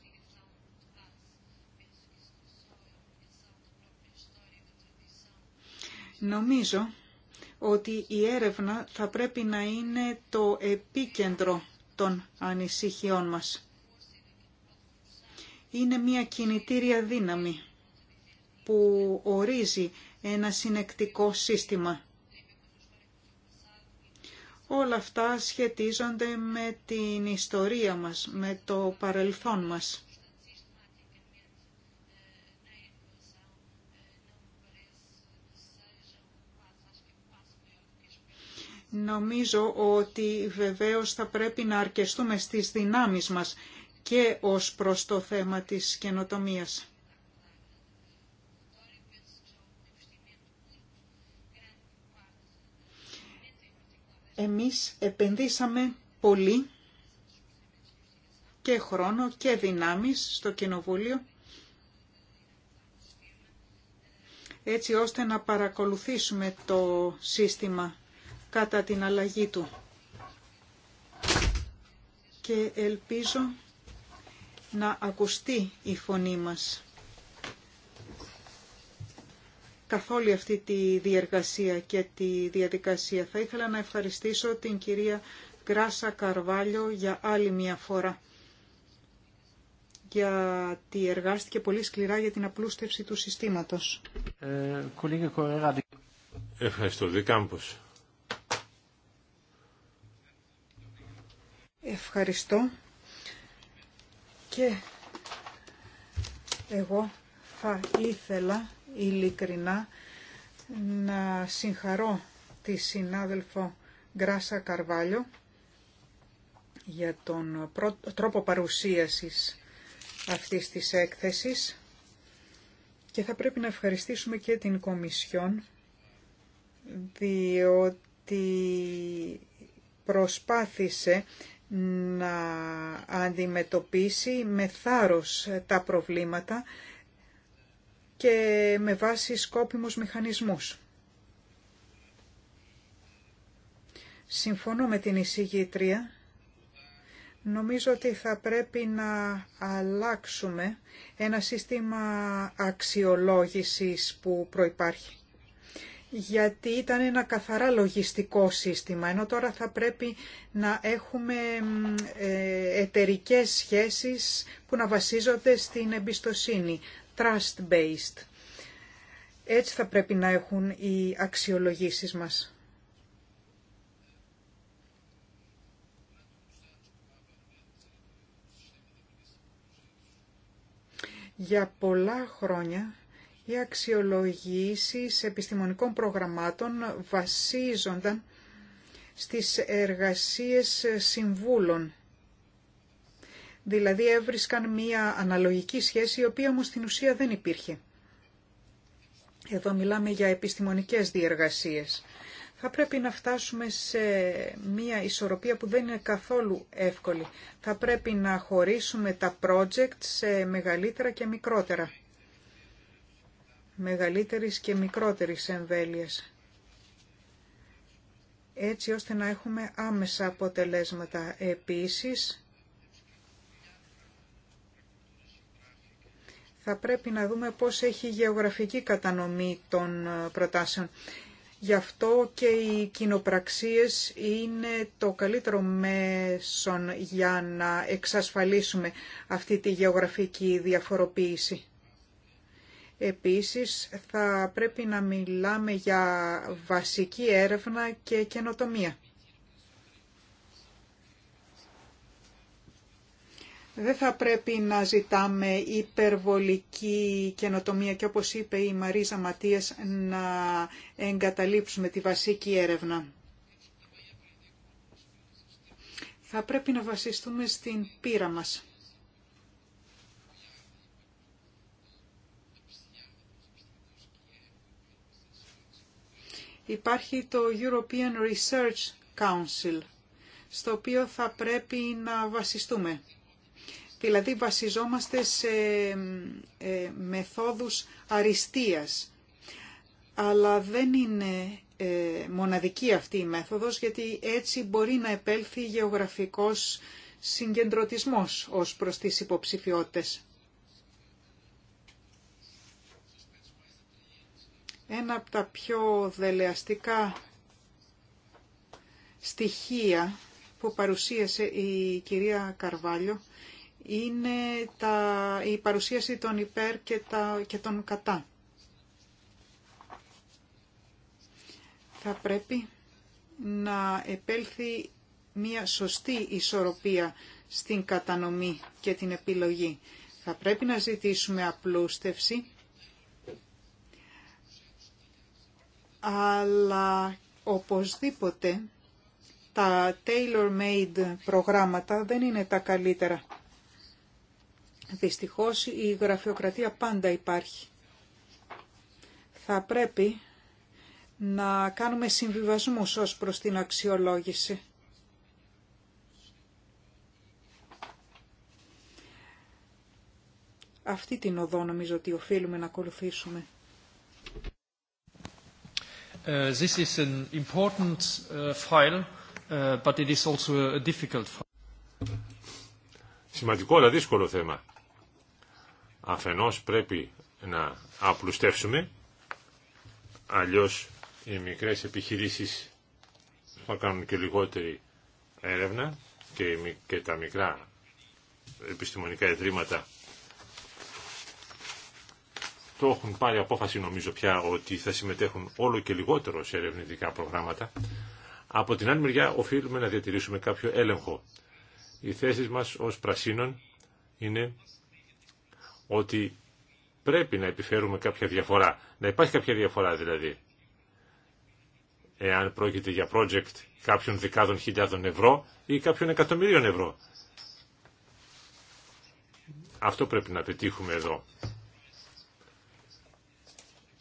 Νομίζω ότι η έρευνα θα πρέπει να είναι το επίκεντρο των ανησυχιών μας. Είναι μια κινητήρια δύναμη που ορίζει ένα συνεκτικό σύστημα. Όλα αυτά σχετίζονται με την ιστορία μας, με το παρελθόν μας. Νομίζω ότι βεβαίως θα πρέπει να αρκεστούμε στις δυνάμεις μας και ως προς το θέμα της καινοτομίας. Εμείς επενδύσαμε πολύ και χρόνο και δυνάμεις στο Κοινοβούλιο έτσι ώστε να παρακολουθήσουμε το σύστημα κατά την αλλαγή του. Και ελπίζω να ακουστεί η φωνή μας καθόλου αυτή τη διεργασία και τη διαδικασία. Θα ήθελα να ευχαριστήσω την κυρία Γκράσα Καρβάλιο για άλλη μια φορά γιατί εργάστηκε πολύ σκληρά για την απλούστευση του συστήματος. Ευχαριστώ, Δικάμπος. Ευχαριστώ και εγώ θα ήθελα ειλικρινά να συγχαρώ τη συνάδελφο Γκράσα Καρβάλιο για τον τρόπο παρουσίασης αυτής της έκθεσης και θα πρέπει να ευχαριστήσουμε και την Κομισιόν διότι προσπάθησε να αντιμετωπίσει με θάρρος τα προβλήματα και με βάση σκόπιμους μηχανισμούς. Συμφωνώ με την εισηγήτρια. Νομίζω ότι θα πρέπει να αλλάξουμε ένα σύστημα αξιολόγησης που προϋπάρχει. Γιατί ήταν ένα καθαρά λογιστικό σύστημα, ενώ τώρα θα πρέπει να έχουμε ε, εταιρικές σχέσεις που να βασίζονται στην εμπιστοσύνη trust-based. Έτσι θα πρέπει να έχουν οι αξιολογήσεις μας. Για πολλά χρόνια οι αξιολογήσεις επιστημονικών προγραμμάτων βασίζονταν στις εργασίες συμβούλων Δηλαδή έβρισκαν μία αναλογική σχέση η οποία όμως στην ουσία δεν υπήρχε. Εδώ μιλάμε για επιστημονικές διεργασίες. Θα πρέπει να φτάσουμε σε μία ισορροπία που δεν είναι καθόλου εύκολη. Θα πρέπει να χωρίσουμε τα project σε μεγαλύτερα και μικρότερα. Μεγαλύτερης και μικρότερης εμβέλειας. Έτσι ώστε να έχουμε άμεσα αποτελέσματα. Επίσης, θα πρέπει να δούμε πώς έχει γεωγραφική κατανομή των ε, προτάσεων. Γι' αυτό και οι κοινοπραξίες είναι το καλύτερο μέσο για να εξασφαλίσουμε αυτή τη γεωγραφική διαφοροποίηση. Επίσης, θα πρέπει να μιλάμε για βασική έρευνα και καινοτομία. Δεν θα πρέπει να ζητάμε υπερβολική καινοτομία και όπως είπε η Μαρίζα Ματίας να εγκαταλείψουμε τη βασική έρευνα. Θα πρέπει να βασιστούμε στην πείρα μας. Υπάρχει το European Research Council, στο οποίο θα πρέπει να βασιστούμε. Δηλαδή βασιζόμαστε σε ε, μεθόδους αριστείας. Αλλά δεν είναι ε, μοναδική αυτή η μέθοδος γιατί έτσι μπορεί να επέλθει γεωγραφικός συγκεντρωτισμός ως προς τις υποψηφιότητες. Ένα από τα πιο δελεαστικά στοιχεία που παρουσίασε η κυρία Καρβάλιο είναι τα, η παρουσίαση των υπέρ και, τα, και των κατά. Θα πρέπει να επέλθει μια σωστή ισορροπία στην κατανομή και την επιλογή. Θα πρέπει να ζητήσουμε απλούστευση, αλλά οπωσδήποτε τα tailor-made προγράμματα δεν είναι τα καλύτερα Δυστυχώς η γραφειοκρατία πάντα υπάρχει. Θα πρέπει να κάνουμε συμβιβασμούς ως προς την αξιολόγηση. Αυτή την οδό νομίζω ότι οφείλουμε να ακολουθήσουμε. Uh, important uh, file, uh, but it Σημαντικό αλλά δύσκολο θέμα. Αφενός πρέπει να απλουστεύσουμε, αλλιώς οι μικρές επιχειρήσεις θα κάνουν και λιγότερη έρευνα και, τα μικρά επιστημονικά ιδρύματα το έχουν πάρει απόφαση νομίζω πια ότι θα συμμετέχουν όλο και λιγότερο σε ερευνητικά προγράμματα. Από την άλλη μεριά οφείλουμε να διατηρήσουμε κάποιο έλεγχο. Οι θέσεις μας ως πρασίνων είναι ότι πρέπει να επιφέρουμε κάποια διαφορά, να υπάρχει κάποια διαφορά δηλαδή. Εάν πρόκειται για project κάποιων δεκάδων χιλιάδων ευρώ ή κάποιων εκατομμυρίων ευρώ. Αυτό πρέπει να πετύχουμε εδώ.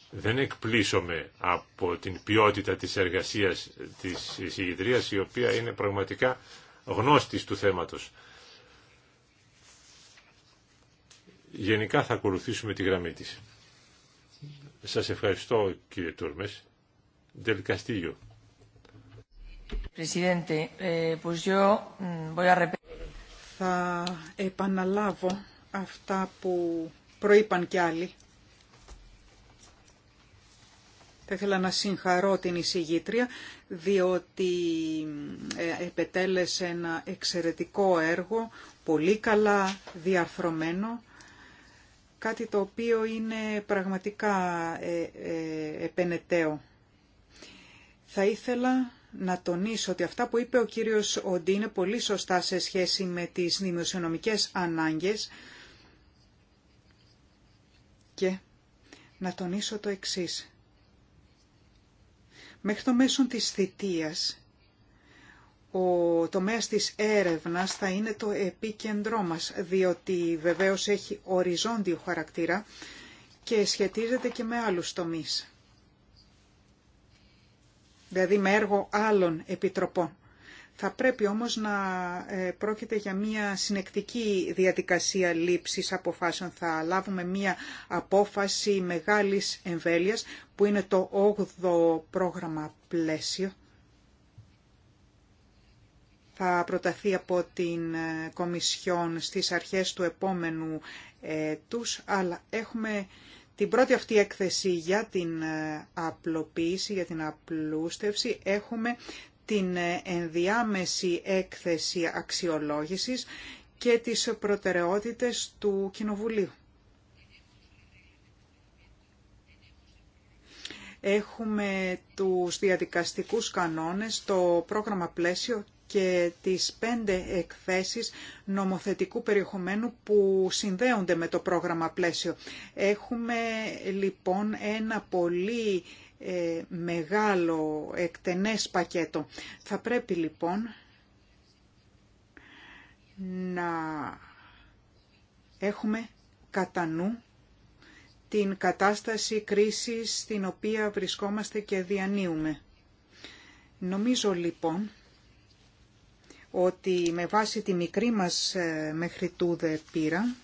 Δεν εκπλήσωμε από την ποιότητα της εργασίας της εισηγητρίας, η οποία είναι την ποιοτητα της εργασιας της συγκεντριας γνώστης του θέματος. γενικά θα ακολουθήσουμε τη γραμμή της. Σας ευχαριστώ κύριε Τούρμες. Del Castillo. Ε, mm, θα επαναλάβω αυτά που προείπαν και άλλοι. Θα ήθελα να συγχαρώ την εισηγήτρια, διότι ε, επετέλεσε ένα εξαιρετικό έργο, πολύ καλά διαρθρωμένο κάτι το οποίο είναι πραγματικά ε, ε, επενεταίο. Θα ήθελα να τονίσω ότι αυτά που είπε ο κύριος Οντί είναι πολύ σωστά σε σχέση με τις δημοσιονομικές ανάγκες και να τονίσω το εξής. Μέχρι το μέσον της θητείας ο τομέας της έρευνας θα είναι το επίκεντρό μας, διότι βεβαίως έχει οριζόντιο χαρακτήρα και σχετίζεται και με άλλους τομείς. Δηλαδή με έργο άλλων επιτροπών. Θα πρέπει όμως να ε, πρόκειται για μια συνεκτική διαδικασία λήψης αποφάσεων. Θα λάβουμε μια απόφαση μεγάλης εμβέλειας που είναι το 8ο πρόγραμμα πλαίσιο θα προταθεί από την ε, Κομισιόν στις αρχές του επόμενου έτους, αλλά έχουμε την πρώτη αυτή έκθεση για την ε, απλοποίηση, για την απλούστευση. Έχουμε την ε, ενδιάμεση έκθεση αξιολόγησης και τις προτεραιότητες του Κοινοβουλίου. Έχουμε τους διαδικαστικούς κανόνες, το πρόγραμμα πλαίσιο και τις πέντε εκθέσεις νομοθετικού περιεχομένου που συνδέονται με το πρόγραμμα πλαίσιο. Έχουμε λοιπόν ένα πολύ ε, μεγάλο εκτενές πακέτο. Θα πρέπει λοιπόν να έχουμε κατά νου την κατάσταση κρίσης στην οποία βρισκόμαστε και διανύουμε. Νομίζω λοιπόν ότι με βάση τη μικρή μας ε, μέχρι τούδε πείρα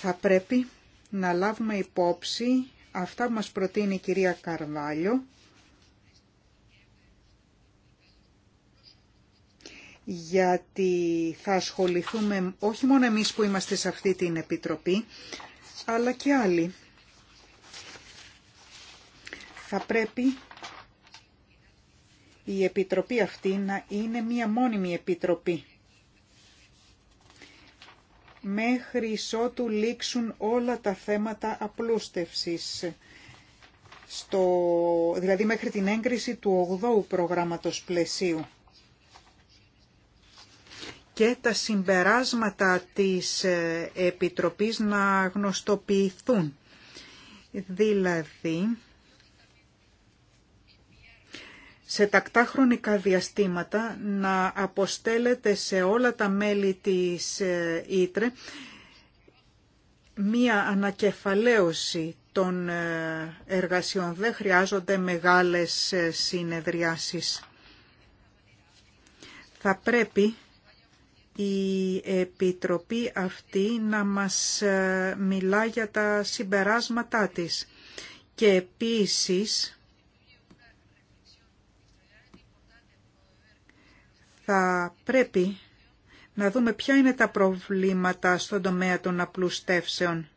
θα πρέπει να λάβουμε υπόψη αυτά που μας προτείνει η κυρία Καρβάλιο γιατί θα ασχοληθούμε όχι μόνο εμείς που είμαστε σε αυτή την Επιτροπή, αλλά και άλλοι. Θα πρέπει η επιτροπή αυτή να είναι μία μόνιμη επιτροπή. Μέχρι ότου λήξουν όλα τα θέματα απλούστευσης. Στο, δηλαδή μέχρι την έγκριση του 8ου προγράμματος πλαισίου. Και τα συμπεράσματα της ε, Επιτροπής να γνωστοποιηθούν. Δηλαδή, σε τακτά χρονικά διαστήματα να αποστέλλεται σε όλα τα μέλη της ε, Ήτρε μία ανακεφαλαίωση των ε, εργασιών. Δεν χρειάζονται μεγάλες ε, συνεδριάσεις. Θα πρέπει η Επιτροπή αυτή να μας μιλά για τα συμπεράσματά της. Και επίσης θα πρέπει να δούμε ποια είναι τα προβλήματα στον τομέα των απλουστεύσεων.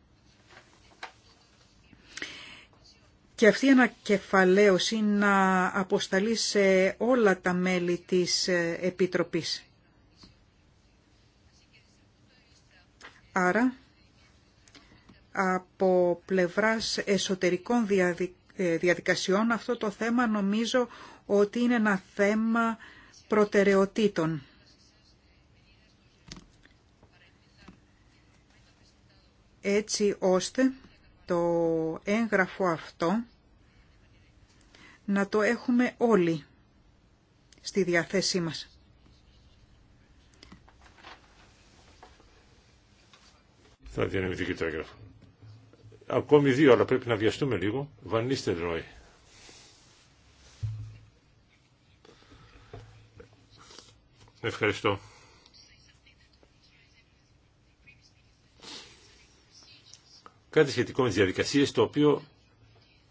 Και αυτή η ανακεφαλαίωση να αποσταλεί σε όλα τα μέλη της Επιτροπής. Άρα, από πλευράς εσωτερικών διαδικασιών, αυτό το θέμα νομίζω ότι είναι ένα θέμα προτεραιοτήτων. Έτσι ώστε το έγγραφο αυτό να το έχουμε όλοι στη διαθέσή μας. Θα διανεμηθεί και το έγγραφο. Ακόμη δύο, αλλά πρέπει να βιαστούμε λίγο. Βανίστε Ρόι. Ευχαριστώ. Κάτι σχετικό με τις διαδικασίες, το οποίο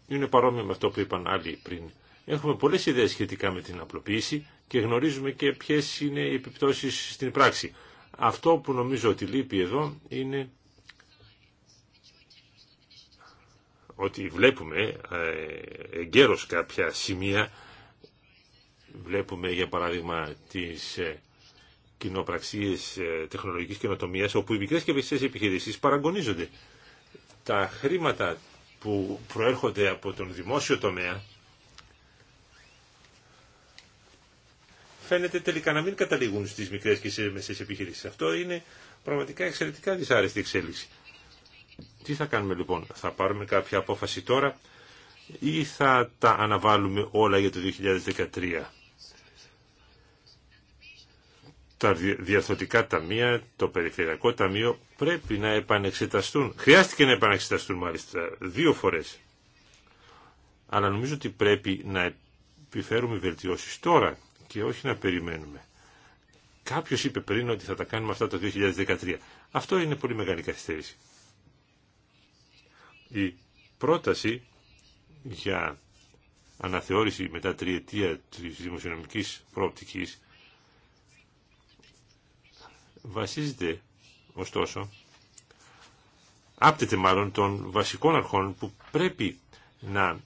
είναι παρόμοιο με αυτό που είπαν άλλοι πριν. Έχουμε πολλές ιδέες σχετικά με την απλοποίηση και γνωρίζουμε και ποιες είναι οι επιπτώσεις στην πράξη. Αυτό που νομίζω ότι λείπει εδώ είναι ότι βλέπουμε ε, εγκαίρως κάποια σημεία Βλέπουμε για παράδειγμα τις ε, κοινοπραξίες ε, τεχνολογικής καινοτομίας όπου οι μικρές και μεσαίες επιχειρήσεις παραγωνίζονται. Τα χρήματα που προέρχονται από τον δημόσιο τομέα φαίνεται τελικά να μην καταλήγουν στις μικρές και μεσαίες επιχειρήσεις. Αυτό είναι πραγματικά εξαιρετικά δυσάρεστη εξέλιξη. Τι θα κάνουμε λοιπόν, θα πάρουμε κάποια απόφαση τώρα ή θα τα αναβάλουμε όλα για το 2013 τα διαρθωτικά ταμεία, το περιφερειακό ταμείο πρέπει να επανεξεταστούν. Χρειάστηκε να επανεξεταστούν μάλιστα δύο φορές. Αλλά νομίζω ότι πρέπει να επιφέρουμε βελτιώσεις τώρα και όχι να περιμένουμε. Κάποιος είπε πριν ότι θα τα κάνουμε αυτά το 2013. Αυτό είναι πολύ μεγάλη καθυστέρηση. Η πρόταση για αναθεώρηση μετά τριετία της δημοσιονομικής προοπτικής βασίζεται ωστόσο, άπτεται μάλλον των βασικών αρχών που πρέπει να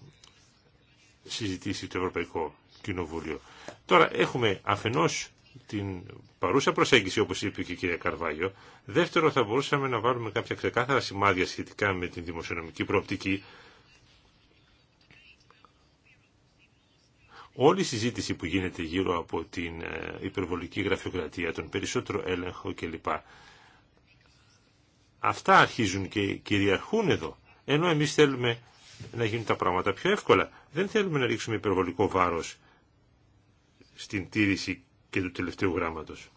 συζητήσει το Ευρωπαϊκό Κοινοβούλιο. Τώρα έχουμε αφενός την παρούσα προσέγγιση όπως είπε και η κυρία Καρβάγιο. Δεύτερο θα μπορούσαμε να βάλουμε κάποια ξεκάθαρα σημάδια σχετικά με την δημοσιονομική προοπτική Όλη η συζήτηση που γίνεται γύρω από την ε, υπερβολική γραφειοκρατία, τον περισσότερο έλεγχο κλπ. Αυτά αρχίζουν και κυριαρχούν εδώ, ενώ εμείς θέλουμε να γίνουν τα πράγματα πιο εύκολα. Δεν θέλουμε να ρίξουμε υπερβολικό βάρος στην τήρηση και του τελευταίου γράμματος.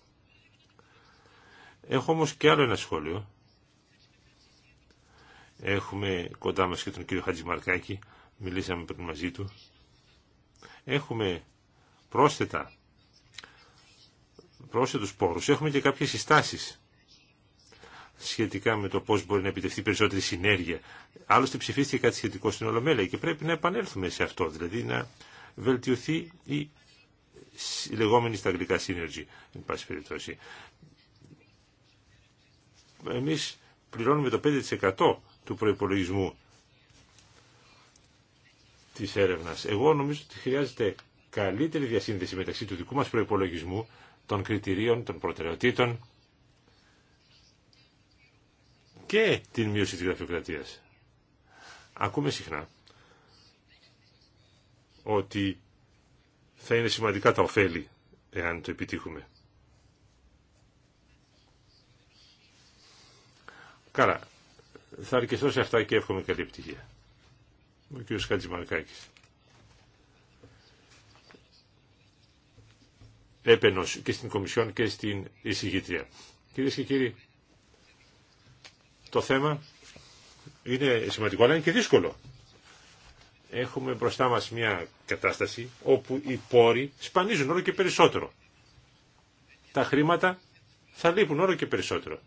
Έχω όμως και άλλο ένα σχόλιο. Έχουμε κοντά μας και τον κύριο Χατζημαρκάκη, μιλήσαμε πριν μαζί του έχουμε πρόσθετα πρόσθετους πόρους, έχουμε και κάποιες συστάσεις σχετικά με το πώς μπορεί να επιτευχθεί περισσότερη συνέργεια. Άλλωστε ψηφίστηκε κάτι σχετικό στην Ολομέλεια και πρέπει να επανέλθουμε σε αυτό, δηλαδή να βελτιωθεί η λεγόμενη στα αγγλικά synergy, εν πάση περιπτώσει. Εμείς πληρώνουμε το 5% του προϋπολογισμού εγώ νομίζω ότι χρειάζεται καλύτερη διασύνδεση μεταξύ του δικού μας προπολογισμού, των κριτηρίων, των προτεραιοτήτων και την μείωση τη γραφειοκρατίας. Ακούμε συχνά ότι θα είναι σημαντικά τα ωφέλη εάν το επιτύχουμε. Καλά, θα αρκεστώ σε αυτά και εύχομαι καλή επιτυχία. Ο κ. Χατζημαρκάκης. Έπαινος και στην Κομισιόν και στην εισηγήτρια. Κυρίες και κύριοι, το θέμα είναι σημαντικό αλλά είναι και δύσκολο. Έχουμε μπροστά μας μια κατάσταση όπου οι πόροι σπανίζουν όλο και περισσότερο. Τα χρήματα θα λείπουν όλο και περισσότερο.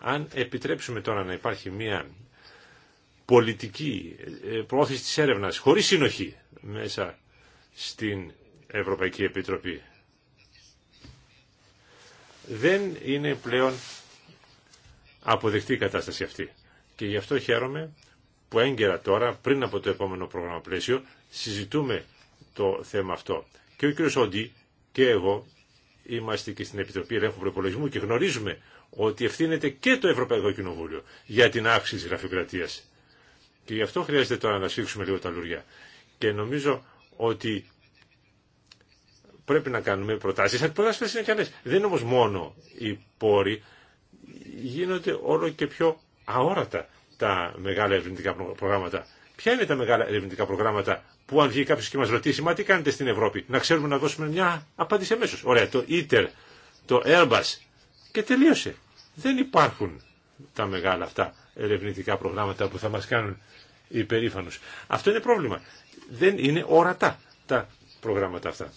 Αν επιτρέψουμε τώρα να υπάρχει μια πολιτική ε, πρόθεση της έρευνας χωρίς συνοχή μέσα στην Ευρωπαϊκή Επιτροπή. Δεν είναι πλέον αποδεκτή η κατάσταση αυτή. Και γι' αυτό χαίρομαι που έγκαιρα τώρα, πριν από το επόμενο πρόγραμμα πλαίσιο, συζητούμε το θέμα αυτό. Και ο κ. Σόντι και εγώ είμαστε και στην Επιτροπή Ελέγχου Προπολογισμού και γνωρίζουμε ότι ευθύνεται και το Ευρωπαϊκό Κοινοβούλιο για την αύξηση της γραφειοκρατίας. Και γι' αυτό χρειάζεται τώρα να σφίξουμε λίγο τα λουριά. Και νομίζω ότι πρέπει να κάνουμε προτάσεις. Αν προτάσεις είναι καλές. Δεν είναι όμως μόνο οι πόροι. Γίνονται όλο και πιο αόρατα τα μεγάλα ερευνητικά προγράμματα. Ποια είναι τα μεγάλα ερευνητικά προγράμματα που αν βγει κάποιο και μα ρωτήσει, μα τι κάνετε στην Ευρώπη, να ξέρουμε να δώσουμε μια απάντηση αμέσω. Ωραία, το ITER, το Airbus και τελείωσε. Δεν υπάρχουν τα μεγάλα αυτά ερευνητικά προγράμματα που θα μας κάνουν υπερήφανους. Αυτό είναι πρόβλημα. Δεν είναι ορατά τα προγράμματα αυτά.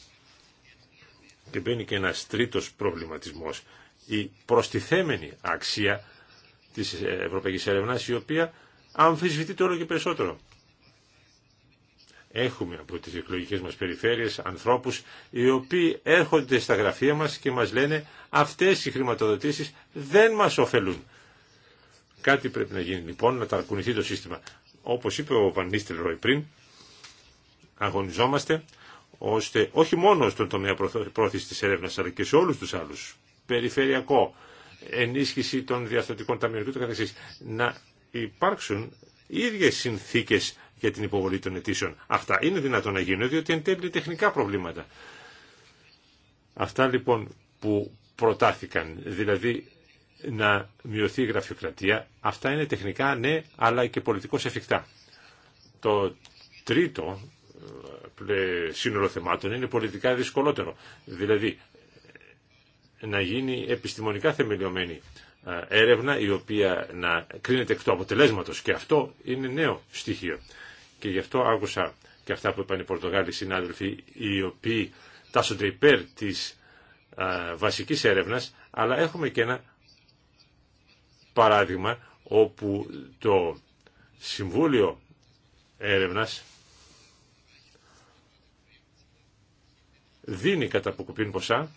Και μπαίνει και ένας τρίτος προβληματισμός. Η προστιθέμενη αξία της Ευρωπαϊκής Έρευνας η οποία αμφισβητείται όλο και περισσότερο. Έχουμε από τις εκλογικέ μας περιφέρειες ανθρώπους οι οποίοι έρχονται στα γραφεία μας και μας λένε αυτές οι χρηματοδοτήσεις δεν μας ωφελούν. Κάτι πρέπει να γίνει λοιπόν, να ταρκουνηθεί το σύστημα. Όπως είπε ο Βανίστελ Ροϊ πριν, αγωνιζόμαστε ώστε όχι μόνο στον τομέα πρόθεση της έρευνας, αλλά και σε όλους τους άλλους, περιφερειακό, ενίσχυση των διαστατικών ταμείων και το να υπάρξουν οι ίδιες συνθήκες για την υποβολή των αιτήσεων. Αυτά είναι δυνατόν να γίνουν, διότι εν τέλει τεχνικά προβλήματα. Αυτά λοιπόν που προτάθηκαν, δηλαδή να μειωθεί η γραφειοκρατία. Αυτά είναι τεχνικά ναι, αλλά και πολιτικώς εφικτά. Το τρίτο ε, σύνολο θεμάτων είναι πολιτικά δυσκολότερο. Δηλαδή, να γίνει επιστημονικά θεμελιωμένη ε, έρευνα η οποία να κρίνεται εκ του αποτελέσματος και αυτό είναι νέο στοιχείο. Και γι' αυτό άκουσα και αυτά που είπαν οι Πορτογάλοι συνάδελφοι οι οποίοι τάσσονται υπέρ της ε, βασικής έρευνας αλλά έχουμε και ένα παράδειγμα όπου το Συμβούλιο Έρευνας δίνει κατά αποκοπήν ποσά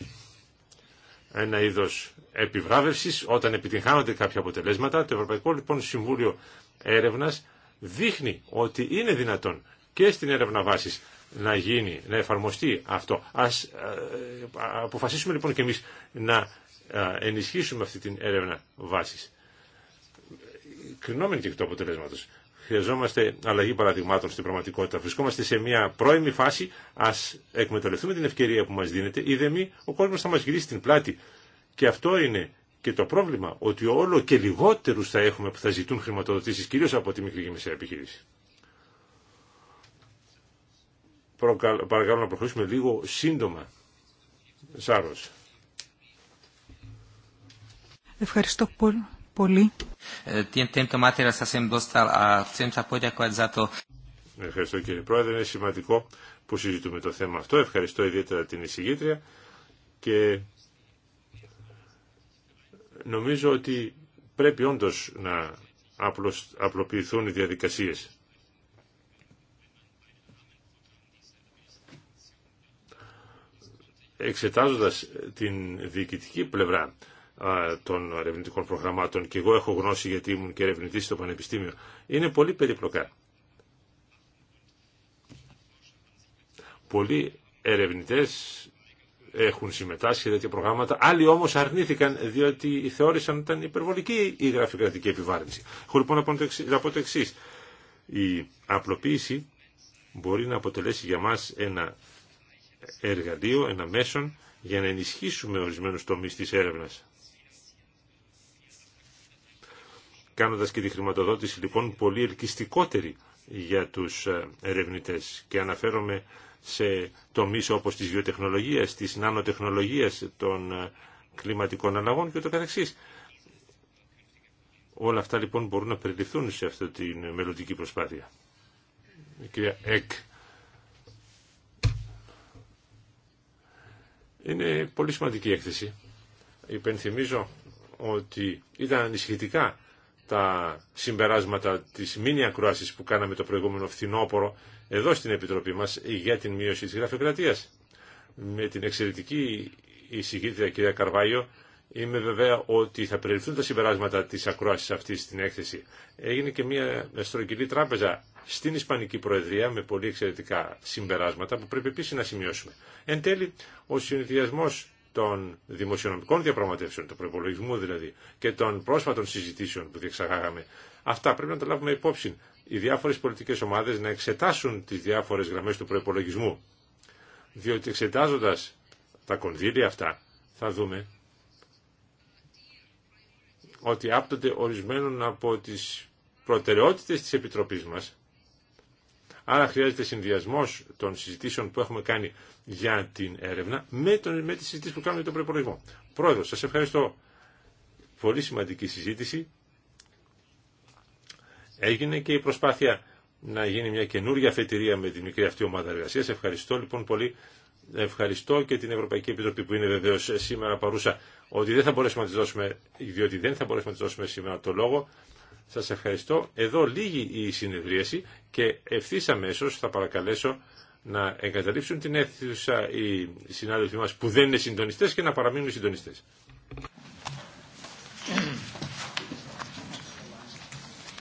ένα είδος επιβράβευσης όταν επιτυγχάνονται κάποια αποτελέσματα. Το Ευρωπαϊκό λοιπόν Συμβούλιο Έρευνας δείχνει ότι είναι δυνατόν και στην έρευνα βάσης να γίνει, να εφαρμοστεί αυτό. Ας ε, αποφασίσουμε λοιπόν και εμείς να ε, ενισχύσουμε αυτή την έρευνα βάσης κρινόμενοι και εκ του αποτελέσματο. Χρειαζόμαστε αλλαγή παραδειγμάτων στην πραγματικότητα. Βρισκόμαστε σε μια πρώιμη φάση. Α εκμεταλλευτούμε την ευκαιρία που μα δίνεται. Είδε μη, ο κόσμο θα μα γυρίσει την πλάτη. Και αυτό είναι και το πρόβλημα, ότι όλο και λιγότερου θα έχουμε που θα ζητούν χρηματοδοτήσει, κυρίω από τη μικρή και μεσαία επιχείρηση. Παρακαλώ να προχωρήσουμε λίγο σύντομα. Σάρος. Ευχαριστώ πολύ πολύ. Ε, Ευχαριστώ κύριε Πρόεδρε. Είναι σημαντικό που συζητούμε το θέμα αυτό. Ευχαριστώ ιδιαίτερα την εισηγήτρια και νομίζω ότι πρέπει όντως να απλοποιηθούν οι διαδικασίες. Εξετάζοντας την διοικητική πλευρά των ερευνητικών προγραμμάτων και εγώ έχω γνώση γιατί ήμουν και ερευνητή στο Πανεπιστήμιο. Είναι πολύ περίπλοκα. Πολλοί ερευνητές έχουν συμμετάσχει σε τέτοια προγράμματα. Άλλοι όμως αρνήθηκαν διότι θεώρησαν ότι ήταν υπερβολική η γραφειοκρατική επιβάρυνση. Έχω λοιπόν να πω το εξή. Η απλοποίηση μπορεί να αποτελέσει για μας ένα εργαλείο, ένα μέσον για να ενισχύσουμε ορισμένους τομείς της έρευνας. κάνοντας και τη χρηματοδότηση λοιπόν πολύ ελκυστικότερη για τους ε, ερευνητές και αναφέρομαι σε τομείς όπως της βιοτεχνολογίας, της νανοτεχνολογίας, των ε, κλιματικών αλλαγών και το καθεξής. Όλα αυτά λοιπόν μπορούν να περιληφθούν σε αυτή τη μελλοντική προσπάθεια. Εκ. Είναι πολύ σημαντική η έκθεση. Υπενθυμίζω ότι ήταν ανησυχητικά τα συμπεράσματα της μήνυ ακρόασης που κάναμε το προηγούμενο φθινόπωρο εδώ στην Επιτροπή μας για την μείωση της γραφειοκρατίας. Με την εξαιρετική εισηγήτρια κυρία Καρβάιο είμαι βέβαια ότι θα περιληφθούν τα συμπεράσματα της ακρόασης αυτής στην έκθεση. Έγινε και μια στρογγυλή τράπεζα στην Ισπανική Προεδρία με πολύ εξαιρετικά συμπεράσματα που πρέπει επίσης να σημειώσουμε. Εν τέλει, ο συνδυασμός των δημοσιονομικών διαπραγματεύσεων, του προπολογισμού δηλαδή, και των πρόσφατων συζητήσεων που διεξαγάγαμε. Αυτά πρέπει να τα λάβουμε υπόψη. Οι διάφορε πολιτικές ομάδες να εξετάσουν τις διάφορε γραμμές του προπολογισμού. Διότι εξετάζοντας τα κονδύλια αυτά θα δούμε ότι άπτονται ορισμένων από τι προτεραιότητε τη επιτροπή μα, Άρα χρειάζεται συνδυασμό των συζητήσεων που έχουμε κάνει για την έρευνα με, τον, με τις συζητήσεις που κάνουμε για τον προπολογισμό. Πρόεδρο, σας ευχαριστώ. Πολύ σημαντική συζήτηση. Έγινε και η προσπάθεια να γίνει μια καινούργια αφετηρία με τη μικρή αυτή ομάδα εργασία. Ευχαριστώ λοιπόν πολύ. Ευχαριστώ και την Ευρωπαϊκή Επιτροπή που είναι βεβαίω σήμερα παρούσα ότι δεν θα μπορέσουμε να τη δώσουμε, διότι δεν θα μπορέσουμε να τη δώσουμε σήμερα το λόγο. Σας ευχαριστώ. Εδώ λίγη η συνεδρίαση και ευθύ αμέσω θα παρακαλέσω να εγκαταλείψουν την αίθουσα οι συνάδελφοί μας που δεν είναι συντονιστές και να παραμείνουν συντονιστές.